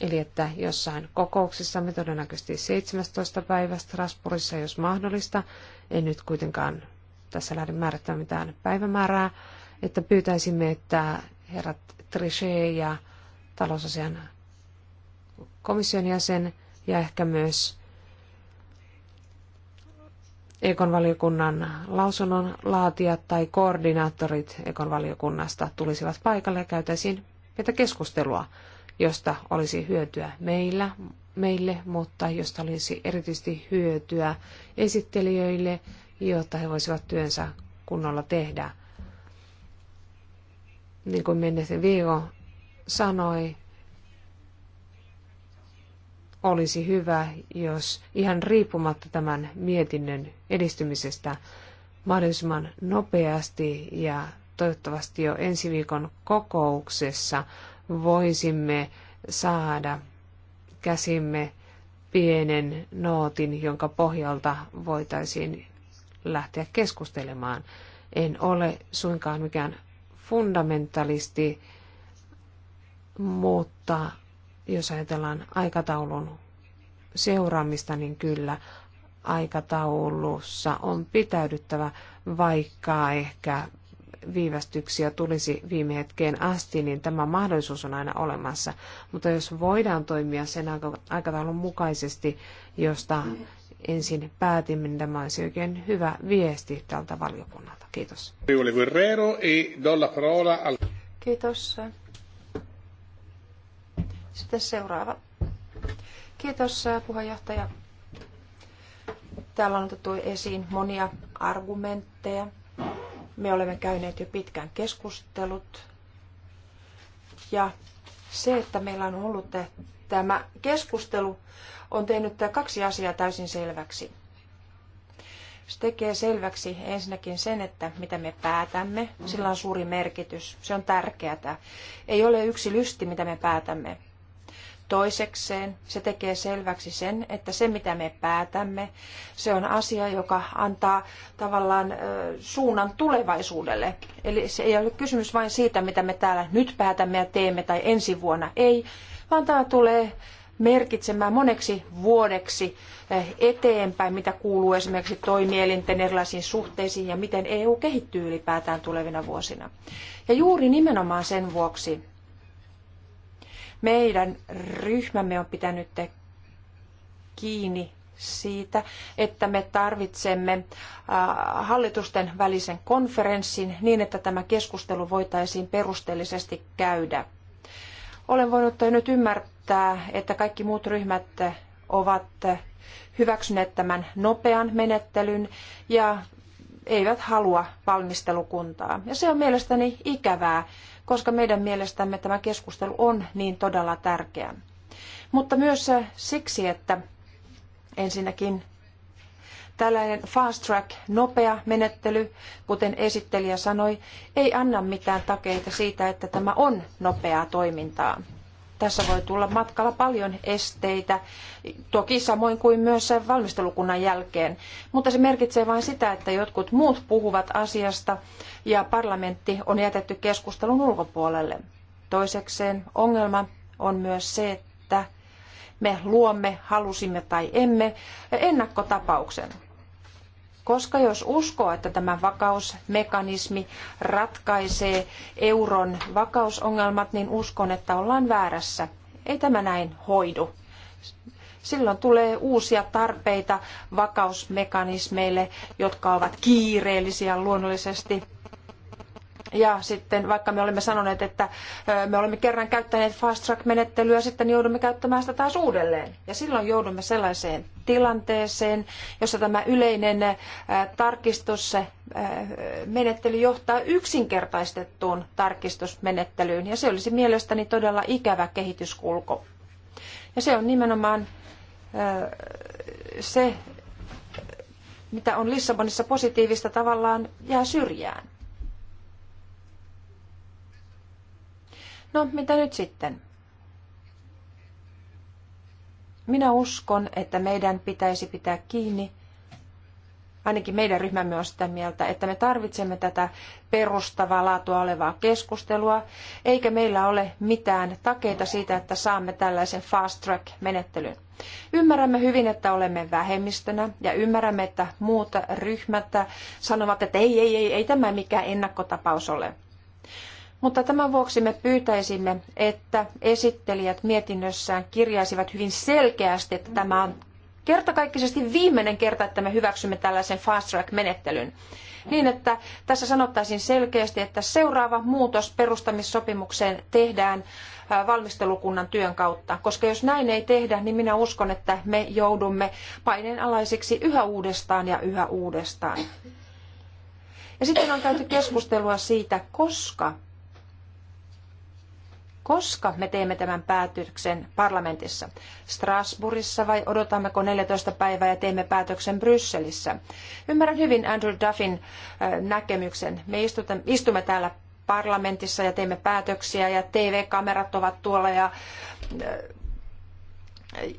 eli että jossain kokouksissamme todennäköisesti 17. päivä Strasbourgissa, jos mahdollista, en nyt kuitenkaan tässä lähde määrittämään mitään päivämäärää, että pyytäisimme, että herrat Trichet ja talousasian komission jäsen ja ehkä myös Ekon valiokunnan lausunnon laatijat tai koordinaattorit Ekon valiokunnasta tulisivat paikalle ja käytäisiin pientä keskustelua, josta olisi hyötyä meillä, meille, mutta josta olisi erityisesti hyötyä esittelijöille, jotta he voisivat työnsä kunnolla tehdä niin kuin Mendes Vigo sanoi, olisi hyvä, jos ihan riippumatta tämän mietinnön edistymisestä mahdollisimman nopeasti ja toivottavasti jo ensi viikon kokouksessa voisimme saada käsimme pienen nootin, jonka pohjalta voitaisiin lähteä keskustelemaan. En ole suinkaan mikään fundamentalisti, mutta jos ajatellaan aikataulun seuraamista, niin kyllä aikataulussa on pitäydyttävä, vaikka ehkä viivästyksiä tulisi viime hetkeen asti, niin tämä mahdollisuus on aina olemassa. Mutta jos voidaan toimia sen aikataulun mukaisesti, josta ensin päätimme, niin tämä olisi oikein hyvä viesti tältä valiokunnalta. Kiitos. E Kiitos. Sitten seuraava. Kiitos puheenjohtaja. Täällä on otettu esiin monia argumentteja. Me olemme käyneet jo pitkään keskustelut. Ja se, että meillä on ollut tämä keskustelu on tehnyt kaksi asiaa täysin selväksi. Se tekee selväksi ensinnäkin sen, että mitä me päätämme, sillä on suuri merkitys. Se on tärkeää. Ei ole yksi lysti, mitä me päätämme. Toisekseen se tekee selväksi sen, että se mitä me päätämme, se on asia, joka antaa tavallaan suunnan tulevaisuudelle. Eli se ei ole kysymys vain siitä, mitä me täällä nyt päätämme ja teemme tai ensi vuonna. Ei, vaan tämä tulee merkitsemään moneksi vuodeksi eh, eteenpäin, mitä kuuluu esimerkiksi toimielinten erilaisiin suhteisiin ja miten EU kehittyy ylipäätään tulevina vuosina. Ja juuri nimenomaan sen vuoksi meidän ryhmämme on pitänyt kiinni siitä, että me tarvitsemme hallitusten välisen konferenssin niin, että tämä keskustelu voitaisiin perusteellisesti käydä. Olen voinut nyt ymmärtää, että kaikki muut ryhmät ovat hyväksyneet tämän nopean menettelyn ja eivät halua valmistelukuntaa. Ja se on mielestäni ikävää, koska meidän mielestämme tämä keskustelu on niin todella tärkeä. Mutta myös siksi, että ensinnäkin Tällainen fast track, nopea menettely, kuten esittelijä sanoi, ei anna mitään takeita siitä, että tämä on nopeaa toimintaa. Tässä voi tulla matkalla paljon esteitä, toki samoin kuin myös sen valmistelukunnan jälkeen, mutta se merkitsee vain sitä, että jotkut muut puhuvat asiasta ja parlamentti on jätetty keskustelun ulkopuolelle. Toisekseen ongelma on myös se, että me luomme, halusimme tai emme, ennakkotapauksen. Koska jos uskoo, että tämä vakausmekanismi ratkaisee euron vakausongelmat, niin uskon, että ollaan väärässä. Ei tämä näin hoidu. Silloin tulee uusia tarpeita vakausmekanismeille, jotka ovat kiireellisiä luonnollisesti ja sitten vaikka me olemme sanoneet, että me olemme kerran käyttäneet fast track-menettelyä, sitten joudumme käyttämään sitä taas uudelleen. Ja silloin joudumme sellaiseen tilanteeseen, jossa tämä yleinen tarkistusmenettely johtaa yksinkertaistettuun tarkistusmenettelyyn. Ja se olisi mielestäni todella ikävä kehityskulku. Ja se on nimenomaan se, mitä on Lissabonissa positiivista tavallaan jää syrjään. No, mitä nyt sitten? Minä uskon, että meidän pitäisi pitää kiinni, ainakin meidän ryhmämme on sitä mieltä, että me tarvitsemme tätä perustavaa laatua olevaa keskustelua, eikä meillä ole mitään takeita siitä, että saamme tällaisen fast track-menettelyn. Ymmärrämme hyvin, että olemme vähemmistönä ja ymmärrämme, että muut ryhmät sanovat, että ei, ei, ei, ei tämä mikään ennakkotapaus ole. Mutta tämän vuoksi me pyytäisimme, että esittelijät mietinnössään kirjaisivat hyvin selkeästi, että tämä on kertakaikkisesti viimeinen kerta, että me hyväksymme tällaisen fast track-menettelyn. Niin, että tässä sanottaisiin selkeästi, että seuraava muutos perustamissopimukseen tehdään valmistelukunnan työn kautta. Koska jos näin ei tehdä, niin minä uskon, että me joudumme paineenalaisiksi yhä uudestaan ja yhä uudestaan. Ja sitten on käyty keskustelua siitä, koska koska me teemme tämän päätöksen parlamentissa? Strasbourgissa vai odotammeko 14 päivää ja teemme päätöksen Brysselissä? Ymmärrän hyvin Andrew Duffin äh, näkemyksen. Me istumme täällä parlamentissa ja teemme päätöksiä ja TV-kamerat ovat tuolla ja äh,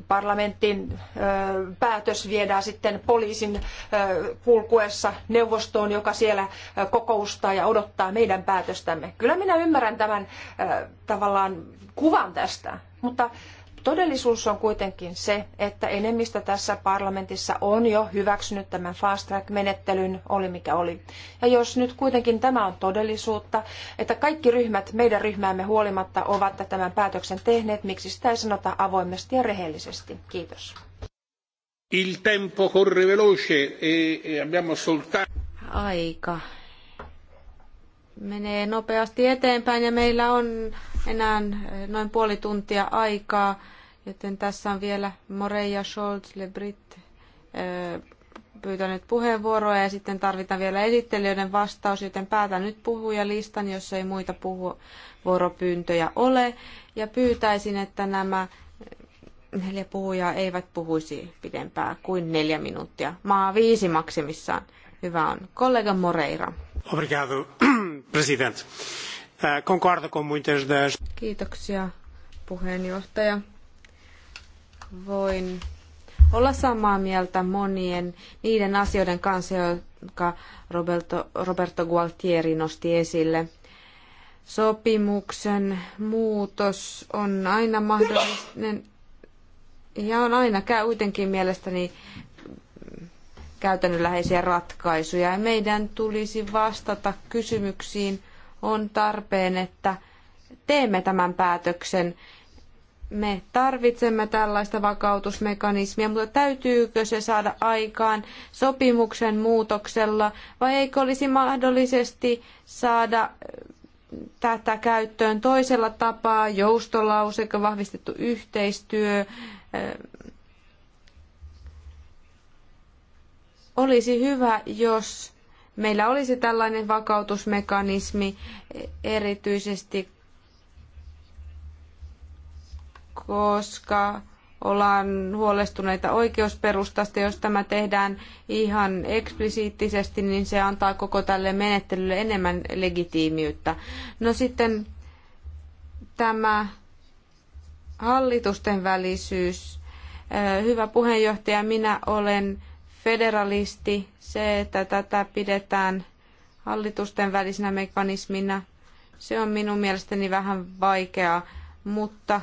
parlamentin päätös viedään sitten poliisin kulkuessa neuvostoon, joka siellä kokoustaa ja odottaa meidän päätöstämme. Kyllä minä ymmärrän tämän tavallaan kuvan tästä, mutta Todellisuus on kuitenkin se, että enemmistö tässä parlamentissa on jo hyväksynyt tämän fast track-menettelyn, oli mikä oli. Ja jos nyt kuitenkin tämä on todellisuutta, että kaikki ryhmät meidän ryhmäämme huolimatta ovat tämän päätöksen tehneet, miksi sitä ei sanota avoimesti ja rehellisesti. Kiitos. Il tempo corre veloce e, e abbiamo soltanto... Aika menee nopeasti eteenpäin ja meillä on enää noin puoli tuntia aikaa, joten tässä on vielä Moreja, Scholz, Brit pyytänyt puheenvuoroa ja sitten tarvitaan vielä esittelijöiden vastaus, joten päätän nyt puhujalistan, jos ei muita puheenvuoropyyntöjä ole. Ja pyytäisin, että nämä neljä puhujaa eivät puhuisi pidempään kuin neljä minuuttia, maa viisi maksimissaan. Hyvä on. Kollega Moreira. Obrigado, [CLEARS THROAT] president. Äh, concordo muitas das... Kiitoksia, puheenjohtaja. Voin olla samaa mieltä monien niiden asioiden kanssa, jotka Roberto, Roberto Gualtieri nosti esille. Sopimuksen muutos on aina mahdollinen ja on aina kuitenkin mielestäni käytännönläheisiä ratkaisuja. Ja meidän tulisi vastata kysymyksiin, on tarpeen, että teemme tämän päätöksen. Me tarvitsemme tällaista vakautusmekanismia, mutta täytyykö se saada aikaan sopimuksen muutoksella vai eikö olisi mahdollisesti saada tätä käyttöön toisella tapaa, joustolauseke, vahvistettu yhteistyö, Olisi hyvä, jos meillä olisi tällainen vakautusmekanismi erityisesti, koska ollaan huolestuneita oikeusperustasta. Jos tämä tehdään ihan eksplisiittisesti, niin se antaa koko tälle menettelylle enemmän legitiimiyttä. No sitten tämä hallitusten välisyys. Hyvä puheenjohtaja, minä olen federalisti, se, että tätä pidetään hallitusten välisenä mekanismina, se on minun mielestäni vähän vaikeaa, mutta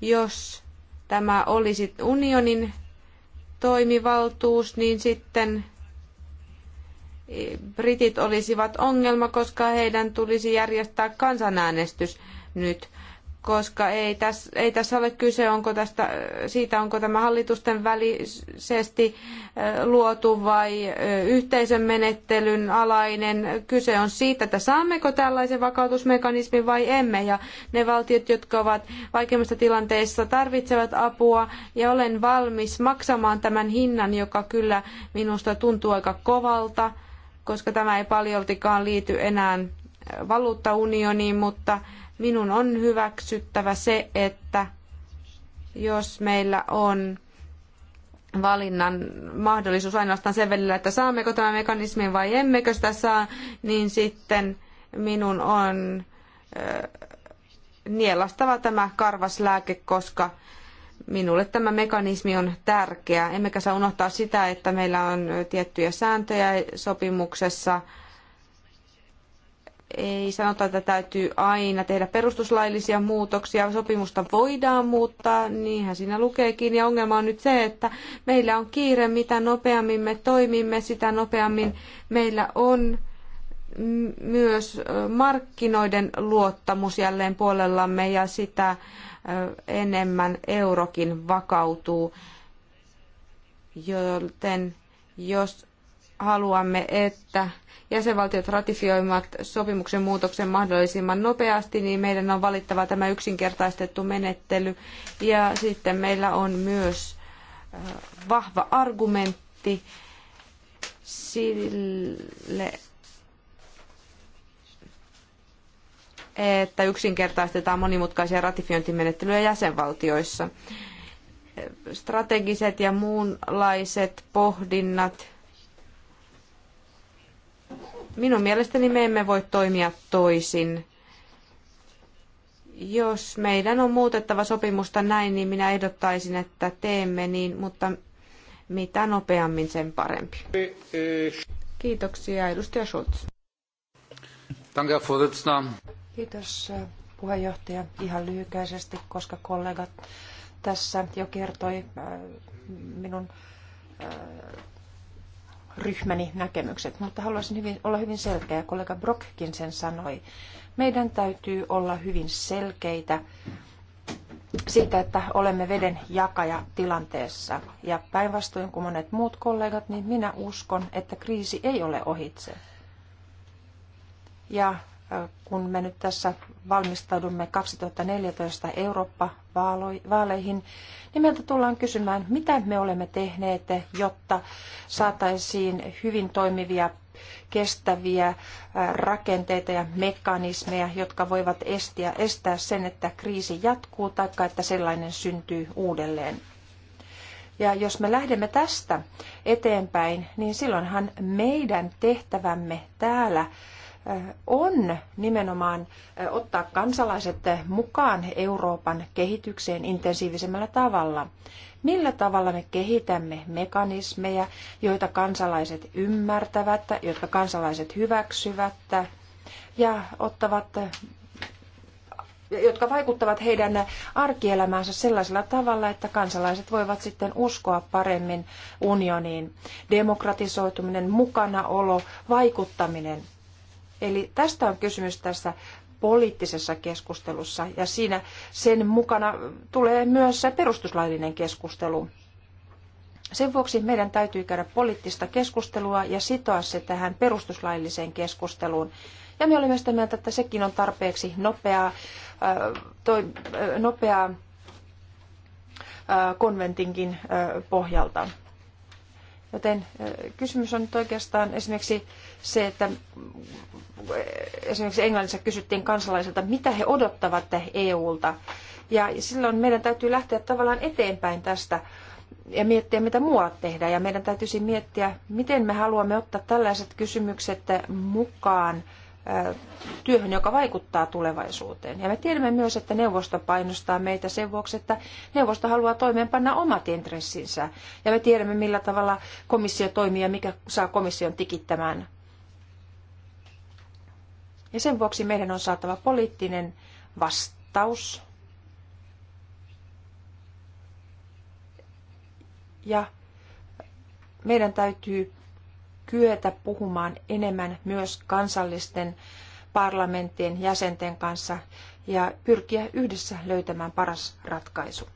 jos tämä olisi unionin toimivaltuus, niin sitten britit olisivat ongelma, koska heidän tulisi järjestää kansanäänestys nyt koska ei tässä, ei tässä ole kyse onko tästä, siitä, onko tämä hallitusten välisesti luotu vai yhteisön menettelyn alainen. Kyse on siitä, että saammeko tällaisen vakautusmekanismin vai emme. Ja ne valtiot, jotka ovat vaikeimmassa tilanteessa, tarvitsevat apua ja olen valmis maksamaan tämän hinnan, joka kyllä minusta tuntuu aika kovalta, koska tämä ei paljoltikaan liity enää valuuttaunioniin, mutta minun on hyväksyttävä se, että jos meillä on valinnan mahdollisuus ainoastaan sen välillä, että saammeko tämän mekanismin vai emmekö sitä saa, niin sitten minun on nielastava tämä karvas lääke, koska minulle tämä mekanismi on tärkeä. Emmekä saa unohtaa sitä, että meillä on tiettyjä sääntöjä sopimuksessa, ei sanota, että täytyy aina tehdä perustuslaillisia muutoksia. Sopimusta voidaan muuttaa, niinhän siinä lukeekin. Ja ongelma on nyt se, että meillä on kiire, mitä nopeammin me toimimme, sitä nopeammin meillä on myös markkinoiden luottamus jälleen puolellamme ja sitä enemmän eurokin vakautuu. Joten jos haluamme, että jäsenvaltiot ratifioimat sopimuksen muutoksen mahdollisimman nopeasti, niin meidän on valittava tämä yksinkertaistettu menettely. Ja sitten meillä on myös äh, vahva argumentti sille, että yksinkertaistetaan monimutkaisia ratifiointimenettelyjä jäsenvaltioissa. Strategiset ja muunlaiset pohdinnat Minun mielestäni me emme voi toimia toisin. Jos meidän on muutettava sopimusta näin, niin minä ehdottaisin, että teemme niin, mutta mitä nopeammin sen parempi. Kiitoksia, edustaja Schulz. Kiitos puheenjohtaja ihan lyhykäisesti, koska kollegat tässä jo kertoi äh, minun äh, ryhmäni näkemykset, mutta haluaisin hyvin, olla hyvin selkeä. Kollega Brockkin sen sanoi. Meidän täytyy olla hyvin selkeitä siitä, että olemme veden jakaja tilanteessa. Ja päinvastoin kuin monet muut kollegat, niin minä uskon, että kriisi ei ole ohitse. Ja kun me nyt tässä valmistaudumme 2014 Eurooppa-vaaleihin, niin meiltä tullaan kysymään, mitä me olemme tehneet, jotta saataisiin hyvin toimivia, kestäviä rakenteita ja mekanismeja, jotka voivat estiä, estää sen, että kriisi jatkuu tai että sellainen syntyy uudelleen. Ja jos me lähdemme tästä eteenpäin, niin silloinhan meidän tehtävämme täällä on nimenomaan ottaa kansalaiset mukaan Euroopan kehitykseen intensiivisemmällä tavalla. Millä tavalla me kehitämme mekanismeja, joita kansalaiset ymmärtävät, jotka kansalaiset hyväksyvät ja ottavat jotka vaikuttavat heidän arkielämäänsä sellaisella tavalla, että kansalaiset voivat sitten uskoa paremmin unioniin. Demokratisoituminen, mukanaolo, vaikuttaminen – Eli tästä on kysymys tässä poliittisessa keskustelussa ja siinä sen mukana tulee myös perustuslaillinen keskustelu. Sen vuoksi meidän täytyy käydä poliittista keskustelua ja sitoa se tähän perustuslailliseen keskusteluun. Ja me olemme sitä mieltä, että sekin on tarpeeksi nopeaa, äh, toi, äh, nopeaa äh, konventinkin pohjalta. Joten kysymys on nyt oikeastaan esimerkiksi se, että esimerkiksi Englannissa kysyttiin kansalaisilta, mitä he odottavat EUlta. Ja silloin meidän täytyy lähteä tavallaan eteenpäin tästä ja miettiä, mitä muualla tehdään. Ja meidän täytyisi miettiä, miten me haluamme ottaa tällaiset kysymykset mukaan – työhön, joka vaikuttaa tulevaisuuteen. Ja me tiedämme myös, että neuvosto painostaa meitä sen vuoksi, että neuvosto haluaa toimeenpanna omat intressinsä. Ja me tiedämme, millä tavalla komissio toimii ja mikä saa komission tikittämään. Ja sen vuoksi meidän on saatava poliittinen vastaus. Ja meidän täytyy kyetä puhumaan enemmän myös kansallisten parlamenttien jäsenten kanssa ja pyrkiä yhdessä löytämään paras ratkaisu.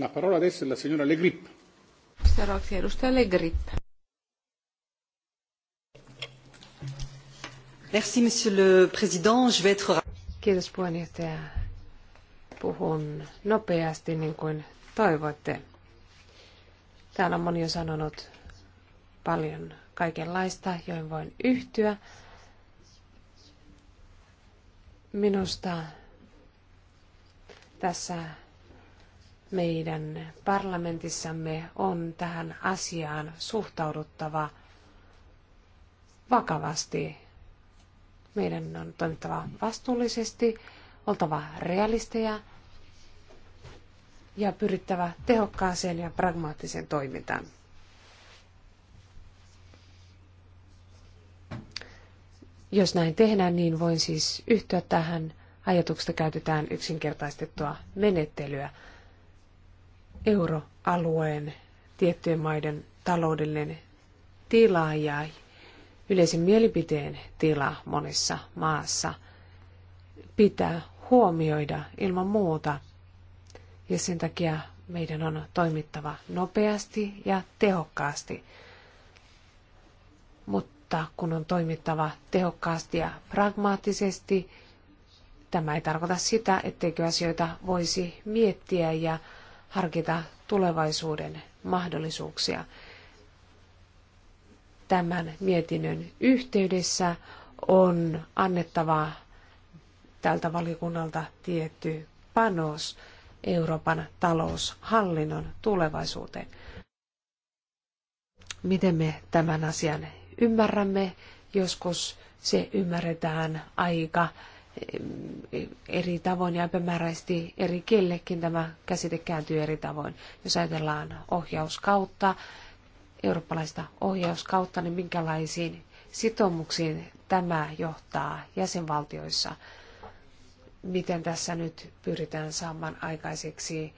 La parola adesso la signora Le Grip. Seuraavaksi edustaja Le Grip. Merci, monsieur le président. Je vais être... Kiitos puheenjohtaja. Puhun nopeasti niin kuin toivoitte. Täällä on moni jo sanonut paljon kaikenlaista, joihin voin yhtyä. Minusta tässä meidän parlamentissamme on tähän asiaan suhtauduttava vakavasti. Meidän on toimittava vastuullisesti, oltava realisteja ja pyrittävä tehokkaaseen ja pragmaattiseen toimintaan. Jos näin tehdään, niin voin siis yhtyä tähän ajatuksesta käytetään yksinkertaistettua menettelyä. Euroalueen tiettyjen maiden taloudellinen tila ja yleisen mielipiteen tila monessa maassa pitää huomioida ilman muuta. Ja sen takia meidän on toimittava nopeasti ja tehokkaasti. Mutta mutta kun on toimittava tehokkaasti ja pragmaattisesti, tämä ei tarkoita sitä, etteikö asioita voisi miettiä ja harkita tulevaisuuden mahdollisuuksia. Tämän mietinnön yhteydessä on annettava tältä valiokunnalta tietty panos Euroopan taloushallinnon tulevaisuuteen. Miten me tämän asian ymmärrämme, joskus se ymmärretään aika eh, eri tavoin ja epämääräisesti eri kiellekin tämä käsite kääntyy eri tavoin. Jos ajatellaan ohjauskautta, eurooppalaista ohjauskautta, niin minkälaisiin sitoumuksiin tämä johtaa jäsenvaltioissa? Miten tässä nyt pyritään saamaan aikaiseksi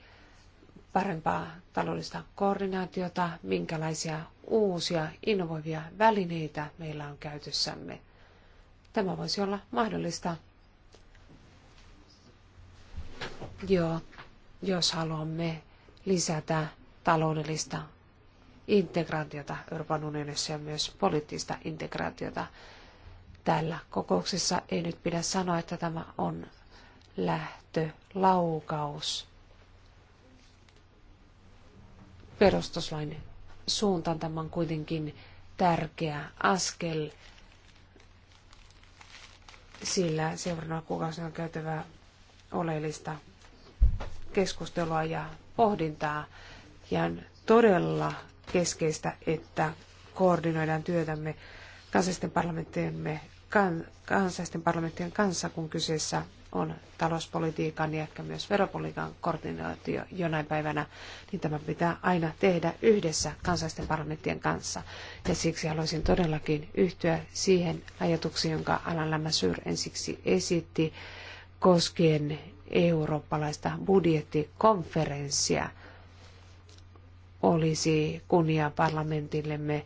parempaa taloudellista koordinaatiota, minkälaisia uusia innovoivia välineitä meillä on käytössämme. Tämä voisi olla mahdollista, jo, jos haluamme lisätä taloudellista integraatiota Euroopan unionissa ja myös poliittista integraatiota. Tällä kokouksessa ei nyt pidä sanoa, että tämä on lähtölaukaus perustuslain suuntaan. Tämä on kuitenkin tärkeä askel, sillä seuraavana kuukausina on käytävä oleellista keskustelua ja pohdintaa. Ja on todella keskeistä, että koordinoidaan työtämme kansallisten parlamenttiemme, parlamenttien kanssa, kun kyseessä on talouspolitiikan ja ehkä myös veropolitiikan koordinaatio jonain päivänä, niin tämä pitää aina tehdä yhdessä kansallisten parlamenttien kanssa. Ja siksi haluaisin todellakin yhtyä siihen ajatuksiin, jonka Alan Lämäsyr ensiksi esitti koskien eurooppalaista budjettikonferenssia. Olisi kunnia parlamentillemme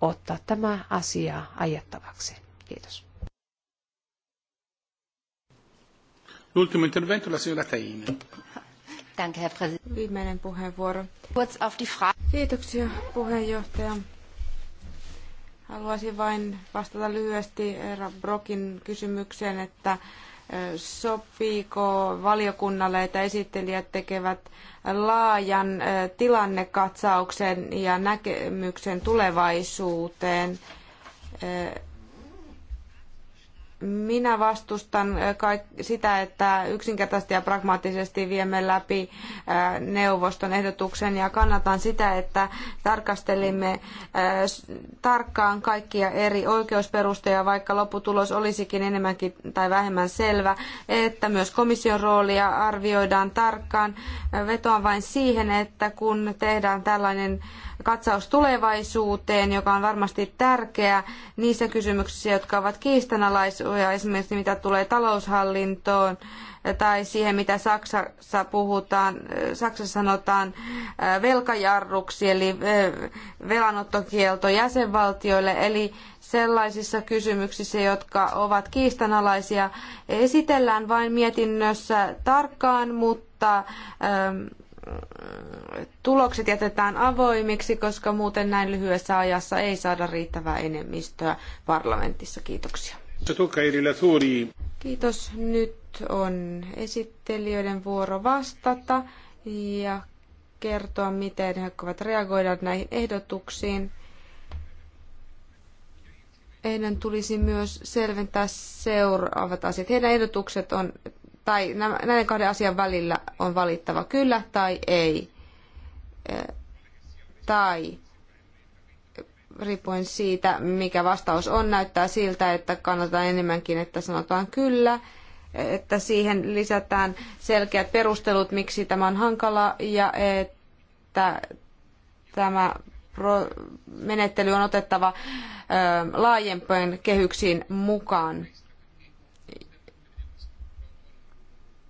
ottaa tämä asia ajattavaksi. Kiitos. L'ultimo intervento la signora Taini. Danke, Herr Präsident. Viimeinen puheenvuoro. Kurz auf die Frage. Kiitoksia, puheenjohtaja. Haluaisin vain vastata lyhyesti Herra Brokin kysymykseen, että sopiiko valiokunnalle, että esittelijät tekevät laajan tilannekatsauksen ja näkemyksen tulevaisuuteen minä vastustan äh, sitä, että yksinkertaisesti ja pragmaattisesti viemme läpi äh, neuvoston ehdotuksen ja kannatan sitä, että tarkastelimme äh, tarkkaan kaikkia eri oikeusperusteja, vaikka lopputulos olisikin enemmänkin tai vähemmän selvä, että myös komission roolia arvioidaan tarkkaan. Vetoan vain siihen, että kun tehdään tällainen katsaus tulevaisuuteen, joka on varmasti tärkeä niissä kysymyksissä, jotka ovat kiistanalaisia, esimerkiksi mitä tulee taloushallintoon tai siihen, mitä Saksassa puhutaan, Saksassa sanotaan äh, velkajarruksi, eli äh, velanottokielto jäsenvaltioille, eli sellaisissa kysymyksissä, jotka ovat kiistanalaisia. Esitellään vain mietinnössä tarkkaan, mutta ähm, tulokset jätetään avoimiksi, koska muuten näin lyhyessä ajassa ei saada riittävää enemmistöä parlamentissa. Kiitoksia. Kiitos. Nyt on esittelijöiden vuoro vastata ja kertoa, miten he ovat reagoida näihin ehdotuksiin. Heidän tulisi myös selventää seuraavat asiat. Heidän ehdotukset on tai näiden kahden asian välillä on valittava kyllä tai ei. Tai riippuen siitä, mikä vastaus on, näyttää siltä, että kannattaa enemmänkin, että sanotaan kyllä, että siihen lisätään selkeät perustelut, miksi tämä on hankala ja että tämä menettely on otettava laajempien kehyksiin mukaan.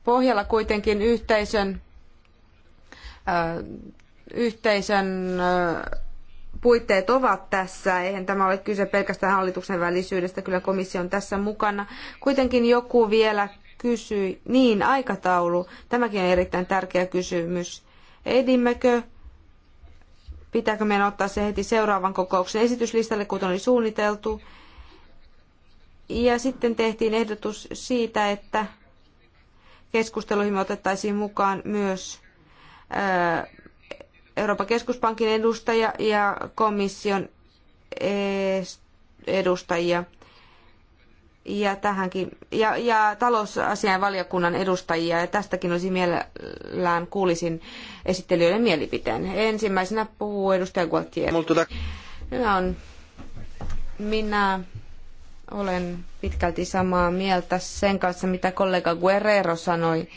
pohjalla kuitenkin yhteisön, äh, yhteisön äh, puitteet ovat tässä. Eihän tämä ole kyse pelkästään hallituksen välisyydestä, kyllä komissio on tässä mukana. Kuitenkin joku vielä kysyi, niin aikataulu, tämäkin on erittäin tärkeä kysymys. Edimmekö pitääkö meidän ottaa se heti seuraavan kokouksen esityslistalle, kuten oli suunniteltu. Ja sitten tehtiin ehdotus siitä, että keskusteluihin me otettaisiin mukaan myös Euroopan keskuspankin edustaja ja komission edustajia ja, tähänkin, ja, ja talousasiainvaliokunnan edustajia. Ja tästäkin olisi mielellään kuulisin esittelijöiden mielipiteen. Ensimmäisenä puhuu edustaja Gualtier. Minä on minä olen pitkälti samaa mieltä sen kanssa, mitä kollega Guerrero sanoi.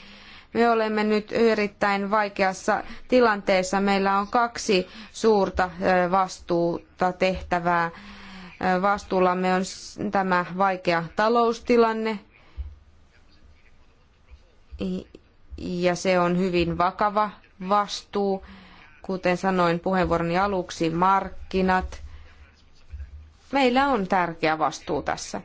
Me olemme nyt erittäin vaikeassa tilanteessa. Meillä on kaksi suurta vastuuta tehtävää. Vastuullamme on tämä vaikea taloustilanne, ja se on hyvin vakava vastuu. Kuten sanoin puheenvuoroni aluksi, markkinat Meillä on tärkeä vastuu tässä.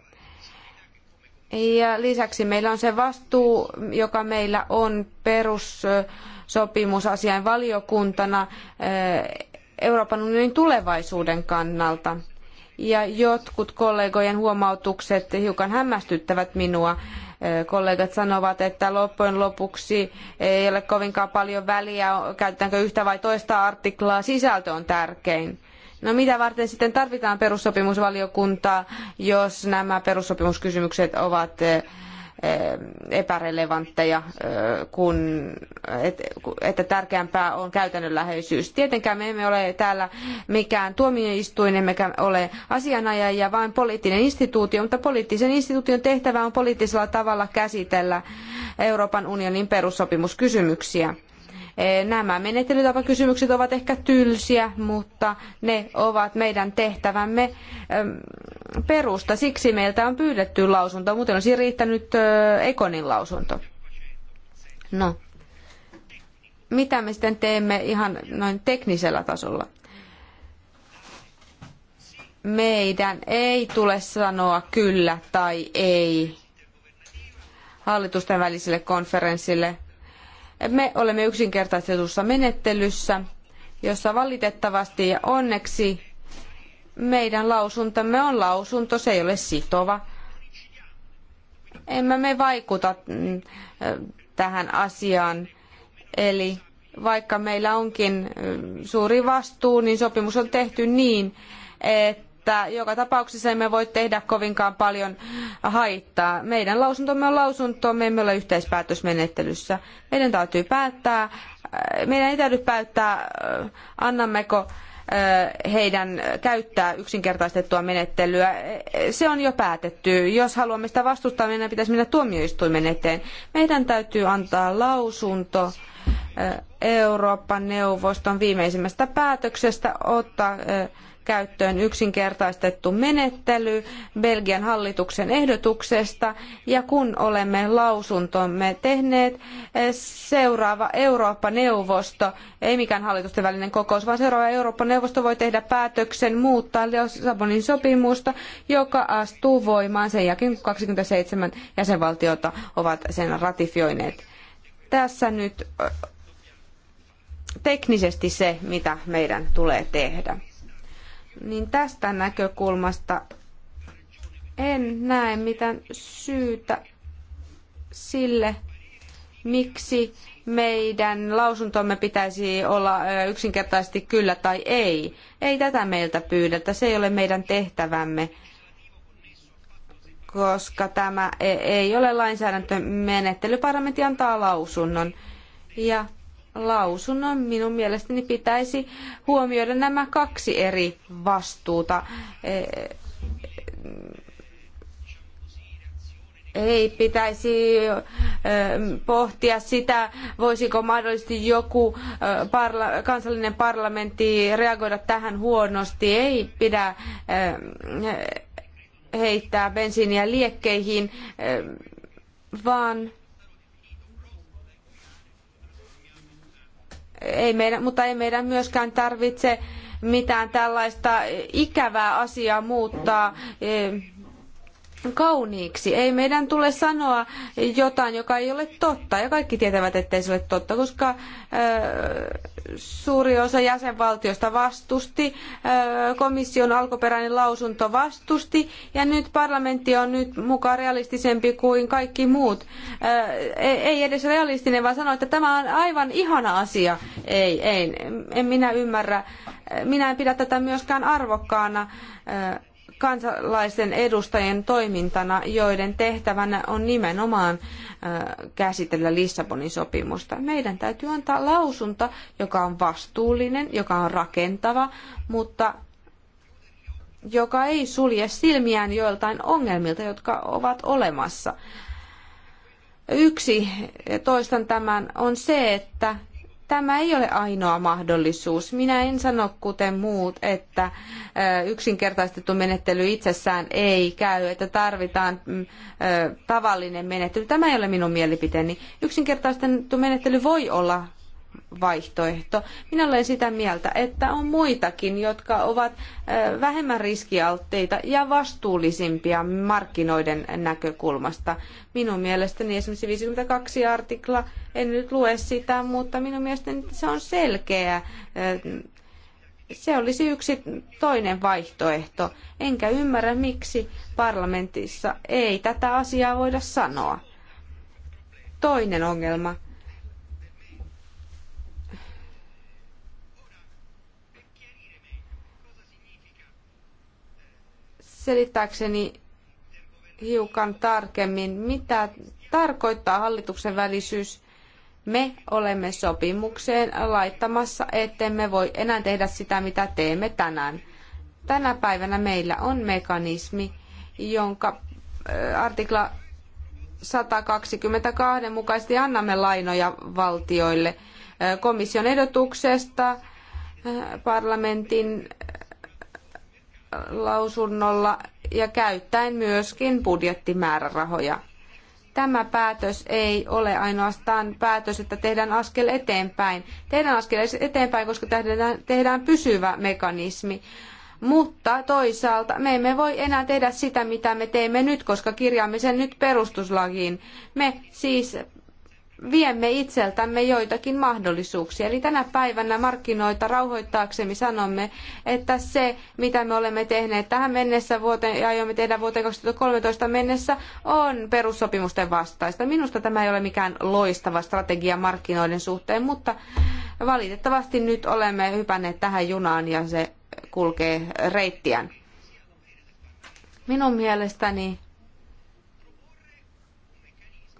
Ja lisäksi meillä on se vastuu, joka meillä on perussopimusasian valiokuntana eh, Euroopan unionin tulevaisuuden kannalta. Ja jotkut kollegojen huomautukset hiukan hämmästyttävät minua. Eh, kollegat sanovat, että loppujen lopuksi ei ole kovinkaan paljon väliä, käytetäänkö yhtä vai toista artiklaa, sisältö on tärkein No mitä varten sitten tarvitaan perussopimusvaliokuntaa, jos nämä perussopimuskysymykset ovat eh, eh, epärelevantteja, eh, kun, että tärkeämpää on käytännönläheisyys. Tietenkään me emme ole täällä mikään tuomioistuin, emmekä ole asianajaja, vaan poliittinen instituutio, mutta poliittisen instituution tehtävä on poliittisella tavalla käsitellä Euroopan unionin perussopimuskysymyksiä. Eh, nämä menettelytapakysymykset ovat ehkä tylsiä, mutta ne ovat meidän tehtävämme ehm, perusta. Siksi meiltä on pyydetty lausunto, muuten olisi riittänyt eh, Ekonin lausunto. No, mitä me sitten teemme ihan noin teknisellä tasolla? Meidän ei tule sanoa kyllä tai ei hallitusten väliselle konferenssille. Me olemme yksinkertaistetussa menettelyssä, jossa valitettavasti ja onneksi meidän lausuntamme on lausunto, se ei ole sitova. Emme me vaikuta mm, tähän asiaan. Eli vaikka meillä onkin mm, suuri vastuu, niin sopimus on tehty niin, että että joka tapauksessa emme voi tehdä kovinkaan paljon haittaa. Meidän lausuntomme on lausunto, me emme ole yhteispäätösmenettelyssä. Meidän täytyy päättää, äh, meidän ei täytyy päättää, äh, annammeko äh, heidän käyttää yksinkertaistettua menettelyä. Se on jo päätetty. Jos haluamme sitä vastustaa, meidän pitäisi mennä tuomioistuimen eteen. Meidän täytyy antaa lausunto Euroopan neuvoston viimeisimmästä päätöksestä ottaa käyttöön yksinkertaistettu menettely Belgian hallituksen ehdotuksesta ja kun olemme lausuntomme tehneet, seuraava Eurooppa-neuvosto, ei mikään hallitusten välinen kokous, vaan seuraava Eurooppa-neuvosto voi tehdä päätöksen muuttaa Lissabonin sopimusta, joka astuu voimaan sen jälkeen, kun 27 jäsenvaltiota ovat sen ratifioineet. Tässä nyt teknisesti se, mitä meidän tulee tehdä niin tästä näkökulmasta en näe mitään syytä sille, miksi meidän lausuntomme pitäisi olla yksinkertaisesti kyllä tai ei. Ei tätä meiltä pyydetä, se ei ole meidän tehtävämme, koska tämä e- ei ole lainsäädäntömenettely. Parlamentti antaa lausunnon. Ja lausunnon, minun mielestäni pitäisi huomioida nämä kaksi eri vastuuta. E, ei pitäisi e, pohtia sitä, voisiko mahdollisesti joku e, kansallinen parlamentti reagoida tähän huonosti. Ei pidä heittää bensiiniä liekkeihin, vaan ei meidän, mutta ei meidän myöskään tarvitse mitään tällaista ikävää asiaa muuttaa kauniiksi. Ei meidän tule sanoa jotain, joka ei ole totta. Ja kaikki tietävät, ettei se ole totta, koska suuri osa jäsenvaltioista vastusti, komission alkuperäinen lausunto vastusti, ja nyt parlamentti on nyt mukaan realistisempi kuin kaikki muut. E, ei edes realistinen, vaan sanoo, että tämä on aivan ihana asia. Ei, ei, en minä ymmärrä. Minä en pidä tätä myöskään arvokkaana. Ö, kansalaisten edustajien toimintana, joiden tehtävänä on nimenomaan käsitellä Lissabonin sopimusta. Meidän täytyy antaa lausunta, joka on vastuullinen, joka on rakentava, mutta joka ei sulje silmiään joiltain ongelmilta, jotka ovat olemassa. Yksi, toistan tämän, on se, että tämä ei ole ainoa mahdollisuus. Minä en sano kuten muut, että yksinkertaistettu menettely itsessään ei käy, että tarvitaan mm, tavallinen menettely. Tämä ei ole minun mielipiteeni. Yksinkertaistettu menettely voi olla vaihtoehto. Minä olen sitä mieltä, että on muitakin, jotka ovat vähemmän riskialtteita ja vastuullisimpia markkinoiden näkökulmasta. Minun mielestäni esimerkiksi 52 artikla, en nyt lue sitä, mutta minun mielestäni se on selkeä. Se olisi yksi toinen vaihtoehto. Enkä ymmärrä, miksi parlamentissa ei tätä asiaa voida sanoa. Toinen ongelma selittääkseni hiukan tarkemmin, mitä tarkoittaa hallituksen välisyys. Me olemme sopimukseen laittamassa, ettemme voi enää tehdä sitä, mitä teemme tänään. Tänä päivänä meillä on mekanismi, jonka artikla 122 mukaisesti annamme lainoja valtioille komission ehdotuksesta parlamentin lausunnolla ja käyttäen myöskin budjettimäärärahoja. Tämä päätös ei ole ainoastaan päätös, että tehdään askel eteenpäin. Tehdään askel eteenpäin, koska tehdään, tehdään pysyvä mekanismi. Mutta toisaalta me emme voi enää tehdä sitä, mitä me teemme nyt, koska kirjaamme sen nyt perustuslakiin. Me siis viemme itseltämme joitakin mahdollisuuksia. Eli tänä päivänä markkinoita rauhoittaaksemme sanomme, että se, mitä me olemme tehneet tähän mennessä vuoteen, ja aiomme tehdä vuoteen 2013 mennessä, on perussopimusten vastaista. Minusta tämä ei ole mikään loistava strategia markkinoiden suhteen, mutta valitettavasti nyt olemme hypänneet tähän junaan ja se kulkee reittiään. Minun mielestäni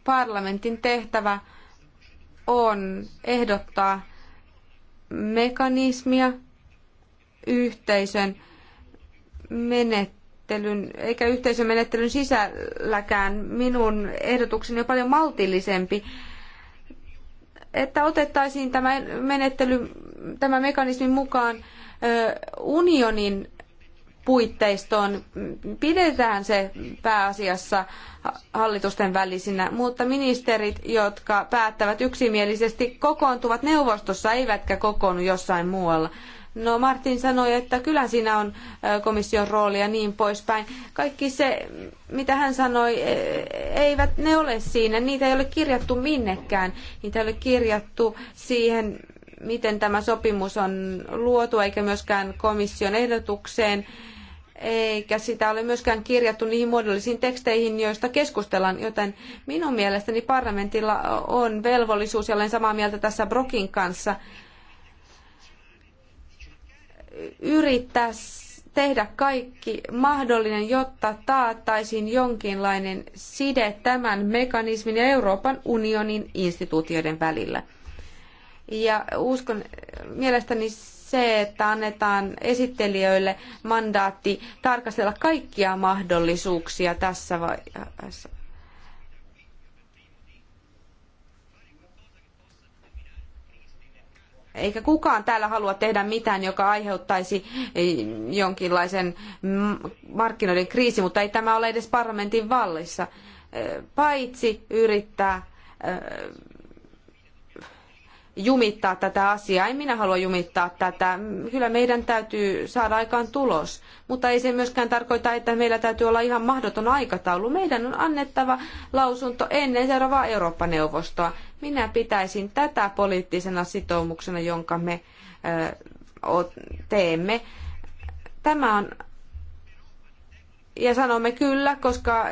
parlamentin tehtävä on ehdottaa mekanismia yhteisön menettelyn, eikä yhteisön menettelyn sisälläkään. Minun ehdotukseni on paljon maltillisempi että otettaisiin tämä menettely, tämä mekanismi mukaan unionin puitteistoon. Pidetään se pääasiassa hallitusten välisinä, mutta ministerit, jotka päättävät yksimielisesti, kokoontuvat neuvostossa, eivätkä kokoonnu jossain muualla. No Martin sanoi, että kyllä siinä on komission rooli ja niin poispäin. Kaikki se, mitä hän sanoi, e, eivät ne ole siinä. Niitä ei ole kirjattu minnekään. Niitä ei ole kirjattu siihen, miten tämä sopimus on luotu, eikä myöskään komission ehdotukseen eikä sitä ole myöskään kirjattu niihin muodollisiin teksteihin, joista keskustellaan, joten minun mielestäni parlamentilla on velvollisuus, ja olen samaa mieltä tässä Brokin kanssa, yrittää tehdä kaikki mahdollinen, jotta taattaisiin jonkinlainen side tämän mekanismin ja Euroopan unionin instituutioiden välillä. Ja uskon, mielestäni se, että annetaan esittelijöille mandaatti tarkastella kaikkia mahdollisuuksia tässä vaiheessa. eikä kukaan täällä halua tehdä mitään, joka aiheuttaisi jonkinlaisen markkinoiden kriisi mutta ei tämä ole edes parlamentin vallissa. Paitsi yrittää jumittaa tätä asiaa. En minä halua jumittaa tätä. Kyllä meidän täytyy saada aikaan tulos. Mutta ei se myöskään tarkoita, että meillä täytyy olla ihan mahdoton aikataulu. Meidän on annettava lausunto ennen seuraavaa Eurooppa-neuvostoa. Minä pitäisin tätä poliittisena sitoumuksena, jonka me teemme. Tämä on, ja sanomme kyllä, koska,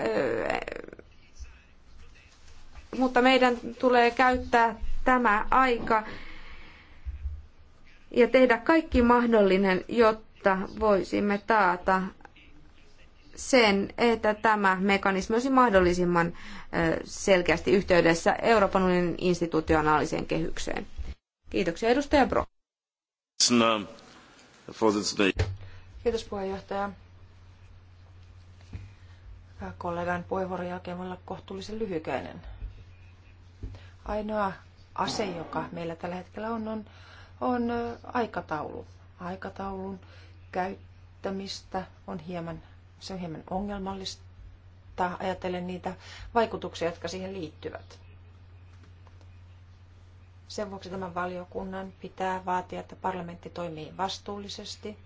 mutta meidän tulee käyttää tämä aika ja tehdä kaikki mahdollinen, jotta voisimme taata sen, että tämä mekanismi olisi mahdollisimman selkeästi yhteydessä Euroopan unionin institutionaaliseen kehykseen. Kiitoksia edustaja Bro. Kiitos puheenjohtaja. Kollegan puheenvuoron jälkeen voi olla kohtuullisen lyhykäinen. Ainoa ase, joka meillä tällä hetkellä on, on, on aikataulu. Aikataulun käyttämistä on hieman, se on hieman ongelmallista ajatellen niitä vaikutuksia, jotka siihen liittyvät. Sen vuoksi tämän valiokunnan pitää vaatia, että parlamentti toimii vastuullisesti,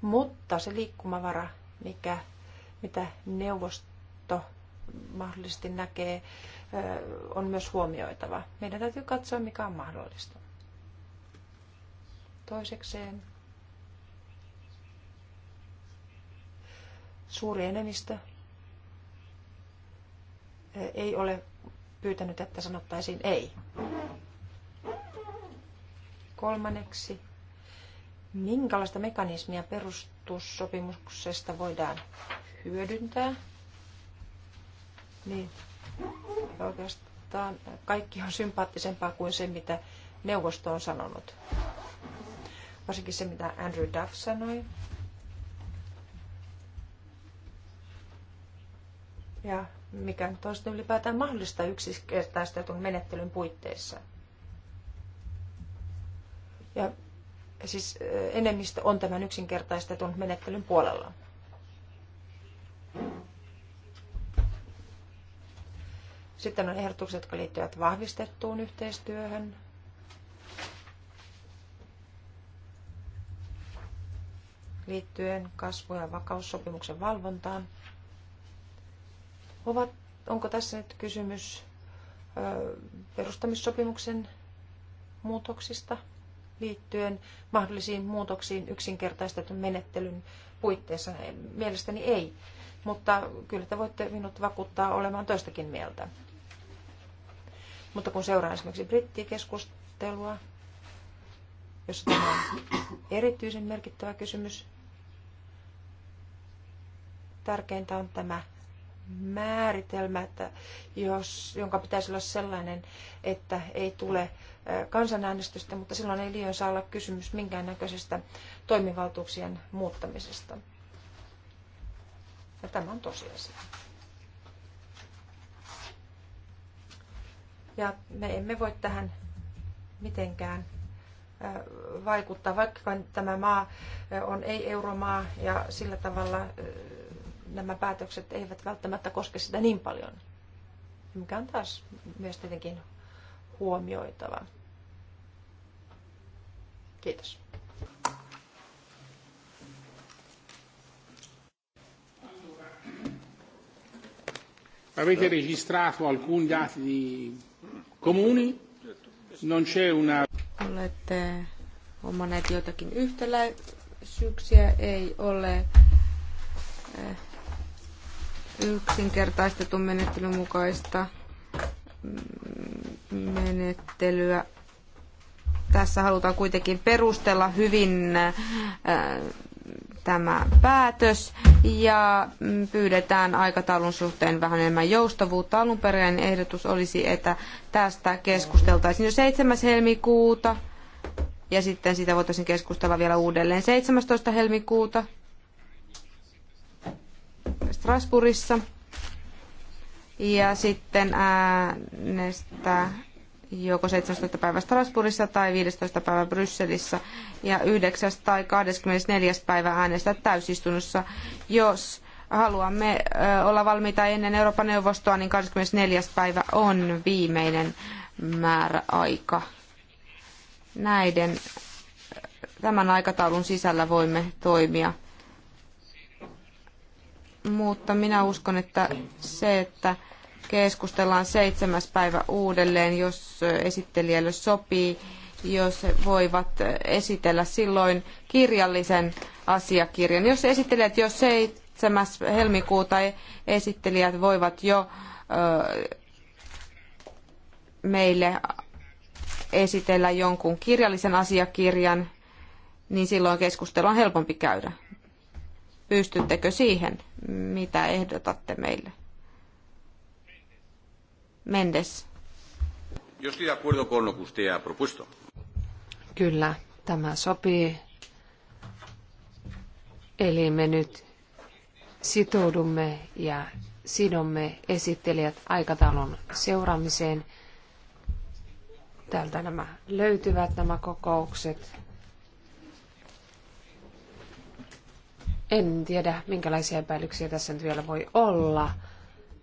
mutta se liikkumavara, mikä, mitä neuvosto mahdollisesti näkee on myös huomioitava. Meidän täytyy katsoa, mikä on mahdollista. Toisekseen suuri enemmistö ei ole pyytänyt, että sanottaisiin ei. Kolmanneksi, minkälaista mekanismia perustussopimuksesta voidaan hyödyntää? Niin, oikeastaan kaikki on sympaattisempaa kuin se, mitä neuvosto on sanonut. Varsinkin se, mitä Andrew Duff sanoi. Ja mikä nyt on sitten ylipäätään mahdollista yksinkertaistetun menettelyn puitteissa. Ja siis enemmistö on tämän yksinkertaistetun menettelyn puolella. Sitten on ehdotukset, jotka liittyvät vahvistettuun yhteistyöhön. liittyen kasvu- ja vakaussopimuksen valvontaan. Ovat, onko tässä nyt kysymys ö, perustamissopimuksen muutoksista liittyen mahdollisiin muutoksiin yksinkertaistetun menettelyn puitteissa? Mielestäni ei, mutta kyllä te voitte minut vakuuttaa olemaan toistakin mieltä. Mutta kun seuraa esimerkiksi brittikeskustelua, jossa tämä on erityisen merkittävä kysymys, tärkeintä on tämä määritelmä, että jos, jonka pitäisi olla sellainen, että ei tule kansanäänestystä, mutta silloin ei liian saa olla kysymys minkäännäköisestä toimivaltuuksien muuttamisesta. Ja tämä on tosiasia. Ja me emme voi tähän mitenkään vaikuttaa, vaikka tämä maa on ei-euromaa ja sillä tavalla nämä päätökset eivät välttämättä koske sitä niin paljon, mikä on taas myös tietenkin huomioitava. Kiitos. Avete registrato alcuni dati di Comuni. Non c'è una... Olette omaneet joitakin yhtäläisyyksiä, ei ole eh, yksinkertaistetun menettelyn mukaista mm, menettelyä. Tässä halutaan kuitenkin perustella hyvin eh, tämä päätös ja pyydetään aikataulun suhteen vähän enemmän joustavuutta. Alunperäinen ehdotus olisi, että tästä keskusteltaisiin jo 7. helmikuuta ja sitten sitä voitaisiin keskustella vielä uudelleen 17. helmikuuta Strasbourgissa ja sitten äänestää joko 17. päivä Strasbourgissa tai 15. päivä Brysselissä ja 9. tai 24. päivä äänestää täysistunnossa. Jos haluamme olla valmiita ennen Euroopan neuvostoa, niin 24. päivä on viimeinen määräaika. Näiden tämän aikataulun sisällä voimme toimia. Mutta minä uskon, että se, että keskustellaan seitsemäs päivä uudelleen, jos esittelijälle sopii, jos he voivat esitellä silloin kirjallisen asiakirjan. Jos esittelijät, jo seitsemäs helmikuuta esittelijät voivat jo meille esitellä jonkun kirjallisen asiakirjan, niin silloin keskustelu on helpompi käydä. Pystyttekö siihen, mitä ehdotatte meille? Mendes. Yo estoy de acuerdo con lo que usted ha propuesto. Kyllä, tämä sopii. Eli me nyt sitoudumme ja sidomme esittelijät aikataulun seuraamiseen. Täältä nämä löytyvät nämä kokoukset. En tiedä, minkälaisia epäilyksiä tässä nyt vielä voi olla.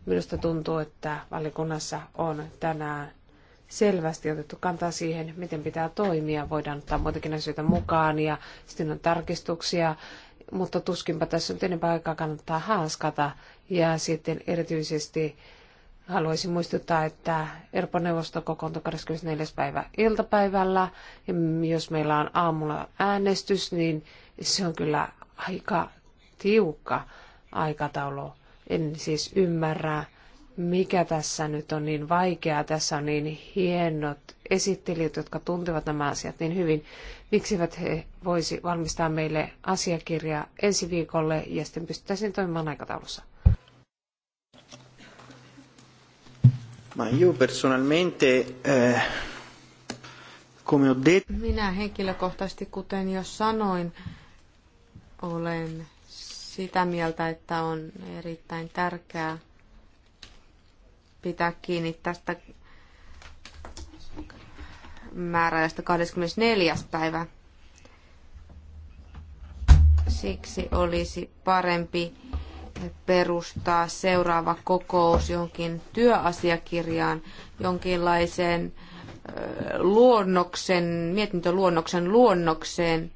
Minusta tuntuu, että valiokunnassa on tänään selvästi otettu kantaa siihen, miten pitää toimia. Voidaan ottaa muitakin asioita mukaan ja sitten on tarkistuksia, mutta tuskinpa tässä nyt enempää aikaa kannattaa haaskata. Ja sitten erityisesti haluaisin muistuttaa, että Euroopan neuvosto kokoontui 24. päivä iltapäivällä. Ja jos meillä on aamulla äänestys, niin se on kyllä aika tiukka aikataulu en siis ymmärrä, mikä tässä nyt on niin vaikeaa. Tässä on niin hienot esittelijät, jotka tuntevat nämä asiat niin hyvin. Miksivät he voisi valmistaa meille asiakirjaa ensi viikolle ja sitten pystyttäisiin toimimaan aikataulussa? Ma io personalmente, eh, come ho detto... Minä henkilökohtaisesti, kuten jo sanoin, olen sitä mieltä, että on erittäin tärkeää pitää kiinni tästä määräajasta 24. päivä. Siksi olisi parempi perustaa seuraava kokous johonkin työasiakirjaan, jonkinlaiseen luonnoksen, mietintöluonnoksen luonnokseen,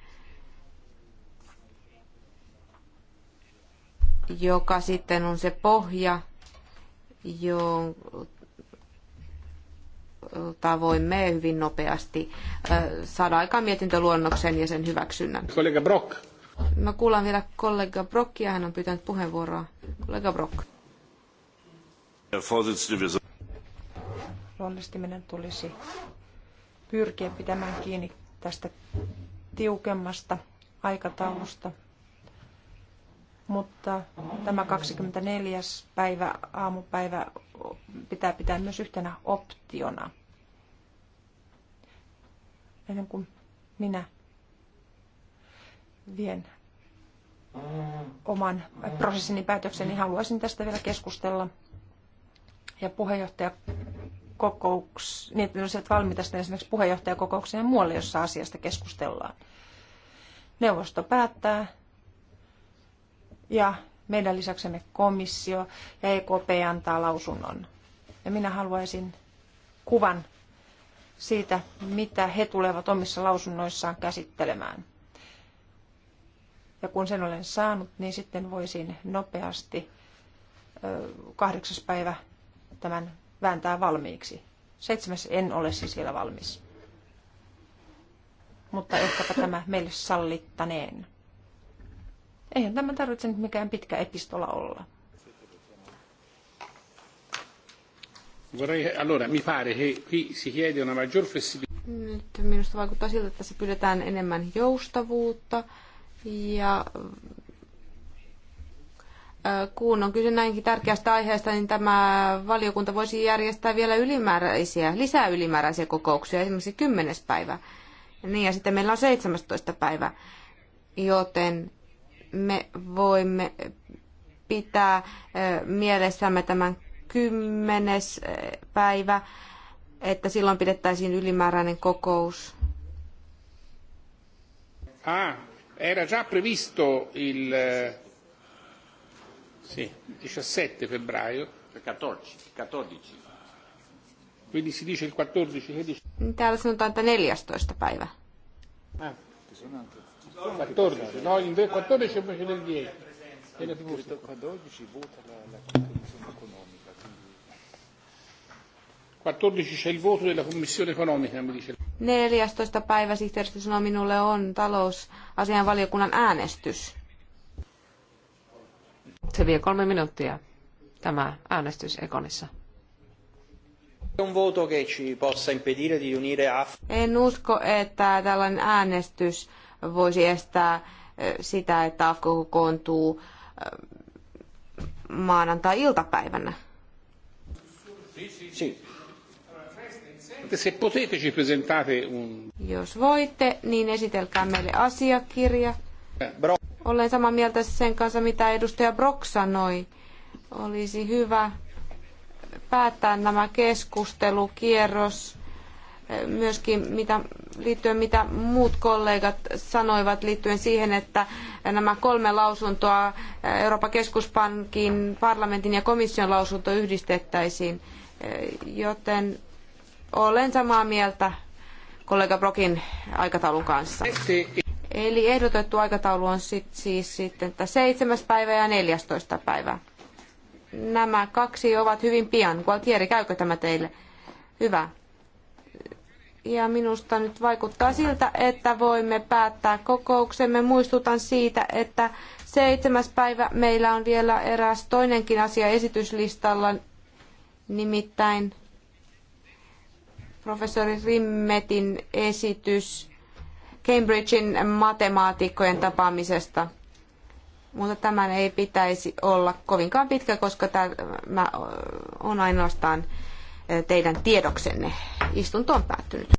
joka sitten on se pohja, jota voimme hyvin nopeasti saada aikaan mietintöluonnoksen ja sen hyväksynnän. Kollega Brock. Mä kuulan vielä kollega Brockia, hän on pyytänyt puheenvuoroa. Kollega Brock. Luonnollisesti meidän tulisi pyrkiä pitämään kiinni tästä tiukemmasta aikataulusta, mutta tämä 24. päivä, aamupäivä pitää pitää myös yhtenä optiona. Ennen kuin minä vien oman prosessini päätökseni, haluaisin tästä vielä keskustella. Ja puheenjohtaja kokouks, niin että olisivat valmiita sitten esimerkiksi puheenjohtajakokoukseen ja muualle, jossa asiasta keskustellaan. Neuvosto päättää ja meidän lisäksemme komissio ja EKP antaa lausunnon. Ja minä haluaisin kuvan siitä, mitä he tulevat omissa lausunnoissaan käsittelemään. Ja kun sen olen saanut, niin sitten voisin nopeasti kahdeksas päivä tämän vääntää valmiiksi. Seitsemäs en ole siis vielä valmis. Mutta ehkäpä tämä meille sallittaneen. Eihän tämä tarvitse nyt mikään pitkä epistola olla. Allora, mi si Nyt minusta vaikuttaa siltä, että tässä pyydetään enemmän joustavuutta ja kun on kyse näinkin tärkeästä aiheesta, niin tämä valiokunta voisi järjestää vielä ylimääräisiä, lisää ylimääräisiä kokouksia, esimerkiksi 10. päivä. Niin, ja sitten meillä on 17. päivä, joten me voimme pitää mielessämme tämän kymmenes päivä, että silloin pidettäisiin ylimääräinen kokous. Ah, era già previsto il eh, sì, 17 febbraio. 14, 14. Quindi si dice il 14, 16. Täällä sanotaan, että 14. päivä. Ah. 14, no, in 14 invece del 10. Viene più giusto. Quando oggi vota la, la Commissione economica. Quindi... 14 c'è il voto della Commissione economica, mi dice. 14. päivä sihteeristö sanoi minulle on talousasianvaliokunnan äänestys. Se vie kolme minuuttia, tämä äänestys Ekonissa. En usko, että tällainen äänestys voisi estää sitä, että AFKO kokoontuu maanantai-iltapäivänä. Jos voitte, niin esitelkää meille asiakirja. Olen samaa mieltä sen kanssa, mitä edustaja Brock sanoi. Olisi hyvä päättää nämä keskustelukierros myöskin mitä, liittyen mitä muut kollegat sanoivat liittyen siihen, että nämä kolme lausuntoa, Euroopan keskuspankin, parlamentin ja komission lausunto yhdistettäisiin. Joten olen samaa mieltä kollega Brokin aikataulun kanssa. Eli ehdotettu aikataulu on sit, siis sitten 7. päivä ja 14. päivä. Nämä kaksi ovat hyvin pian. Gualtieri, käykö tämä teille? Hyvä ja minusta nyt vaikuttaa siltä, että voimme päättää kokouksemme. Muistutan siitä, että seitsemäs päivä meillä on vielä eräs toinenkin asia esityslistalla, nimittäin professori Rimmetin esitys Cambridgein matemaatikkojen tapaamisesta. Mutta tämän ei pitäisi olla kovinkaan pitkä, koska tämä on ainoastaan teidän tiedoksenne. Istunto on päättynyt.